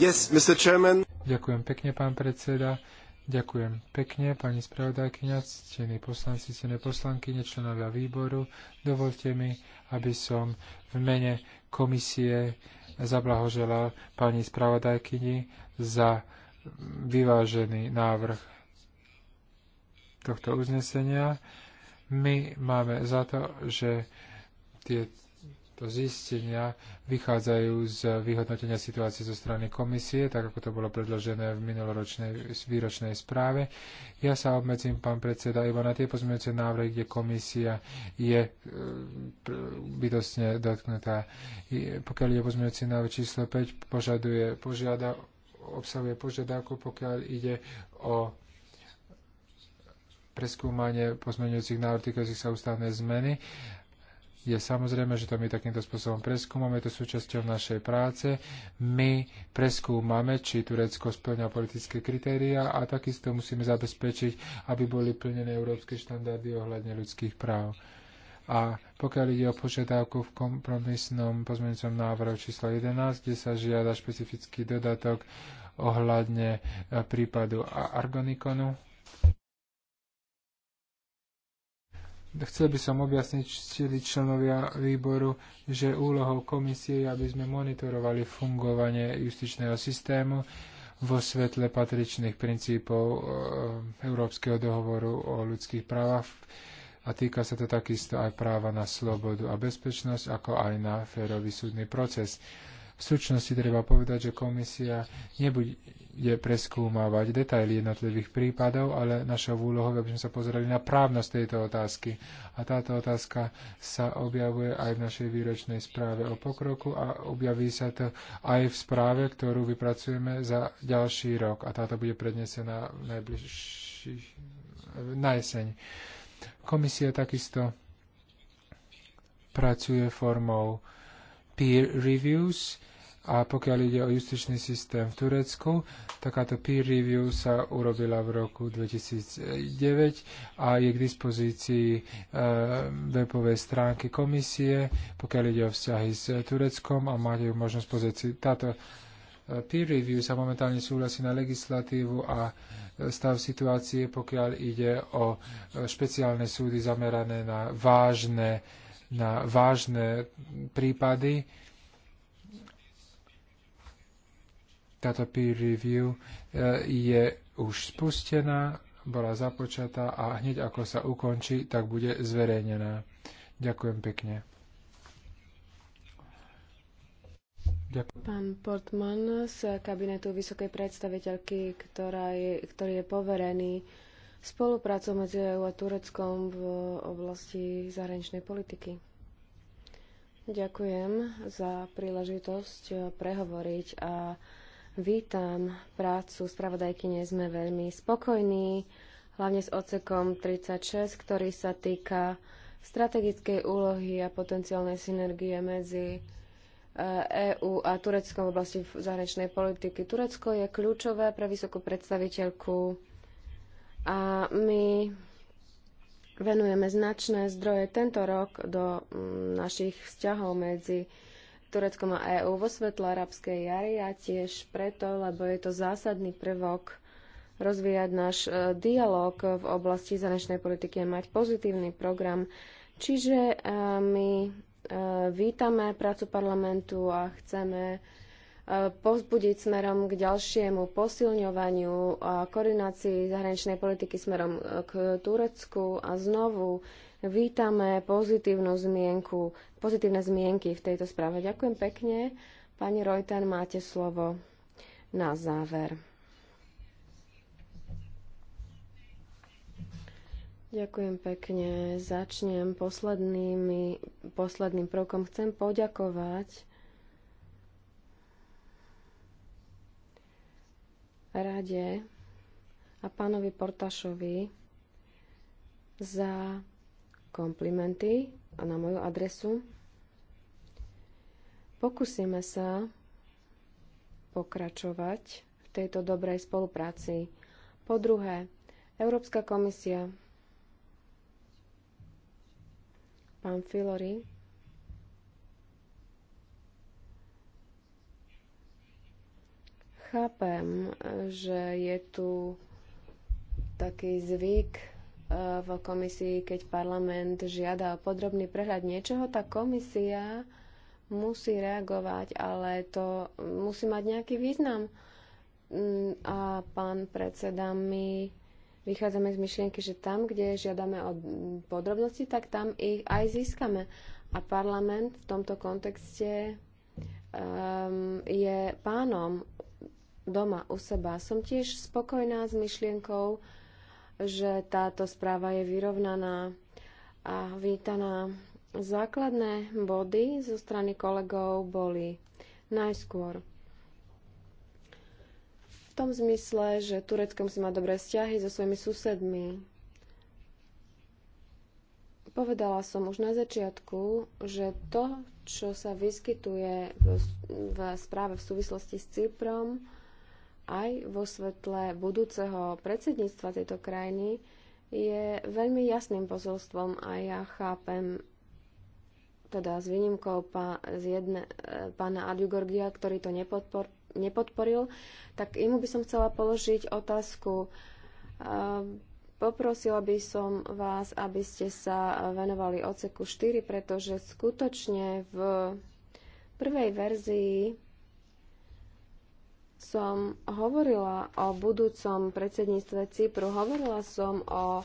Yes, Mr. Chairman. Ďakujem pekne, pán predseda. Ďakujem pekne, pani spravodajkyňa, ctení poslanci, ctené poslanky, členovia výboru. Dovolte mi, aby som v mene komisie zablahoželal pani spravodajkyni za vyvážený návrh tohto uznesenia. My máme za to, že tie tieto zistenia vychádzajú z vyhodnotenia situácie zo strany komisie, tak ako to bolo predložené v minuloročnej výročnej správe. Ja sa obmedzím, pán predseda, iba na tie pozmeňujúce návrhy, kde komisia je e, bytostne dotknutá. Pokiaľ je pozmeňujúci návrh číslo 5, požaduje, požiada, obsahuje požiadavku, pokiaľ ide o preskúmanie pozmeňujúcich návrh týkajúcich sa ústavnej zmeny je samozrejme, že to my takýmto spôsobom preskúmame, je to súčasťou našej práce. My preskúmame, či Turecko splňa politické kritéria a takisto musíme zabezpečiť, aby boli plnené európske štandardy ohľadne ľudských práv. A pokiaľ ide o požiadavku v kompromisnom pozmeňujúcom návrhu číslo 11, kde sa žiada špecifický dodatok ohľadne prípadu Argonikonu, Chcel by som objasniť členovia výboru, že úlohou komisie je, aby sme monitorovali fungovanie justičného systému vo svetle patričných princípov e, Európskeho dohovoru o ľudských právach a týka sa to takisto aj práva na slobodu a bezpečnosť, ako aj na férový súdny proces. V súčnosti treba povedať, že komisia nebude, je preskúmavať detaily jednotlivých prípadov, ale našou úlohou, aby sme sa pozerali na právnosť tejto otázky. A táto otázka sa objavuje aj v našej výročnej správe o pokroku a objaví sa to aj v správe, ktorú vypracujeme za ďalší rok. A táto bude prednesená v najbližší... na jeseň. Komisia takisto pracuje formou peer reviews, a pokiaľ ide o justičný systém v Turecku, takáto peer review sa urobila v roku 2009 a je k dispozícii e, webovej stránky komisie, pokiaľ ide o vzťahy s Tureckom a máte ju možnosť pozrieť si. Táto e, peer review sa momentálne súhlasí na legislatívu a e, stav situácie, pokiaľ ide o e, špeciálne súdy zamerané na vážne, na vážne prípady Táto peer review eh, je už spustená, bola započatá a hneď ako sa ukončí, tak bude zverejnená. Ďakujem pekne. Ďakujem. Pán Portman z kabinetu vysokej predstaviteľky, ktorá je, ktorý je poverený spoluprácou medzi EU a Tureckom v oblasti zahraničnej politiky. Ďakujem za príležitosť prehovoriť a Vítam prácu spravodajkyne, sme veľmi spokojní, hlavne s ocekom 36, ktorý sa týka strategickej úlohy a potenciálnej synergie medzi EÚ eh, e a Tureckom v oblasti zahraničnej politiky. Turecko je kľúčové pre vysokú predstaviteľku a my venujeme značné zdroje tento rok do mm, našich vzťahov medzi Tureckom a EÚ vo svetle arabskej jary a tiež preto, lebo je to zásadný prvok rozvíjať náš e, dialog v oblasti zahraničnej politiky a mať pozitívny program. Čiže e, my e, vítame prácu parlamentu a chceme povzbudiť smerom k ďalšiemu posilňovaniu a koordinácii zahraničnej politiky smerom k Turecku a znovu Vítame pozitívnu zmienku, pozitívne zmienky v tejto správe. Ďakujem pekne. Pani Rojten, máte slovo na záver. Ďakujem pekne. Začnem poslednými, posledným prvkom. Chcem poďakovať rade a pánovi Portašovi za komplimenty a na moju adresu. Pokúsime sa pokračovať v tejto dobrej spolupráci. Po druhé, Európska komisia. Pán Filori. Chápem, že je tu taký zvyk v komisii, keď parlament žiada o podrobný prehľad niečoho, tá komisia musí reagovať, ale to musí mať nejaký význam. Mm, a pán predseda, my vychádzame z myšlienky, že tam, kde žiadame o podrobnosti, tak tam ich aj získame. A parlament v tomto kontexte um, je pánom doma u seba. Som tiež spokojná s myšlienkou, že táto správa je vyrovnaná a vítaná. Základné body zo strany kolegov boli najskôr v tom zmysle, že Turecko musí mať dobré vzťahy so svojimi susedmi. Povedala som už na začiatku, že to, čo sa vyskytuje v, v správe v súvislosti s Cyprom, aj vo svetle budúceho predsedníctva tejto krajiny je veľmi jasným posolstvom a ja chápem teda s výnimkou pá, z jedne, e, pána Adjugorgia, ktorý to nepodpor, nepodporil, tak imu by som chcela položiť otázku. E, poprosila by som vás, aby ste sa venovali oceku 4, pretože skutočne v prvej verzii som hovorila o budúcom predsedníctve Cypru, hovorila som o um,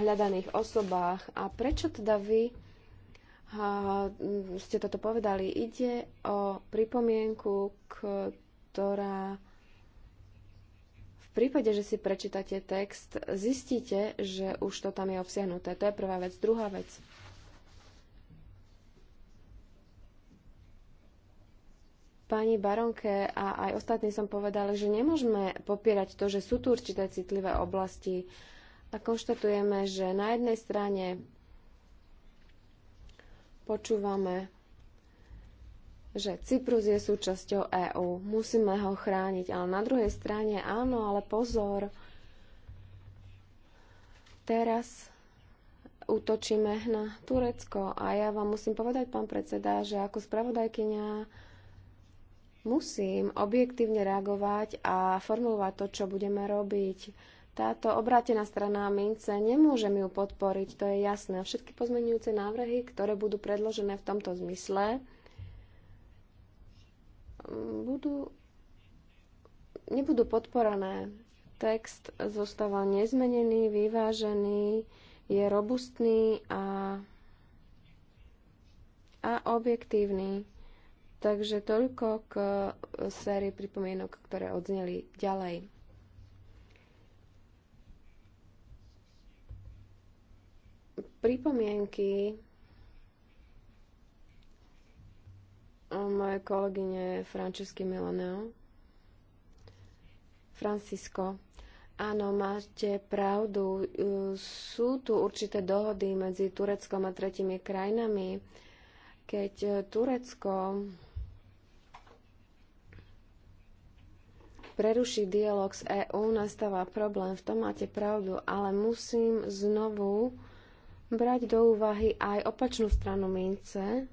hľadaných osobách a prečo teda vy uh, ste toto povedali? Ide o pripomienku, ktorá v prípade, že si prečítate text, zistíte, že už to tam je obsiahnuté. To je prvá vec. Druhá vec. pani Baronke a aj ostatní som povedali, že nemôžeme popierať to, že sú tu určité citlivé oblasti a konštatujeme, že na jednej strane počúvame, že Cyprus je súčasťou EÚ, musíme ho chrániť, ale na druhej strane áno, ale pozor, teraz útočíme na Turecko a ja vám musím povedať, pán predseda, že ako spravodajkyňa musím objektívne reagovať a formulovať to, čo budeme robiť. Táto obrátená strana mince, mi ju podporiť, to je jasné. Všetky pozmenujúce návrhy, ktoré budú predložené v tomto zmysle, budú, nebudú podporené. Text zostáva nezmenený, vyvážený, je robustný a, a objektívny. Takže toľko k e, sérii pripomienok, ktoré odzneli ďalej. Pripomienky moje kolegyne Francesky Milaneo. Francisco, áno, máte pravdu. E, sú tu určité dohody medzi Tureckom a tretimi krajinami. Keď e, Turecko preruší dialog s EÚ, nastáva problém, v tom máte pravdu, ale musím znovu brať do úvahy aj opačnú stranu mince.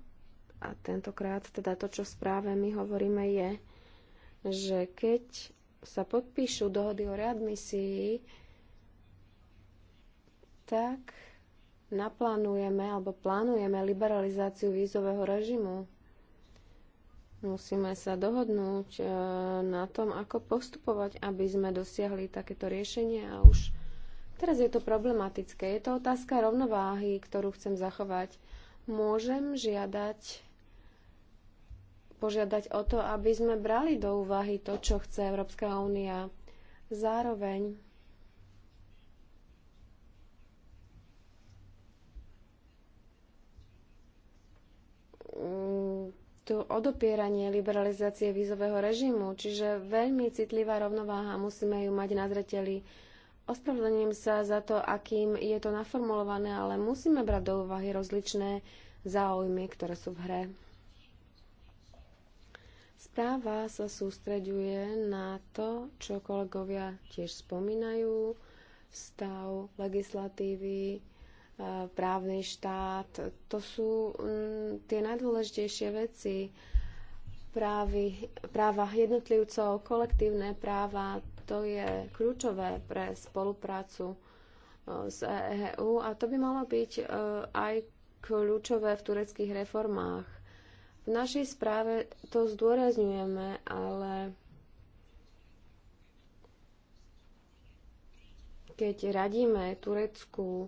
A tentokrát teda to, čo v správe my hovoríme, je, že keď sa podpíšu dohody o readmisii, tak naplánujeme alebo plánujeme liberalizáciu vízového režimu Musíme sa dohodnúť e, na tom, ako postupovať, aby sme dosiahli takéto riešenie a už teraz je to problematické. Je to otázka rovnováhy, ktorú chcem zachovať. Môžem žiadať požiadať o to, aby sme brali do úvahy to, čo chce Európska únia. Zároveň mm, tu odopieranie liberalizácie vízového režimu, čiže veľmi citlivá rovnováha, musíme ju mať na zreteli. Ospravedlňujem sa za to, akým je to naformulované, ale musíme brať do úvahy rozličné záujmy, ktoré sú v hre. Správa sa sústreďuje na to, čo kolegovia tiež spomínajú, stav legislatívy, E, právny štát. To sú mm, tie najdôležitejšie veci. Právy, práva jednotlivcov, kolektívne práva, to je kľúčové pre spoluprácu e, s EU e a to by malo byť aj kľúčové v tureckých reformách. V našej správe to zdôrazňujeme, ale keď radíme Turecku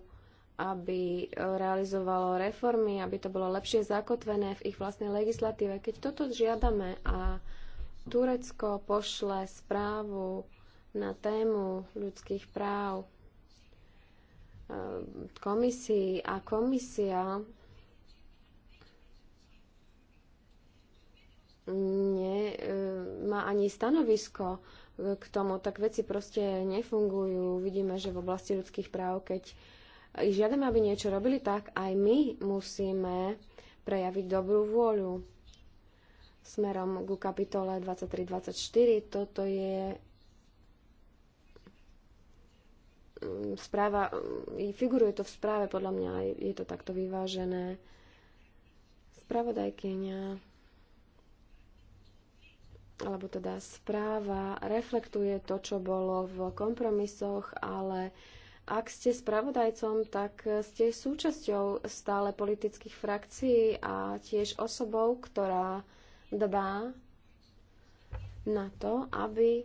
aby e, realizovalo reformy, aby to bolo lepšie zakotvené v ich vlastnej legislatíve. Keď toto žiadame a Turecko pošle správu na tému ľudských práv e, komisii a komisia nie, e, má ani stanovisko k tomu, tak veci proste nefungujú. Vidíme, že v oblasti ľudských práv, keď ich žiadame, aby niečo robili, tak aj my musíme prejaviť dobrú vôľu smerom ku kapitole 23-24. Toto je mm, správa, mm, figuruje to v správe, podľa mňa je to takto vyvážené. Spravodajkyňa alebo teda správa reflektuje to, čo bolo v kompromisoch, ale uh, ak ste spravodajcom, tak ste súčasťou stále politických frakcií a tiež osobou, ktorá dbá na to, aby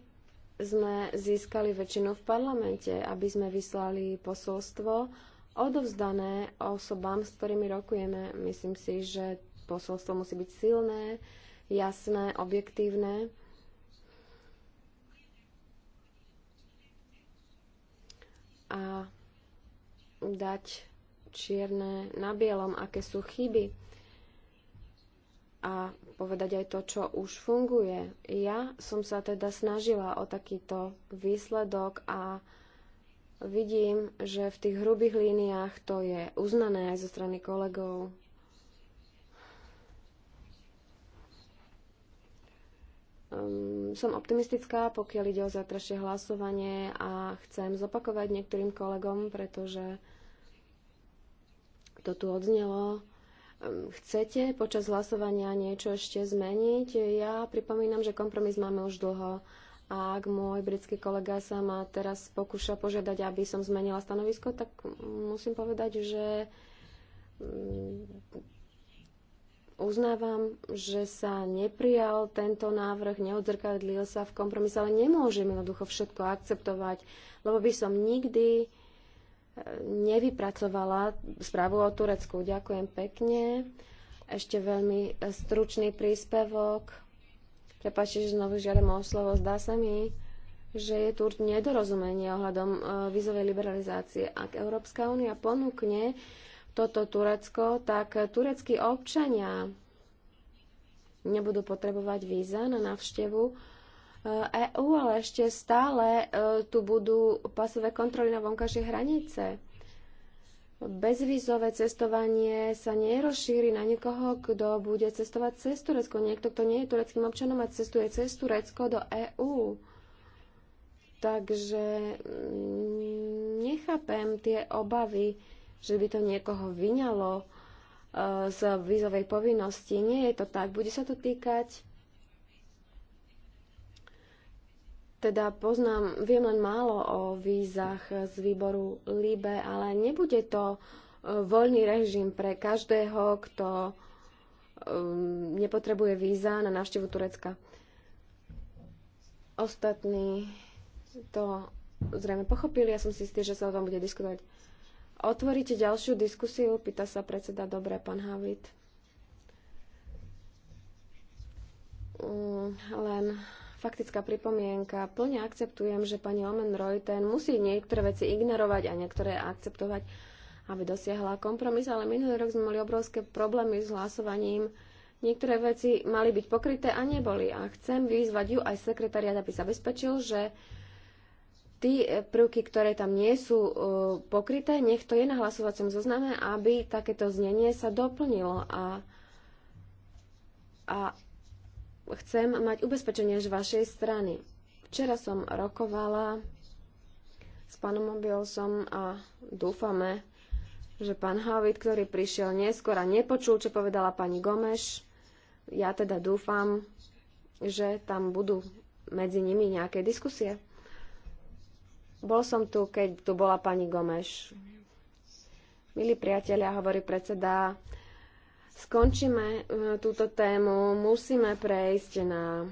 sme získali väčšinu v parlamente, aby sme vyslali posolstvo odovzdané osobám, s ktorými rokujeme. Myslím si, že posolstvo musí byť silné, jasné, objektívne a dať čierne na bielom, aké sú chyby a povedať aj to, čo už funguje. Ja som sa teda snažila o takýto výsledok a vidím, že v tých hrubých líniách to je uznané aj zo strany kolegov. Um, som optimistická, pokiaľ ide o zajtrajšie hlasovanie a chcem zopakovať niektorým kolegom, pretože to tu odznelo. Um, chcete počas hlasovania niečo ešte zmeniť? Ja pripomínam, že kompromis máme už dlho. A ak môj britský kolega sa ma teraz pokúša požiadať, aby som zmenila stanovisko, tak musím povedať, že um, uznávam, že sa neprijal tento návrh, neodzrkadlil sa v kompromise, ale nemôžem jednoducho všetko akceptovať, lebo by som nikdy e, nevypracovala správu o Turecku. Ďakujem pekne. Ešte veľmi e, stručný príspevok. Prepačte, že znovu žiadam o slovo. Zdá sa mi, že je tu nedorozumenie ohľadom e, vízovej liberalizácie. Ak Európska únia ponúkne toto Turecko, tak tureckí občania nebudú potrebovať víza na návštevu EÚ, eh, e ale ešte stále eh, tu budú pasové kontroly na vonkajšie hranice. Bezvízové cestovanie sa nerozšíri na niekoho, kto bude cestovať cez Turecko. Niekto, kto nie je tureckým občanom a cestuje cez Turecko do EÚ. Takže mm, nechápem tie obavy že by to niekoho vyňalo eh, z vízovej povinnosti. Nie je to tak. Bude sa to týkať teda poznám, viem len málo o vízach z výboru LIBE, ale nebude to eh, voľný režim pre každého, kto eh, nepotrebuje víza na návštevu Turecka. Ostatní to zrejme pochopili, ja som si istý, že sa o tom bude diskutovať. Otvoríte ďalšiu diskusiu? Pýta sa predseda. Dobre, pán Havit. Mm, len faktická pripomienka. Plne akceptujem, že pani Omen Reuten musí niektoré veci ignorovať a niektoré akceptovať, aby dosiahla kompromis, ale minulý rok sme mali obrovské problémy s hlasovaním. Niektoré veci mali byť pokryté a neboli. A chcem vyzvať ju aj sekretariat, aby zabezpečil, že tí e, prvky, ktoré tam nie sú e, pokryté, nech to je na hlasovacom zozname, aby takéto znenie sa doplnilo. A, a chcem mať ubezpečenie z vašej strany. Včera som rokovala s pánom Mobilsom a dúfame, že pán Havit, ktorý prišiel neskôr a nepočul, čo povedala pani Gomeš, ja teda dúfam, že tam budú medzi nimi nejaké diskusie. Bol som tu, keď tu bola pani Gomeš. Milí priatelia, hovorí predseda, skončíme e, túto tému, musíme prejsť na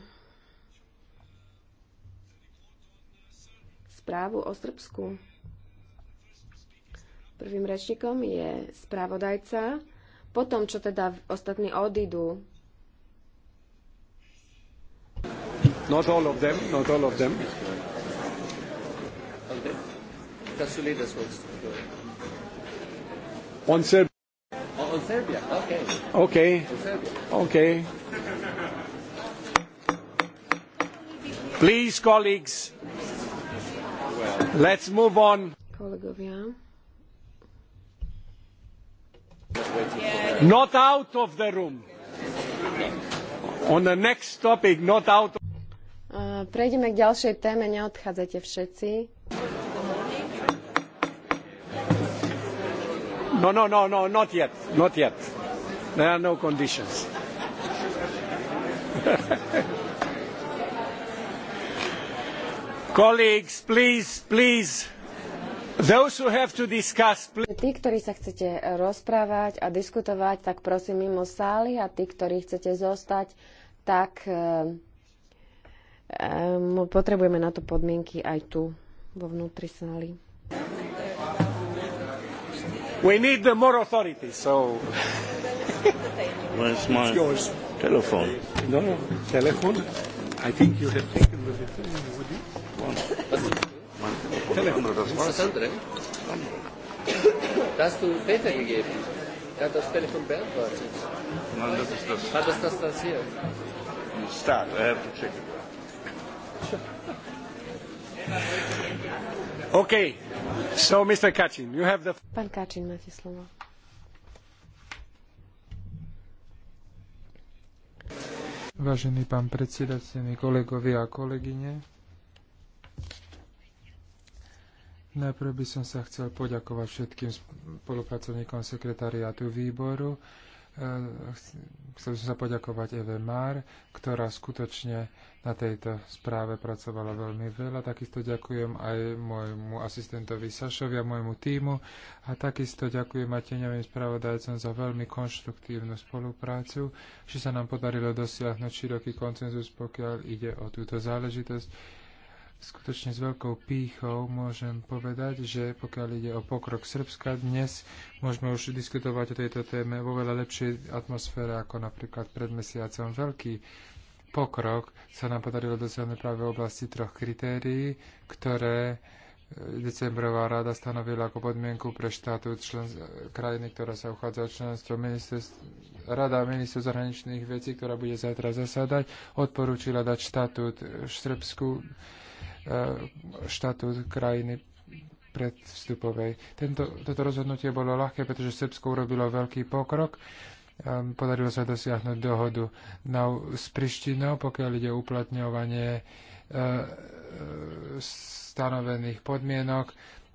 správu o Srbsku. Prvým rečníkom je správodajca, potom čo teda ostatní odídu. Not all of them, not all of them. Okay. Kasulides wants to go. On Serbia. Oh, on Serbia. Okay. Okay. On Serbia. Okay. Please, colleagues. Well. Let's move on. Not out of the room. On the next topic, not out of Prejdeme k ďalšej téme, neodchádzate všetci. No, no, no, no, not yet, not yet. There are no conditions. Colleagues, please, please. Those who have to discuss, please. Tí, ktorí sa chcete rozprávať a diskutovať, tak prosím mimo sály a tí, ktorí chcete zostať, tak eh, Um, potrebujeme na to podmienky aj tu, vo vnútri sály. We need the more authority, so... Where's my It's yours. telephone? No, no, telephone. I think you have taken the telephone would you. One. telephone. Das andere. Das hast du Peter gegeben. telephone er hat das Telefon beantwortet. Nein, das ist das. Hat das, das hier? Start, I have to check it. Pán Kacin, máte slovo. Vážený pán predseda, ctení kolegovia a kolegyne, najprv by som sa chcel poďakovať všetkým spolupracovníkom sekretariátu výboru, Eh, chcel som sa poďakovať Eve Mar, ktorá skutočne na tejto správe pracovala veľmi veľa. Takisto ďakujem aj môjmu asistentovi Sašovi a môjmu týmu. A takisto ďakujem aj teňovým spravodajcom za veľmi konštruktívnu spoluprácu, že sa nám podarilo dosiahnuť široký koncenzus, pokiaľ ide o túto záležitosť Skutočne s veľkou pýchou môžem povedať, že pokiaľ ide o pokrok Srbska dnes, môžeme už diskutovať o tejto téme vo veľa lepšej atmosfére ako napríklad pred mesiacom. Veľký pokrok sa nám podarilo dosiahnuť práve v oblasti troch kritérií, ktoré e, decembrová rada stanovila ako podmienku pre štátu člen, krajiny, ktorá sa uchádza o členstvo. Rada ministrov zahraničných vecí, ktorá bude zajtra zasadať, odporúčila dať štatút Srbsku E, štatút krajiny predvstupovej. Tento, toto rozhodnutie bolo ľahké, pretože Srbsko urobilo veľký pokrok. Ehm, podarilo sa dosiahnuť dohodu na, s Prištinou, pokiaľ ide o uplatňovanie e, e, stanovených podmienok,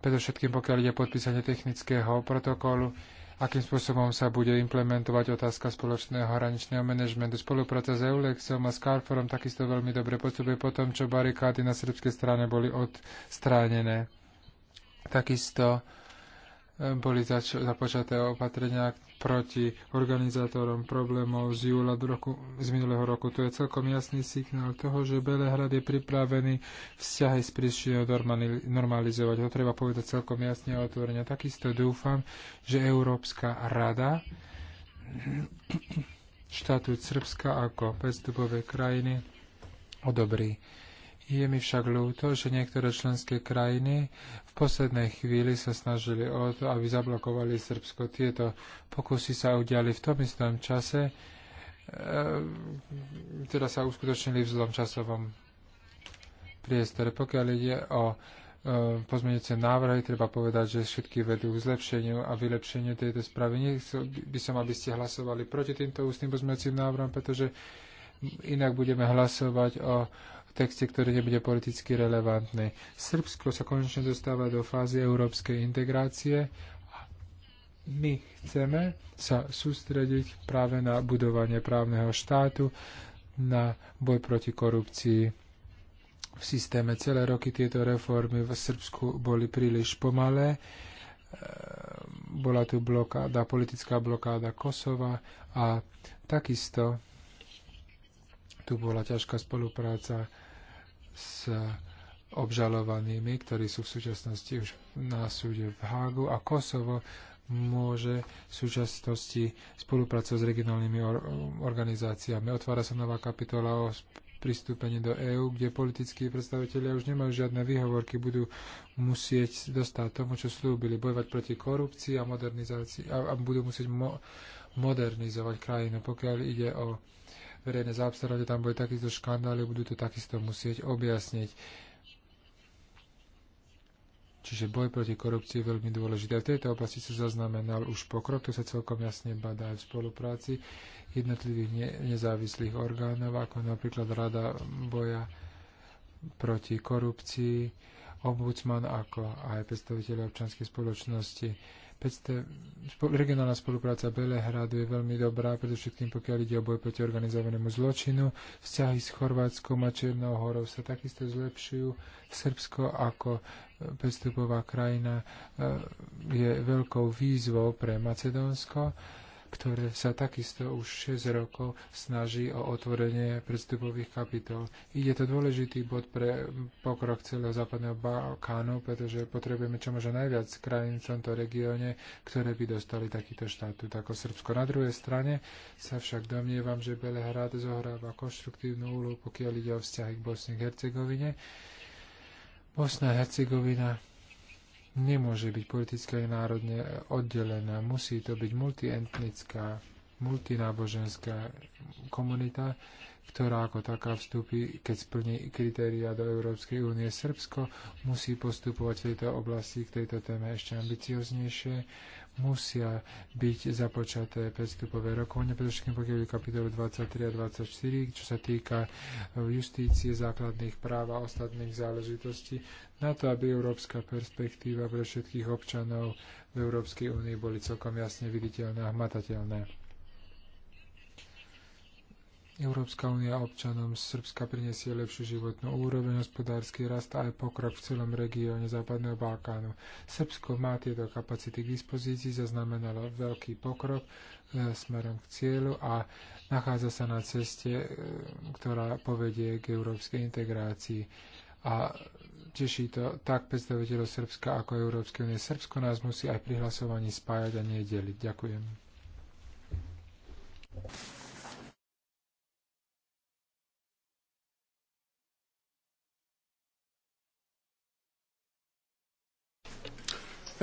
predovšetkým pokiaľ ide o podpísanie technického protokolu akým spôsobom sa bude implementovať otázka spoločného hraničného manažmentu. Spolupráca s Eulexom a s Carforom takisto veľmi dobre postupuje po tom, čo barikády na srbskej strane boli odstránené. Takisto boli zač- započaté opatrenia proti organizátorom problémov z júla do roku, z minulého roku. To je celkom jasný signál toho, že Belehrad je pripravený vzťahy s príšinou normalizovať. To treba povedať celkom jasne a otvorene. Takisto dúfam, že Európska rada štátu Srbska ako bezdubové krajiny odobrí. Je mi však ľúto, že niektoré členské krajiny v poslednej chvíli sa snažili o to, aby zablokovali Srbsko. Tieto pokusy sa udiali v tom istom čase, e, teda sa uskutočnili v zlom časovom priestore. Pokiaľ ide o e, pozmeňujúce návrhy, treba povedať, že všetky vedú k zlepšeniu a vylepšeniu tejto správy. Nechcel by som, aby ste hlasovali proti týmto ústnym pozmeňujúcim návrhom, pretože inak budeme hlasovať o texte, ktorý nebude politicky relevantný. Srbsko sa konečne dostáva do fázy európskej integrácie a my chceme sa sústrediť práve na budovanie právneho štátu, na boj proti korupcii v systéme. Celé roky tieto reformy v Srbsku boli príliš pomalé e, bola tu blokáda, politická blokáda Kosova a takisto tu bola ťažká spolupráca s obžalovanými, ktorí sú v súčasnosti už na súde v Hágu a Kosovo môže v súčasnosti spolupracovať s regionálnymi or- organizáciami. Otvára sa nová kapitola o pristúpení do EÚ, kde politickí predstavitelia už nemajú žiadne výhovorky, budú musieť dostať tomu, čo slúbili, bojovať proti korupcii a modernizácii a, a budú musieť mo- modernizovať krajinu, pokiaľ ide o verejné zaobstarávanie, tam bude takýto škandály, budú to takisto musieť objasniť. Čiže boj proti korupcii je veľmi dôležitý. A v tejto oblasti sa zaznamenal už pokrok, to sa celkom jasne badá aj v spolupráci jednotlivých ne, nezávislých orgánov, ako napríklad Rada boja proti korupcii, ombudsman, ako aj predstaviteľ občanskej spoločnosti. 500, regionálna spolupráca Belehradu je veľmi dobrá, predovšetkým pokiaľ ide o boj proti organizovanému zločinu. Vzťahy s Chorvátskom a Černou horou sa takisto zlepšujú. Srbsko ako e, predstupová krajina e, je veľkou výzvou pre Macedónsko ktoré sa takisto už 6 rokov snaží o otvorenie predstupových kapitol. Ide to dôležitý bod pre pokrok celého západného Balkánu, pretože potrebujeme čo možno najviac krajín v tomto regióne, ktoré by dostali takýto štatút ako Srbsko. Na druhej strane sa však domnievam, že Belehrad zohráva konštruktívnu úlohu, pokiaľ ide o vzťahy k Bosne Hercegovine. Bosna Hercegovina nemôže byť politicky aj národne oddelená. Musí to byť multietnická, multináboženská komunita, ktorá ako taká vstúpi, keď splní kritéria do Európskej únie. Srbsko musí postupovať v tejto oblasti, k tejto téme ešte ambicioznejšie musia byť započaté predstupové rokovania, všetkým pokiaľ je kapitolu 23 a 24, čo sa týka e, justície, základných práv a ostatných záležitostí, na to, aby európska perspektíva pre všetkých občanov v Európskej únii boli celkom jasne viditeľné a hmatateľné. Európska únia občanom Srbska prinesie lepšiu životnú úroveň, hospodársky rast a aj pokrok v celom regióne Západného Balkánu. Srbsko má tieto kapacity k dispozícii, zaznamenalo veľký pokrok e, smerom k cieľu a nachádza sa na ceste, e, ktorá povedie k európskej integrácii. A teší to tak predstaviteľov Srbska ako Európskej únie. Srbsko nás musí aj pri hlasovaní spájať a nie deliť. Ďakujem.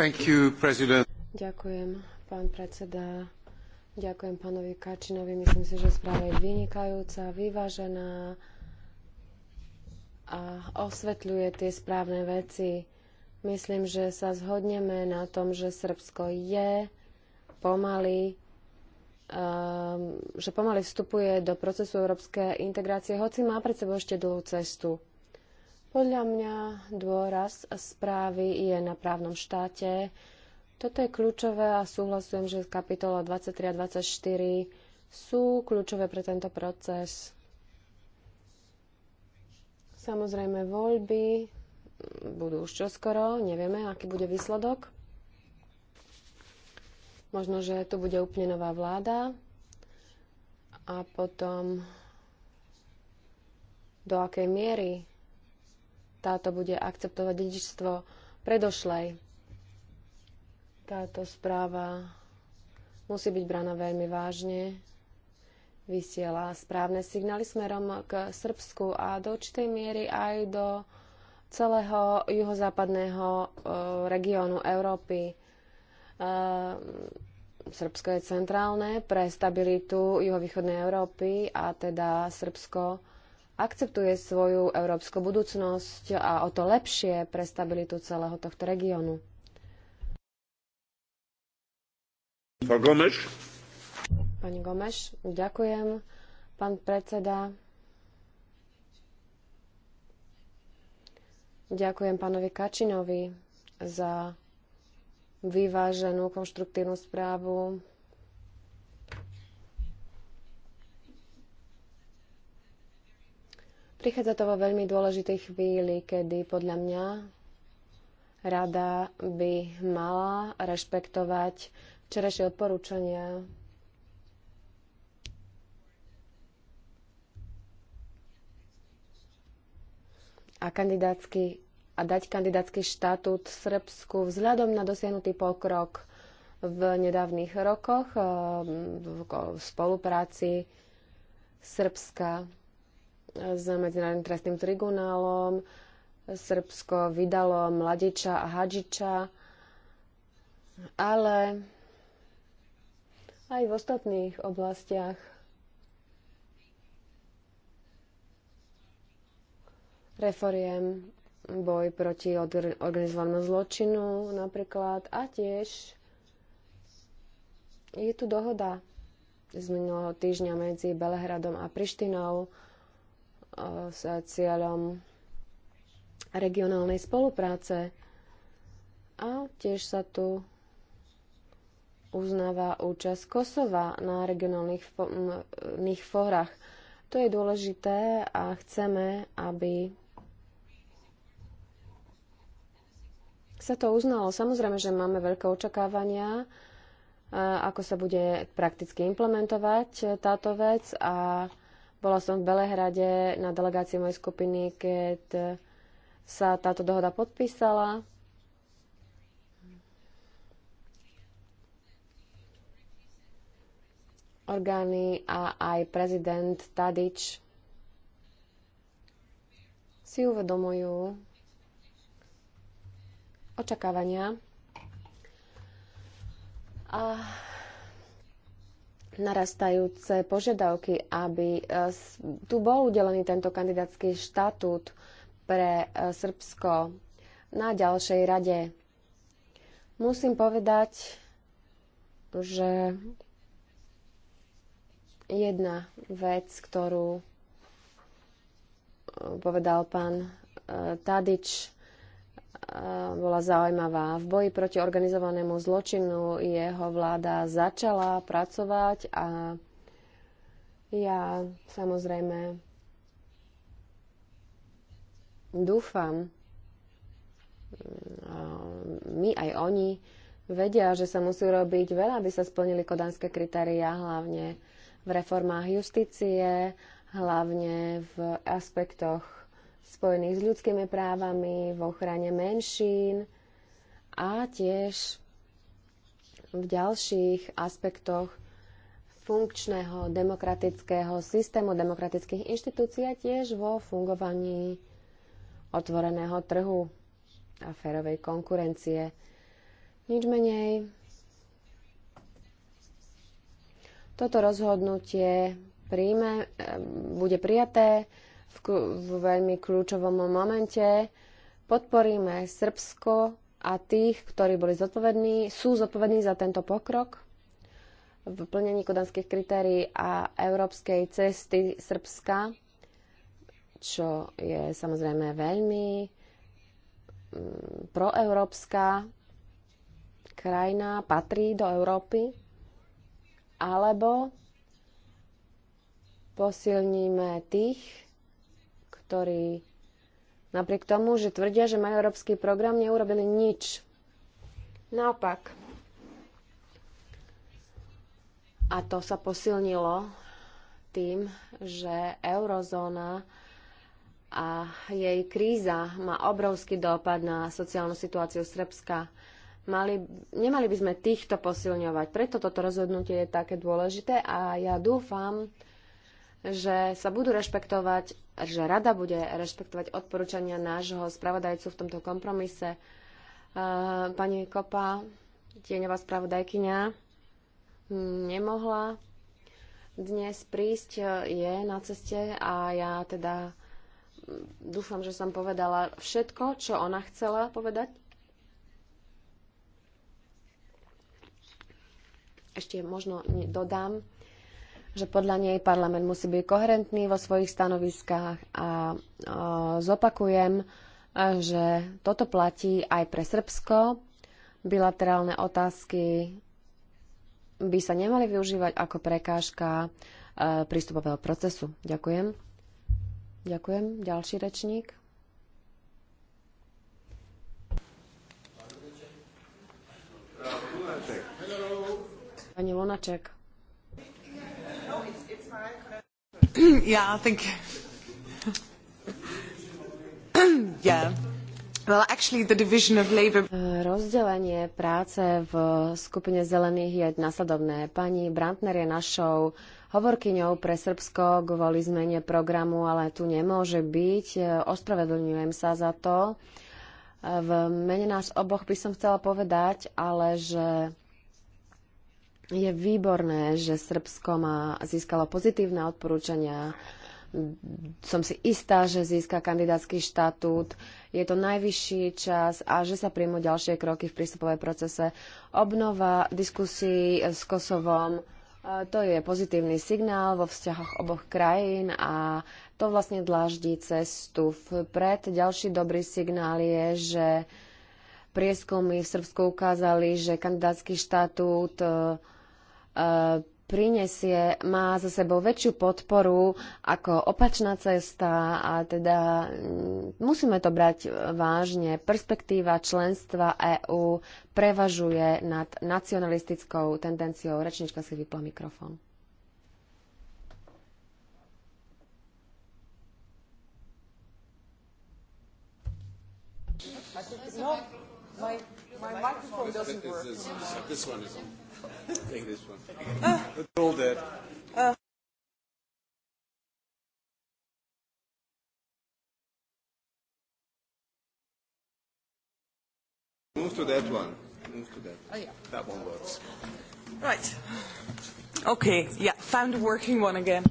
Ďakujem, pán predseda. Ďakujem pánovi Kačinovi. Myslím si, že správa je vynikajúca, vyvážená a osvetľuje tie správne veci. Myslím, že sa zhodneme na tom, že Srbsko je pomaly ehm, že pomaly vstupuje do procesu európskej integrácie, hoci má pred sebou ešte dlhú cestu. Podľa mňa dôraz správy je na právnom štáte. Toto je kľúčové a súhlasujem, že kapitola 23 a 24 sú kľúčové pre tento proces. Samozrejme, voľby budú už čoskoro, nevieme, aký bude výsledok. Možno, že tu bude úplne nová vláda a potom do akej miery táto bude akceptovať dedičstvo predošlej. Táto správa musí byť braná veľmi vážne, vysiela správne signály smerom k Srbsku a do určitej miery aj do celého juhozápadného e, regiónu Európy. E, Srbsko je centrálne pre stabilitu juhovýchodnej Európy a teda Srbsko akceptuje svoju európsku budúcnosť a o to lepšie pre stabilitu celého tohto regiónu. Pani Gomeš, ďakujem. Pán predseda, ďakujem pánovi Kačinovi za vyváženú konštruktívnu správu. Prichádza to vo veľmi dôležitej chvíli, kedy podľa mňa rada by mala rešpektovať včerajšie odporúčania a kandidátsky a dať kandidátsky štatút Srbsku vzhľadom na dosiahnutý pokrok v nedávnych rokoch ehm, v spolupráci Srbska s Medzinárodným trestným tribunálom. Srbsko vydalo Mladiča a Hadžiča, ale aj v ostatných oblastiach reforiem boj proti organizovanému zločinu napríklad a tiež je tu dohoda z minulého týždňa medzi Belehradom a Prištinou s cieľom regionálnej spolupráce. A tiež sa tu uznáva účasť Kosova na regionálnych fórach. To je dôležité a chceme, aby sa to uznalo. Samozrejme, že máme veľké očakávania, ako sa bude prakticky implementovať táto vec a bola som v Belehrade na delegácii mojej skupiny, keď sa táto dohoda podpísala. Orgány a aj prezident Tadič si uvedomujú očakávania a narastajúce požiadavky, aby e, tu bol udelený tento kandidátsky štatút pre e, Srbsko na ďalšej rade. Musím povedať, že jedna vec, ktorú e, povedal pán Tadič, bola zaujímavá. V boji proti organizovanému zločinu jeho vláda začala pracovať a ja samozrejme dúfam, my aj oni vedia, že sa musí robiť veľa, aby sa splnili kodanské kritériá, hlavne v reformách justície, hlavne v aspektoch spojených s ľudskými právami, v ochrane menšín a tiež v ďalších aspektoch funkčného demokratického systému, demokratických inštitúcií a tiež vo fungovaní otvoreného trhu a férovej konkurencie. Nič menej. Toto rozhodnutie príjme, eh, bude prijaté v, v veľmi kľúčovom momente. Podporíme Srbsko a tých, ktorí boli zodpovední, sú zodpovední za tento pokrok v plnení kodanských kritérií a európskej cesty Srbska, čo je samozrejme veľmi mm, proeurópska krajina, patrí do Európy, alebo posilníme tých, ktorí napriek tomu, že tvrdia, že majú európsky program, neurobili nič. Naopak. A to sa posilnilo tým, že eurozóna a jej kríza má obrovský dopad na sociálnu situáciu Srbska. Mali, nemali by sme týchto posilňovať. Preto toto rozhodnutie je také dôležité a ja dúfam, že sa budú rešpektovať že rada bude rešpektovať odporúčania nášho spravodajcu v tomto kompromise. E, pani Kopa, tieňová spravodajkyňa, nemohla dnes prísť, e, je na ceste a ja teda dúfam, že som povedala všetko, čo ona chcela povedať. Ešte možno dodám, že podľa nej parlament musí byť koherentný vo svojich stanoviskách a zopakujem, že toto platí aj pre Srbsko. Bilaterálne otázky by sa nemali využívať ako prekážka prístupového procesu. Ďakujem. Ďakujem. Ďalší rečník. Pani Lunaček. yeah, I think. yeah. Well, actually the division of labor... E, rozdelenie práce v skupine zelených je nasledovné. Pani Brantner je našou hovorkyňou pre Srbsko kvôli zmene programu, ale tu nemôže byť. E, ospravedlňujem sa za to. E, v mene nás oboch by som chcela povedať, ale že je výborné, že Srbsko má, získalo pozitívne odporúčania. Som si istá, že získa kandidátsky štatút. Je to najvyšší čas a že sa príjmu ďalšie kroky v prístupovej procese. Obnova diskusí s Kosovom. E, to je pozitívny signál vo vzťahoch oboch krajín a to vlastne dláždi cestu vpred. Ďalší dobrý signál je, že prieskumy v Srbsku ukázali, že kandidátsky štatút e, prinesie, má za sebou väčšiu podporu ako opačná cesta a teda mm, musíme to brať vážne. Perspektíva členstva EÚ prevažuje nad nacionalistickou tendenciou. Rečnička si vypla mikrofón. No, my, my microphone doesn't work. This one is on. Take this one. Uh, all dead. Uh, Move to that one. Move to that. Oh, yeah. That one works. Right. Okay. Yeah. Found a working one again.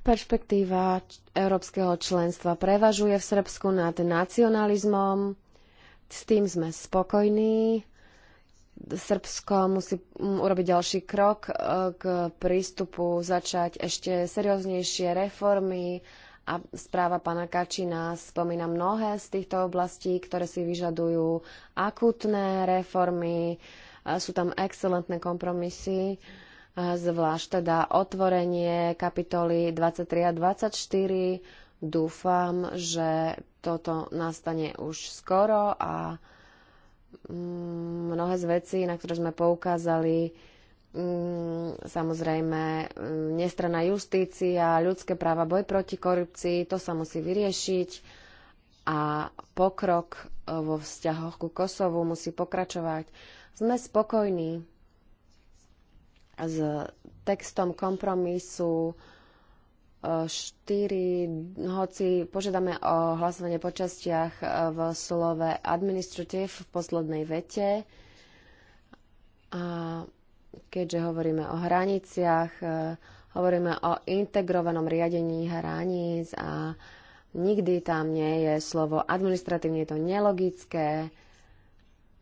Perspektíva európskeho členstva prevažuje v Srbsku nad nacionalizmom. S tým sme spokojní. Srbsko musí urobiť ďalší krok e, k prístupu, začať ešte serióznejšie reformy a správa pána Kačina spomína mnohé z týchto oblastí, ktoré si vyžadujú akutné reformy, e, sú tam excelentné kompromisy. Uh, zvlášť teda otvorenie kapitoly 23 a 24. Dúfam, že toto nastane už skoro a mm, mnohé z vecí, na ktoré sme poukázali, mm, samozrejme mm, nestrana justícia, ľudské práva, boj proti korupcii, to sa musí vyriešiť a pokrok e, vo vzťahoch ku Kosovu musí pokračovať. Sme spokojní s textom kompromisu 4, e, hoci požiadame o hlasovanie po častiach e, v slove administrative v poslednej vete. A keďže hovoríme o hraniciach, e, hovoríme o integrovanom riadení hraníc a nikdy tam nie je slovo administratívne, je to nelogické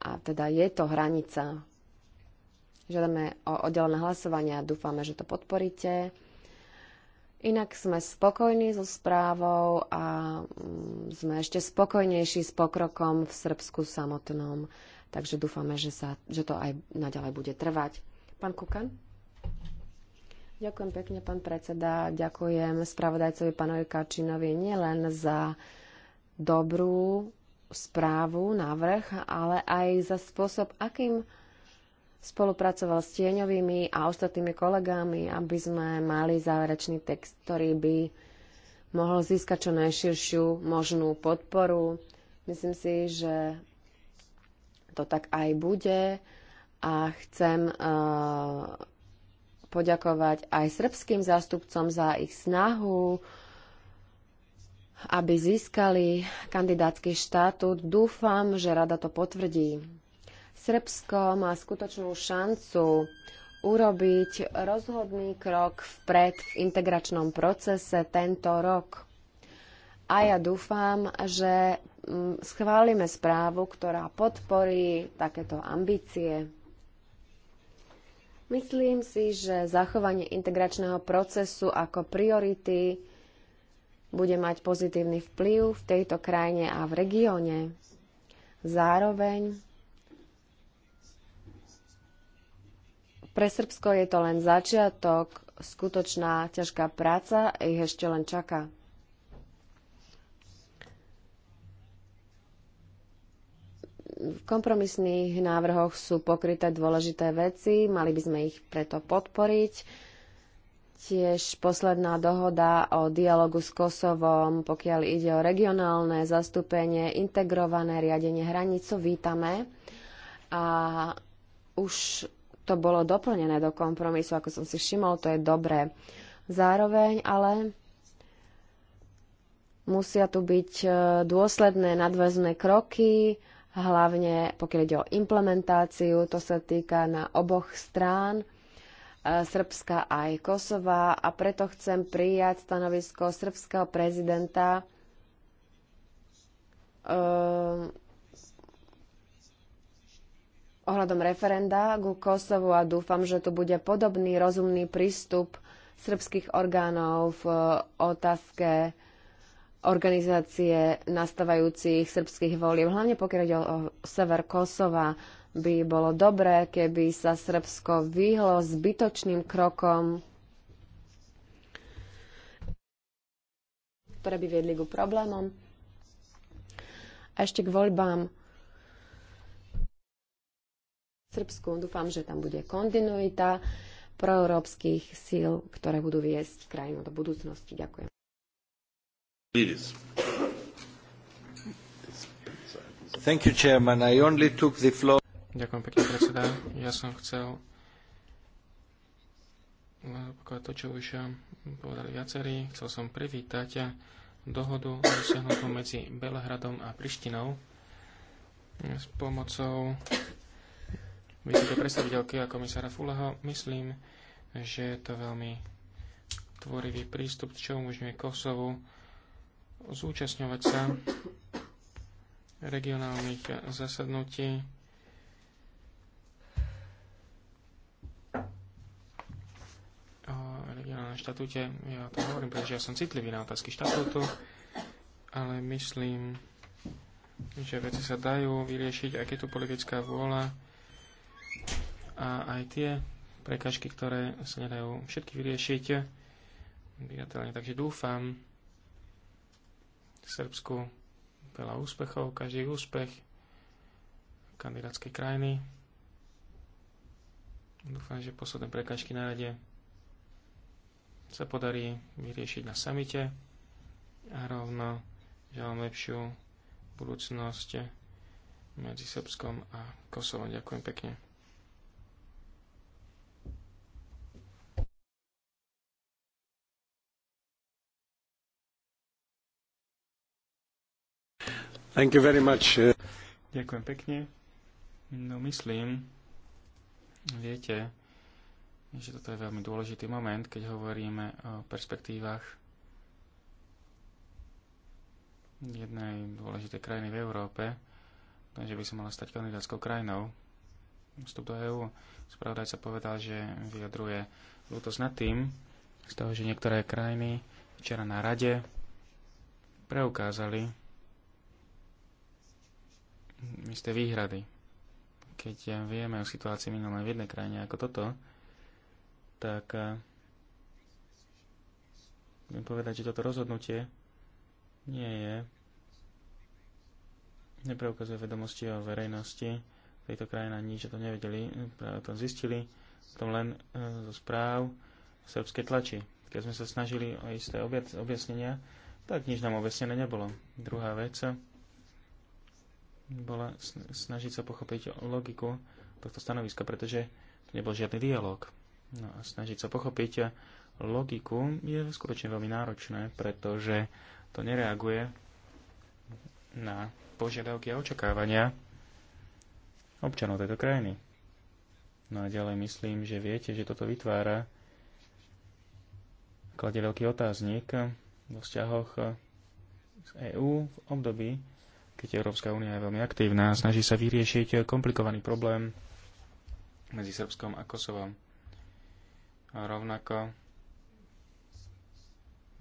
a teda je to hranica Žiadame o oddelené hlasovania. Dúfame, že to podporíte. Inak sme spokojní so správou a mm, sme ešte spokojnejší s pokrokom v Srbsku samotnom. Takže dúfame, že, sa, že to aj naďalej bude trvať. Pán Kukan? Ďakujem pekne, pán predseda. Ďakujem spravodajcovi pánovi Kačinovi nielen za dobrú správu, návrh, ale aj za spôsob, akým spolupracoval s tieňovými a ostatnými kolegami, aby sme mali záverečný text, ktorý by mohol získať čo najširšiu možnú podporu. Myslím si, že to tak aj bude a chcem uh, poďakovať aj srbským zástupcom za ich snahu, aby získali kandidátsky štátu. Dúfam, že rada to potvrdí. Srbsko má skutočnú šancu urobiť rozhodný krok vpred v integračnom procese tento rok. A ja dúfam, že mm, schválime správu, ktorá podporí takéto ambície. Myslím si, že zachovanie integračného procesu ako priority bude mať pozitívny vplyv v tejto krajine a v regióne. Zároveň Pre Srbsko je to len začiatok, skutočná ťažká práca ich ešte len čaká. V kompromisných návrhoch sú pokryté dôležité veci, mali by sme ich preto podporiť. Tiež posledná dohoda o dialogu s Kosovom, pokiaľ ide o regionálne zastúpenie, integrované riadenie hranico, vítame. A už to bolo doplnené do kompromisu, ako som si všimol, to je dobré. Zároveň ale musia tu byť e, dôsledné nadväzné kroky, hlavne pokiaľ ide o implementáciu, to sa týka na oboch strán. E, Srbska aj Kosova a preto chcem prijať stanovisko srbského prezidenta, e, ohľadom referenda ku Kosovu a dúfam, že tu bude podobný rozumný prístup srbských orgánov v otázke organizácie nastávajúcich srbských volieb, hlavne pokiaľ ide o sever Kosova, by bolo dobré, keby sa Srbsko vyhlo zbytočným krokom, ktoré by viedli ku problémom. A ešte k voľbám. Srbsku. Dúfam, že tam bude kontinuita proeurópskych síl, ktoré budú viesť krajinu do budúcnosti. Ďakujem. You, Ďakujem pekne, predseda. Ja som chcel eh, pokiaľ to, čo už eh, povedali viacerí, chcel som privítať eh, dohodu dosiahnutú medzi Belehradom a Prištinou s pomocou vysoké predstaviteľky a komisára Fulaho, myslím, že je to veľmi tvorivý prístup, čo umožňuje Kosovu zúčastňovať sa regionálnych zasadnutí. O regionálnom štatúte, ja to hovorím, pretože ja som citlivý na otázky štatútu, ale myslím, že veci sa dajú vyriešiť, aj keď tu politická vôľa a aj tie prekažky, ktoré sa nedajú všetky vyriešiť digitálne. Takže dúfam v Srbsku veľa úspechov, každý úspech kandidátskej krajiny. Dúfam, že posledné prekažky na rade sa podarí vyriešiť na samite a rovno želám lepšiu budúcnosť medzi Srbskom a Kosovom. Ďakujem pekne. Thank you very much. Ďakujem pekne. No myslím, viete, že toto je veľmi dôležitý moment, keď hovoríme o perspektívach jednej dôležitej krajiny v Európe, takže by sa mala stať kandidátskou krajinou. Vstup do EÚ. Spravodajca povedal, že vyjadruje ľútosť nad tým, z toho, že niektoré krajiny včera na rade preukázali isté výhrady. Keď ja vieme o situácii minulé v jednej krajine ako toto, tak eh, budem povedať, že toto rozhodnutie nie je nepreukazuje vedomosti o verejnosti tejto ani nič že to nevedeli, práve to tom zistili, o tom len eh, zo správ srbskej tlači. Keď sme sa snažili o isté objasnenia, tak nič nám objasnené nebolo. Druhá vec, bola snažiť sa pochopiť logiku tohto stanoviska, pretože tu nebol žiadny dialog. No a snažiť sa pochopiť logiku je skutočne veľmi náročné, pretože to nereaguje na požiadavky a očakávania občanov tejto krajiny. No a ďalej myslím, že viete, že toto vytvára klade veľký otáznik vo vzťahoch z EÚ v období, keď Európska únia je veľmi aktívna a snaží sa vyriešiť komplikovaný problém medzi Srbskom a Kosovom. A rovnako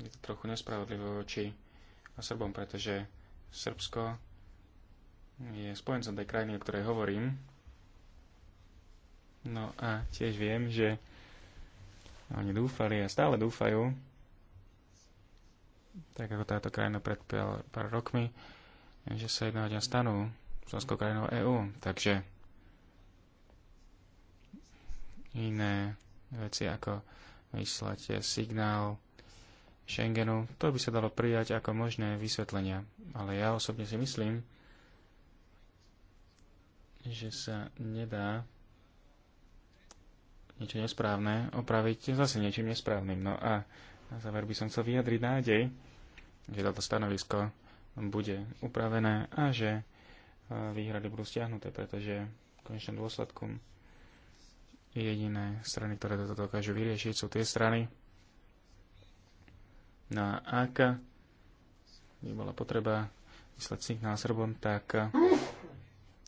je to trochu nespravodlivé voči Srbom, pretože Srbsko je spojencom tej krajiny, o ktorej hovorím. No a tiež viem, že oni dúfali a stále dúfajú, tak ako táto krajina pred pár rokmi, že sa jedného dňa stanú členskou krajinou EÚ. Takže iné veci ako vyslať signál Schengenu, to by sa dalo prijať ako možné vysvetlenia. Ale ja osobne si myslím, že sa nedá niečo nesprávne opraviť zase niečím nesprávnym. No a na záver by som chcel vyjadriť nádej, že toto stanovisko bude upravené a že e, výhrady budú stiahnuté, pretože v konečnom dôsledku jediné strany, ktoré toto dokážu vyriešiť, sú tie strany, No a ak by bola potreba vyslať signál Srbom, tak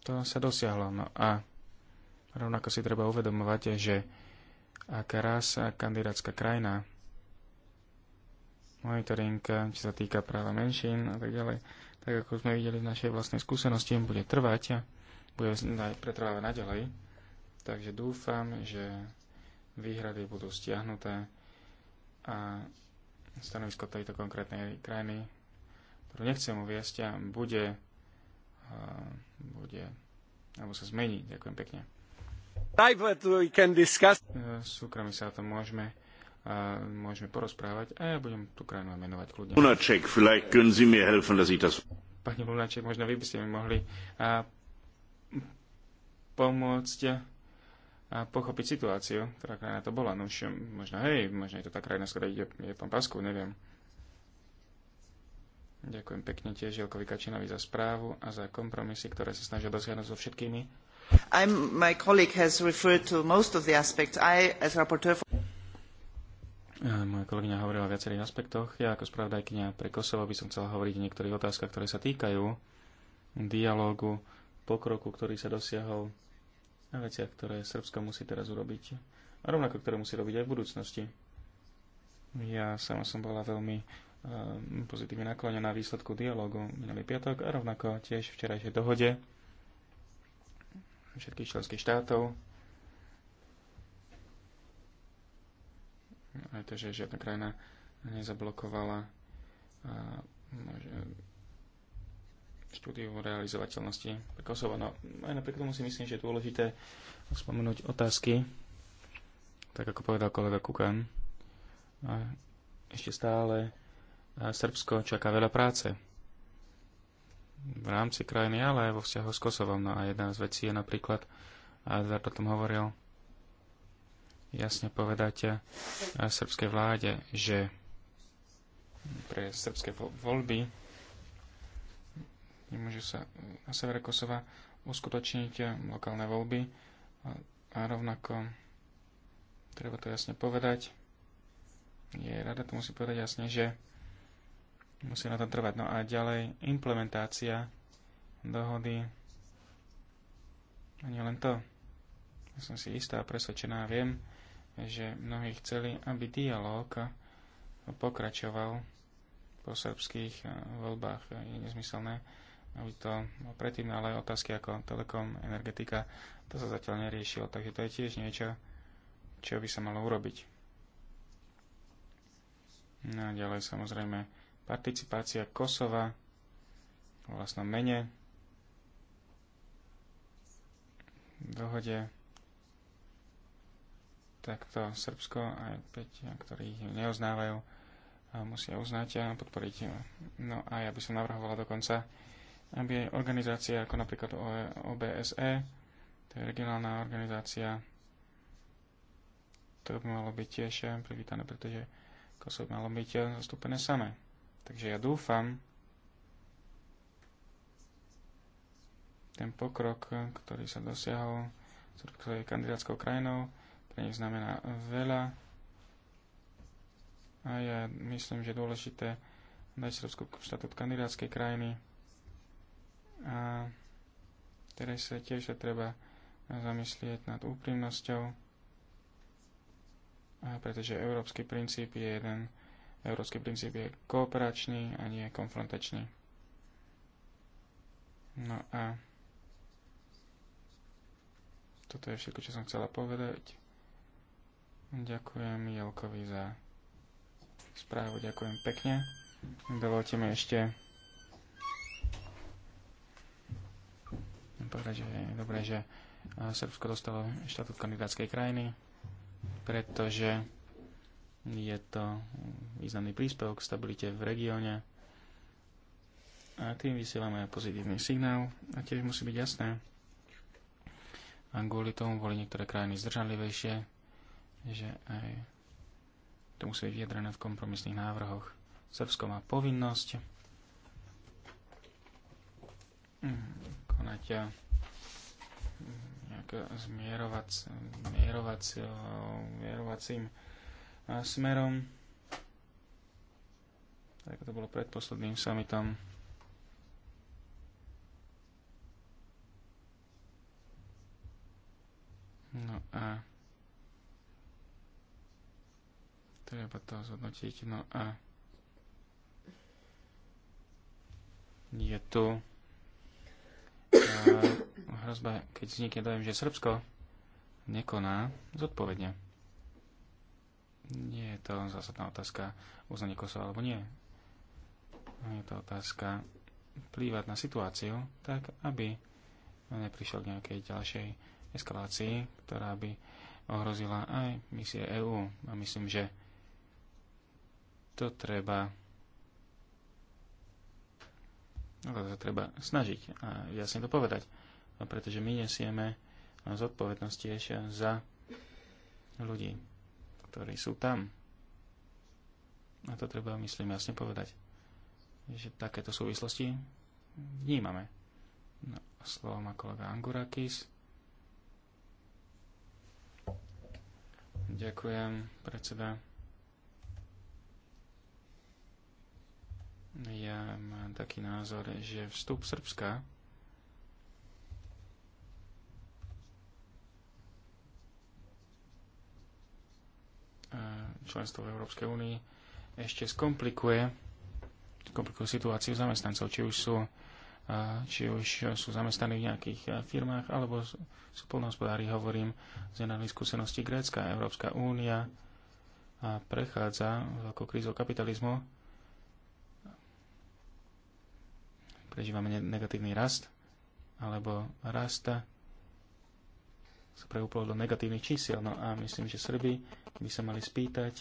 to sa dosiahlo. No a rovnako si treba uvedomovať, že ak raz kandidátska krajina monitoring, čo sa týka práva menšín a tak ďalej, tak ako sme videli v našej vlastnej skúsenosti, bude trvať a bude pretrvávať naďalej. Takže dúfam, že výhrady budú stiahnuté a stanovisko tejto konkrétnej krajiny, ktorú nechcem uviesť, a bude, a bude alebo sa zmení. Ďakujem pekne. E, Súkromne sa o tom môžeme a môžeme porozprávať a ja budem tú krajinu menovať kľudne. Lunaček, vielleicht können Sie mir helfen, dass ich das... Pani Lunaček, možno vy by ste mi mohli a, pomôcť a pochopiť situáciu, ktorá krajina to bola. No už možno, hej, možno je to tá krajina, z ide, je, je pán Pasku, neviem. Ďakujem pekne tiež Jelkovi Kačinovi za správu a za kompromisy, ktoré sa snažil dosiahnuť so všetkými. I'm, my colleague has referred to most of the aspects. I, as rapporteur for... Eh, moja kolegyňa hovorila o viacerých aspektoch. Ja ako spravodajkynia pre Kosovo by som chcela hovoriť o niektorých otázkach, ktoré sa týkajú dialógu, pokroku, ktorý sa dosiahol a veciach, ktoré Srbsko musí teraz urobiť. A rovnako, ktoré musí robiť aj v budúcnosti. Ja sama som bola veľmi eh, pozitívne naklonená výsledku dialógu minulý piatok a rovnako tiež včerajšej dohode všetkých členských štátov aj to, že žiadna krajina nezablokovala štúdiu realizovateľnosti pre Kosovo. No aj napriek tomu si myslím, že je dôležité spomenúť otázky, tak ako povedal kolega Kukan. A ešte stále Srbsko čaká veľa práce v rámci krajiny, ale aj vo vzťahu s Kosovom. No a jedna z vecí je napríklad, a Edward o tom hovoril, jasne povedať eh, srbskej vláde, že pre srbské voľby nemôžu sa eh, na severe Kosova uskutočniť eh, lokálne voľby a rovnako treba to jasne povedať. Je rada to musí povedať jasne, že musí na to trvať. No a ďalej implementácia dohody. A nie len to. Ja som si istá a presvedčená, viem, že mnohí chceli, aby dialog pokračoval po srbských eh, voľbách. Je nezmyselné, aby to predtým, no ale otázky ako telekom, energetika, to sa zatiaľ neriešilo, takže to je tiež niečo, čo by sa malo urobiť. No a ďalej samozrejme participácia Kosova v vlastnom mene v dohode takto Srbsko aj päť, ktorí neoznávajú, musia uznať a podporiť. No a ja by som navrhovala dokonca, aby organizácia ako napríklad OBSE, e, to je regionálna organizácia, to by malo byť tiež e, privítané, pretože Kosovo by malo byť e, zastúpené samé. Takže ja dúfam, ten pokrok, ktorý sa dosiahol s kandidátskou krajinou, pre znamená veľa. A ja myslím, že je dôležité dať Srbsku štatút kandidátskej krajiny. A teraz sa tiež sa treba zamyslieť nad úprimnosťou, a pretože európsky princíp je jeden, európsky princíp je kooperačný a nie konfrontačný. No a toto je všetko, čo som chcela povedať. Ďakujem Jelkovi za správu, ďakujem pekne. Dovolte mi ešte povedať, že je dobré, že Srbsko dostalo štatút kandidátskej krajiny, pretože je to významný príspevok k stabilite v regióne a tým vysielame aj pozitívny signál a tiež musí byť jasné. A kvôli tomu boli niektoré krajiny zdržanlivejšie, že aj to musí byť vyjadrené v kompromisných návrhoch. Srbsko má povinnosť mm, konať mm, nejaké zmierovac, mierovac, mierovacím smerom. Tak to bolo pred posledným summitom. No a uh. treba to zhodnotiť. No a je tu hrozba, keď vznikne dojem, že Srbsko nekoná zodpovedne. Nie je to zásadná otázka uznanie Kosova alebo nie. Je to otázka plývať na situáciu tak, aby neprišiel k nejakej ďalšej eskalácii, ktorá by ohrozila aj misie EÚ. A myslím, že to treba no, to treba snažiť a jasne to povedať, pretože my nesieme zodpovednosť tiež za ľudí, ktorí sú tam. A to treba, myslím, jasne povedať, že takéto súvislosti vnímame. No, slovo má kolega Angurakis. Ďakujem, predseda. Ja mám taký názor, že vstup Srbska členstvo v Európskej únii ešte skomplikuje, skomplikuje situáciu zamestnancov, či už sú či už sú zamestnaní v nejakých firmách, alebo sú polnohospodári, hovorím, z jednej skúsenosti Grécka. Európska únia prechádza veľkou krízou kapitalizmu, prežívame negatívny rast, alebo rast sa preúplol do negatívnych čísiel. No a myslím, že Srby by sa mali spýtať,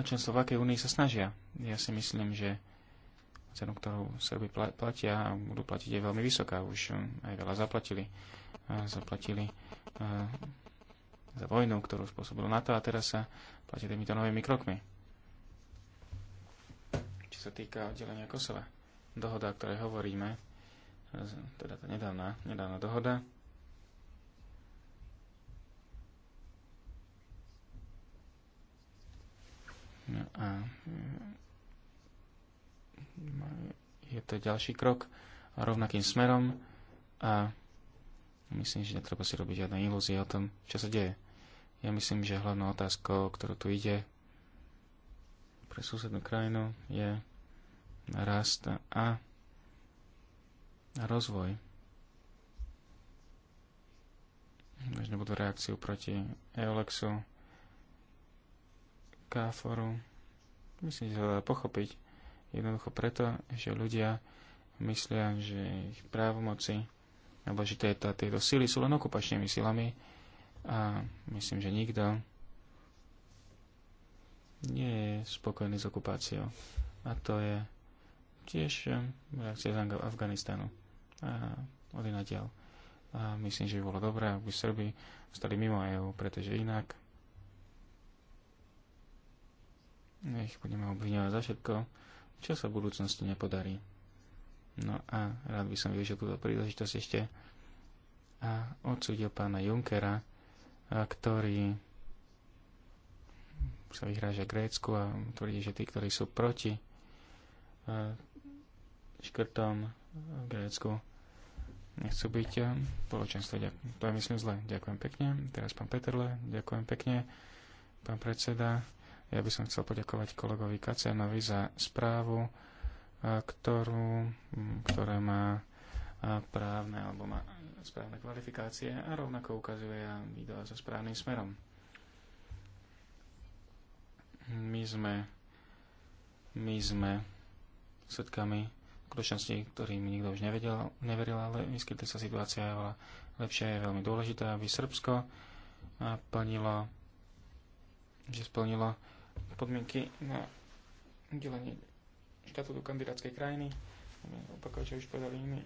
o čom Slovakej únii sa snažia. Ja si myslím, že cenu, ktorú Srby platia a budú platiť, je veľmi vysoká. Už aj veľa zaplatili. Zaplatili za vojnu, ktorú spôsobilo NATO a teraz sa platí týmito novými krokmi čo sa týka oddelenia Kosova. Dohoda, o ktorej hovoríme, teda tá nedávna, nedávna dohoda, No a mm, je to ďalší krok rovnakým smerom a myslím, že netreba si robiť žiadne ilúzie o tom, čo sa deje. Ja myslím, že hlavnou otázkou, ktorú tu ide, pre susednú krajinu je rast a rozvoj. Možno budú reakciu proti Eolexu, Káforu. Myslím, že sa dá pochopiť. Jednoducho preto, že ľudia myslia, že ich právomoci alebo že tieto, tieto síly sú len okupačnými silami a myslím, že nikto nie je spokojný s okupáciou. A to je tiež eh, reakcia z Afganistanu. A odinatiaľ. A myslím, že by bolo dobré, aby Srby ostali mimo EU, pretože inak nech budeme obviňovať za všetko, čo sa v budúcnosti nepodarí. No a rád by som využil túto príležitosť ešte a odsudil pána Junkera, eh, ktorý sa vyhráža Grécku a tvrdí, že tí, ktorí sú proti e, škrtom v Grécku, nechcú byť e, v To je myslím zle. Ďakujem pekne. Teraz pán Peterle, ďakujem pekne. Pán predseda, ja by som chcel poďakovať kolegovi Kacenovi za správu, e, ktorú, ktorá má právne alebo má správne kvalifikácie a rovnako ukazuje a vydáva sa správnym smerom. My sme, my sme svetkami skutočnosti, ktorým nikto už nevedel, neveril, ale vyskytli sa situácia je veľa lepšia, je veľmi dôležitá, aby Srbsko eh, plnilo, že splnilo podmienky na udelenie štatútu kandidátskej krajiny. Opakujem, čo už povedali iní,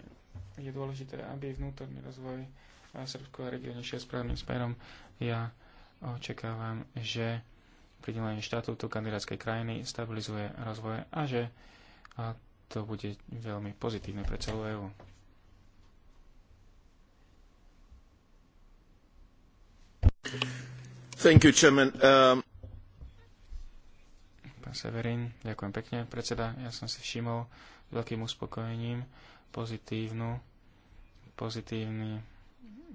je dôležité, aby vnútorný rozvoj eh, Srbsko a regióne šiel správnym smerom. Ja očakávam, že pridelenie štatútu kandidátskej krajiny stabilizuje rozvoj a že a to bude veľmi pozitívne pre celú EÚ. Thank you, Chairman. Um... Pán Severin, ďakujem pekne, predseda. Ja som si všimol s veľkým uspokojením pozitívnu, pozitívny,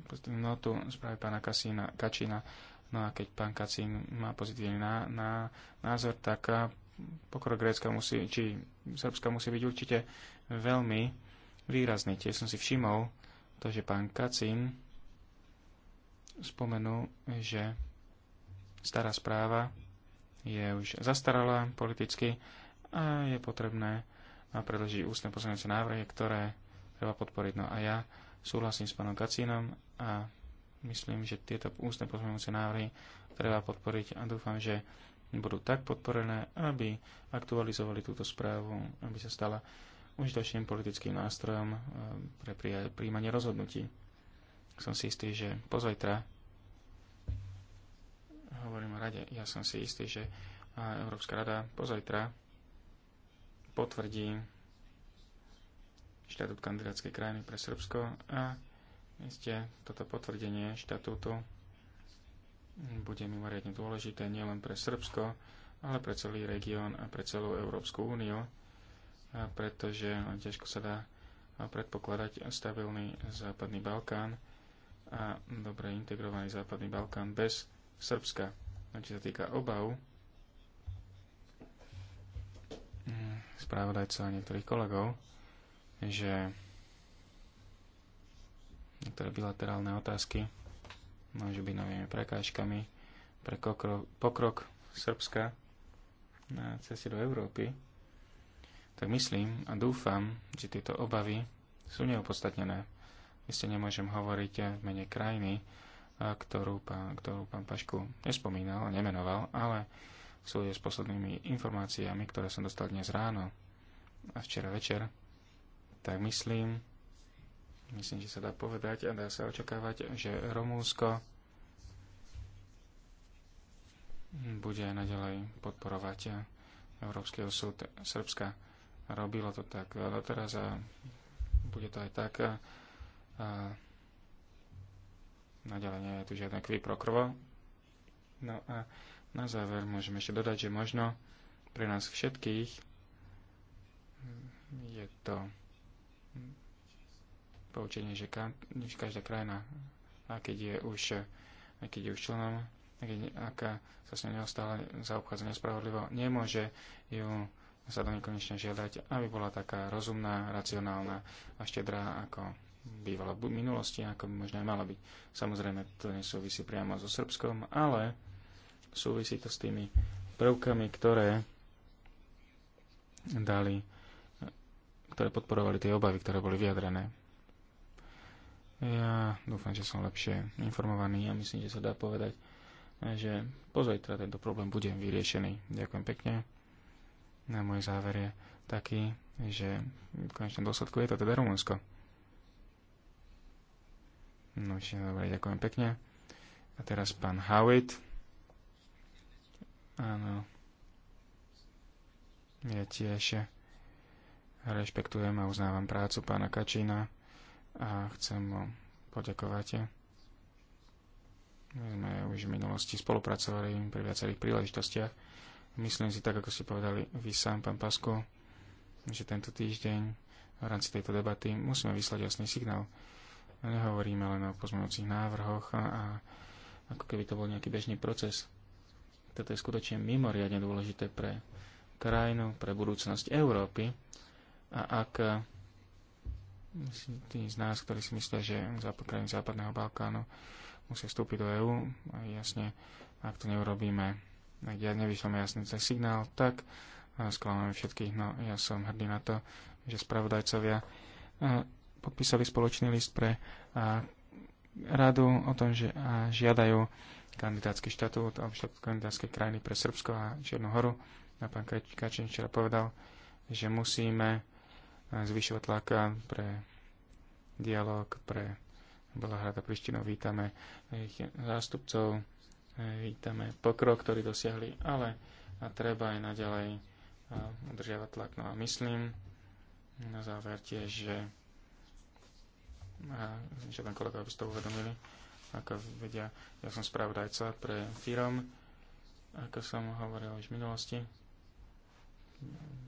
pozitívnu notu správy pána Kasína, Kačína No a keď pán Kacín má pozitívny na, na, názor, tak pokrok Grécka musí, či Srbska musí byť určite veľmi výrazný. Tiež som si všimol to, že pán Kacín spomenul, že stará správa je už zastaralá politicky a je potrebné predložiť ústne poslanecké návrhy, ktoré treba podporiť. No a ja súhlasím s pánom Kacínom a Myslím, že tieto ústne pozmeňujúce návrhy treba podporiť a dúfam, že budú tak podporené, aby aktualizovali túto správu, aby sa stala užitočným politickým nástrojom eh, pre príjmanie rozhodnutí. Som si istý, že pozajtra hovorím o rade, ja som si istý, že Európska rada pozajtra potvrdí štatút kandidátskej krajiny pre Srbsko a Isté, toto potvrdenie štatútu bude mimoriadne dôležité nielen pre Srbsko, ale pre celý región a pre celú Európsku úniu, pretože ťažko sa dá predpokladať stabilný Západný Balkán a dobre integrovaný Západný Balkán bez Srbska. Čo sa týka obav, mm, správodajca a niektorých kolegov, že niektoré bilaterálne otázky, môžu byť novými prekážkami pre pokrok, pokrok Srbska na ceste do Európy, tak myslím a dúfam, že tieto obavy sú neopodstatnené. Isté nemôžem hovoriť v mene krajiny, ktorú pán, ktorú pán Pašku nespomínal, a nemenoval, ale v súde s poslednými informáciami, ktoré som dostal dnes ráno a včera večer, tak myslím, Myslím, že sa dá povedať a dá sa očakávať, že Romúnsko bude aj naďalej podporovať Európskeho súd Srbska. Robilo to tak doteraz a bude to aj tak. A, a naďalej nie je tu žiadne kví pro krvo. No a na záver môžeme ešte dodať, že možno pre nás všetkých je to poučenie, že, každá krajina, a keď je už, a keď je už členom, a keď, aká sa s ňou neostále zaobchádza nespravodlivo, nemôže ju sa do nekonečne žiadať, aby bola taká rozumná, racionálna a štedrá, ako bývala v minulosti, ako by možno aj mala byť. Samozrejme, to nesúvisí priamo so Srbskom, ale súvisí to s tými prvkami, ktoré dali, ktoré podporovali tie obavy, ktoré boli vyjadrené. Ja dúfam, že som lepšie informovaný a ja myslím, že sa dá povedať, že pozajtra teda tento problém bude vyriešený. Ďakujem pekne. Na môj záver je taký, že v konečnom dôsledku je to teda Rumunsko. No, dobre, ďakujem pekne. A teraz pán Howitt. Áno. Ja tiež rešpektujem a uznávam prácu pána Kačína a chcem mu poďakovať. My sme už v minulosti spolupracovali pri viacerých príležitostiach. Myslím si, tak ako ste povedali vy sám, pán Pasku, že tento týždeň v rámci tejto debaty musíme vyslať jasný signál. Nehovoríme len o pozmeňujúcich návrhoch a, a ako keby to bol nejaký bežný proces. Toto je skutočne mimoriadne dôležité pre krajinu, pre budúcnosť Európy a ak tí z nás, ktorí si myslia, že za pokrajiny Západného Balkánu musia vstúpiť do EÚ, jasne, ak to neurobíme, ak ja nevyšleme jasný ten signál, tak sklameme všetkých. No ja som hrdý na to, že spravodajcovia e, podpísali spoločný list pre radu o tom, že žiadajú kandidátsky štatút alebo štatút kandidátske krajiny pre Srbsko a Čiernu horu. A pán Kačin včera povedal, že musíme zvyšovať tlaka pre dialog pre Belahrada Prištinov. Vítame ich zástupcov, vítame pokrok, ktorý dosiahli, ale a treba aj naďalej eh, udržiavať tlak. No a myslím na záver tiež, že a eh, žiaden kolega aby ste to uvedomili, ako vedia, ja som spravodajca pre firom, ako som hovoril už v minulosti,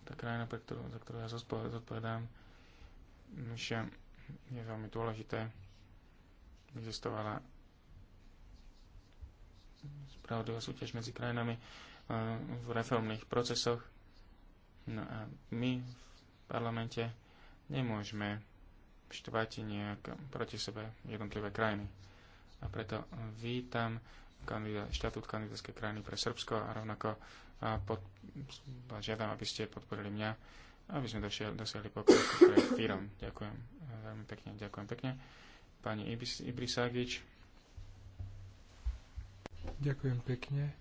tá krajina, pre ktorú, za ktorú ja zodpovedám, že je veľmi dôležité, existovala spravodlivá súťaž medzi krajinami eh, v reformných procesoch. No a my v parlamente nemôžeme štvať nejak proti sebe jednotlivé krajiny. A preto vítam kandidát, štatút kandidátskej krajiny pre Srbsko a rovnako a pod, žiadam, aby ste podporili mňa, aby sme dosiahli, dosiahli pokrok pre firm. Ďakujem eh, veľmi pekne, ďakujem pekne. Pani Ibris, Ibrisagič. Ďakujem pekne.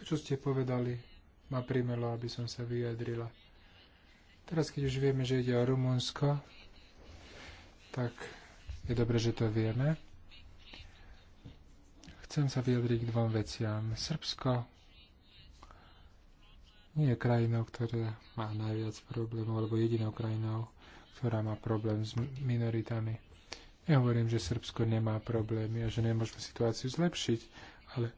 To, čo ste povedali, ma primelo, aby som sa vyjadrila. Teraz, keď už vieme, že ide o Rumunsko, tak je dobre, že to vieme. Chcem sa vyjadriť k dvom veciam. Srbsko nie je krajinou, ktorá má najviac problémov, alebo jedinou krajinou, ktorá má problém s minoritami. Nehovorím, že Srbsko nemá problémy a že nemôžeme situáciu zlepšiť, ale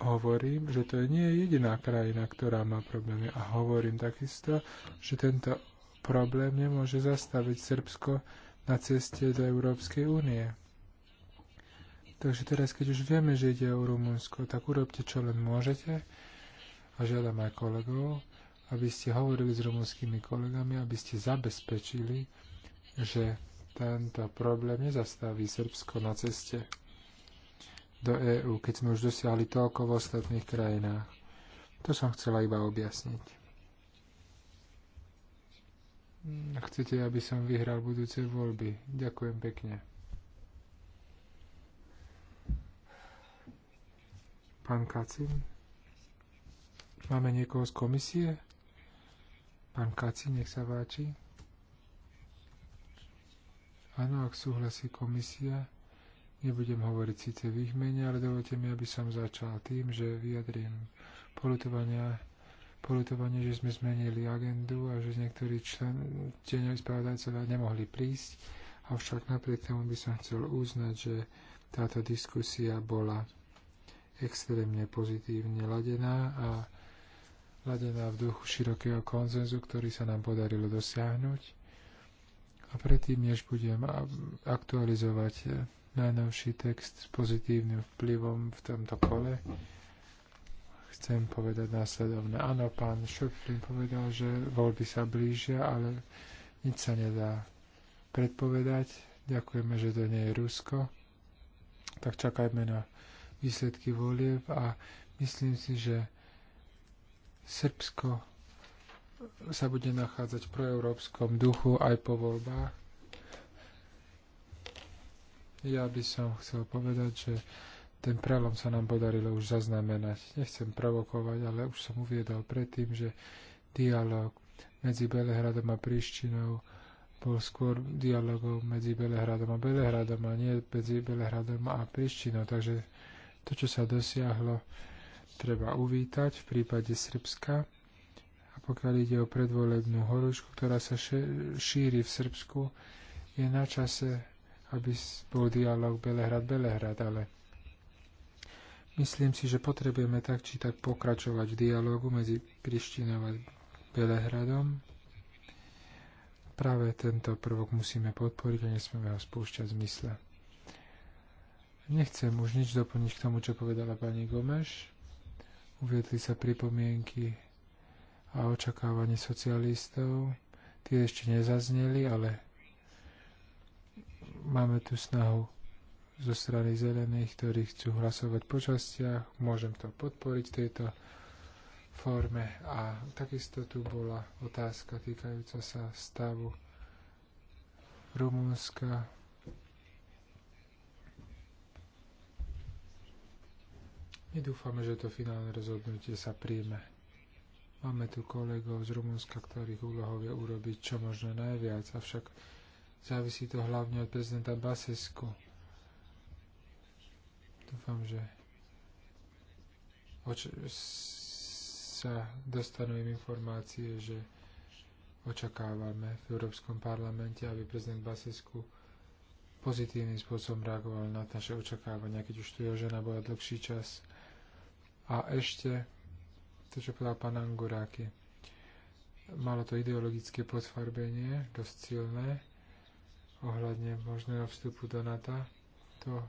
hovorím, že to nie je jediná krajina, ktorá má problémy. A hovorím takisto, že tento problém nemôže zastaviť Srbsko na ceste do Európskej únie. Takže teraz, keď už vieme, že ide o Rumunsko, tak urobte, čo len môžete a žiadam aj kolegov, aby ste hovorili s rumunskými kolegami, aby ste zabezpečili, že tento problém nezastaví Srbsko na ceste do EÚ, keď sme už dosiahli toľko v ostatných krajinách. To som chcela iba objasniť. Chcete, aby som vyhral budúce voľby. Ďakujem pekne. Pán Kacin? Máme niekoho z komisie? Pán Kacin, nech sa váči. Áno, ak súhlasí komisia, nebudem hovoriť síce v ich mene, ale dovolte mi, aby som začal tým, že vyjadrím polutovania polutovanie, že sme zmenili agendu a že niektorí člen, tieňoví spravodajcovia nemohli prísť. Avšak napriek tomu by som chcel uznať, že táto diskusia bola extrémne pozitívne ladená a ladená v duchu širokého konzenzu, ktorý sa nám podarilo dosiahnuť. A predtým, než budem aktualizovať e, najnovší text s pozitívnym vplyvom v tomto kole, chcem povedať následovne. Áno, pán Šoplin povedal, že voľby sa blížia, ale nič sa nedá predpovedať. Ďakujeme, že to nie je Rusko. Tak čakajme na výsledky volieb a myslím si, že Srbsko sa bude nachádzať v proeurópskom duchu aj po voľbách. Ja by som chcel povedať, že ten prelom sa nám podarilo už zaznamenať. Nechcem provokovať, ale už som uviedol predtým, že dialog medzi Belehradom a Prištinou bol skôr dialogom medzi Belehradom a Belehradom a nie medzi Belehradom a Prištinou. Takže to, čo sa dosiahlo, treba uvítať v prípade Srbska. A pokiaľ ide o predvolebnú horúčku, ktorá sa šíri v Srbsku, je na čase, aby bol dialog Belehrad-Belehrad, ale myslím si, že potrebujeme tak či tak pokračovať v dialogu medzi Prištinou a Belehradom. Práve tento prvok musíme podporiť a nesmieme ho spúšťať z mysle. Nechcem už nič doplniť k tomu, čo povedala pani Gomeš. Uviedli sa pripomienky a očakávanie socialistov. Tie ešte nezazneli, ale máme tu snahu zo strany zelených, ktorí chcú hlasovať po častiach. Môžem to podporiť v tejto forme. A takisto tu bola otázka týkajúca sa stavu Rumunska, My dúfame, že to finálne rozhodnutie sa príjme. Máme tu kolegov z Rumunska, ktorých úlohou je urobiť čo možno najviac, avšak závisí to hlavne od prezidenta Basesku. Dúfam, že oč- sa dostanú im informácie, že očakávame v Európskom parlamente, aby prezident Basesku pozitívnym spôsobom reagoval na naše očakávania, keď už tu jeho žena bola dlhší čas. A ešte to, čo povedal pán Anguráky. Malo to ideologické podfarbenie, dosť silné, ohľadne možného vstupu do NATO. To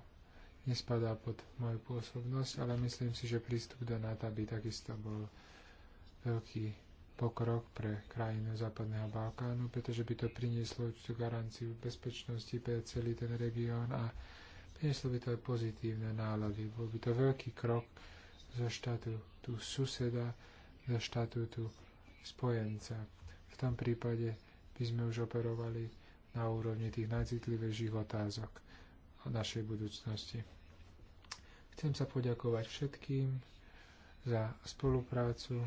nespadá pod moju pôsobnosť, ale myslím si, že prístup do NATO by takisto bol veľký pokrok pre krajinu Západného Balkánu, pretože by to prinieslo určitú garanciu bezpečnosti pre celý ten región a prinieslo by to aj pozitívne nálady. Bol by to veľký krok zo tu suseda zo tu spojenca. V tom prípade by sme už operovali na úrovni tých najcitlivejších otázok o našej budúcnosti. Chcem sa poďakovať všetkým za spoluprácu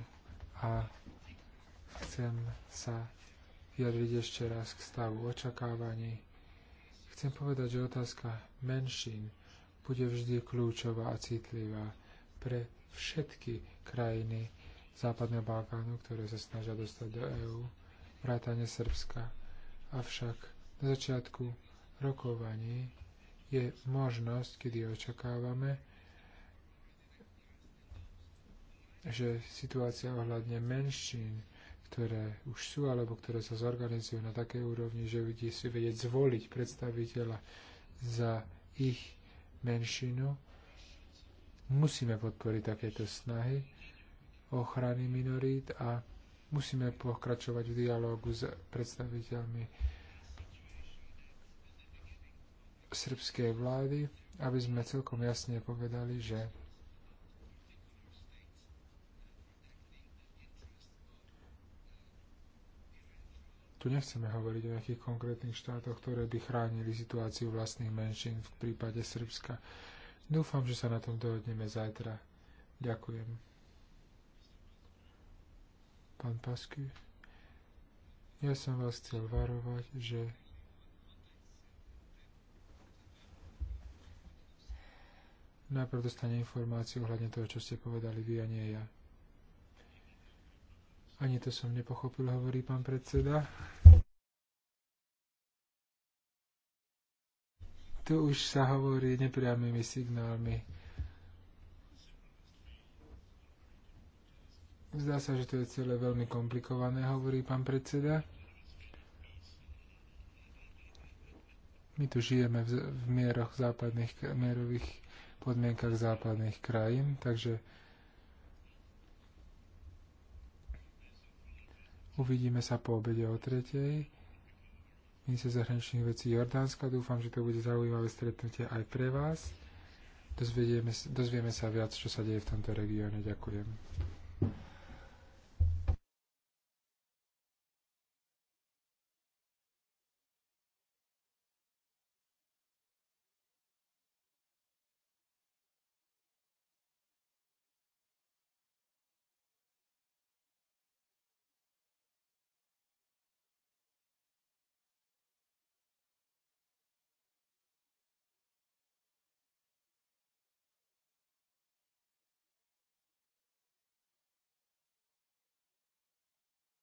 a chcem sa vyjadriť ešte raz k stavu očakávaní. Chcem povedať, že otázka menšín bude vždy kľúčová a citlivá pre všetky krajiny Západného Balkánu, ktoré sa snažia dostať do EÚ, vrátane Srbska. Avšak na začiatku rokovaní je možnosť, kedy očakávame, že situácia ohľadne menšín, ktoré už sú alebo ktoré sa zorganizujú na takej úrovni, že ľudí si vedieť zvoliť predstaviteľa za ich menšinu, Musíme podporiť takéto snahy ochrany minorít a musíme pokračovať v dialógu s predstaviteľmi srbskej vlády, aby sme celkom jasne povedali, že Tu nechceme hovoriť o nejakých konkrétnych štátoch, ktoré by chránili situáciu vlastných menšín v prípade Srbska. Dúfam, že sa na tom dohodneme zajtra. Ďakujem. Pán Pasky, ja som vás chcel varovať, že najprv dostane informáciu ohľadne toho, čo ste povedali vy a nie ja. Ani to som nepochopil, hovorí pán predseda. Tu už sa hovorí nepriamými signálmi. Zdá sa, že to je celé veľmi komplikované, hovorí pán predseda. My tu žijeme v, v mieroch západných, mierových podmienkach západných krajín, takže uvidíme sa po obede o tretej minister zahraničných vecí Jordánska. Dúfam, že to bude zaujímavé stretnutie aj pre vás. Dozvieme, dozvieme sa viac, čo sa deje v tomto regióne. Ďakujem.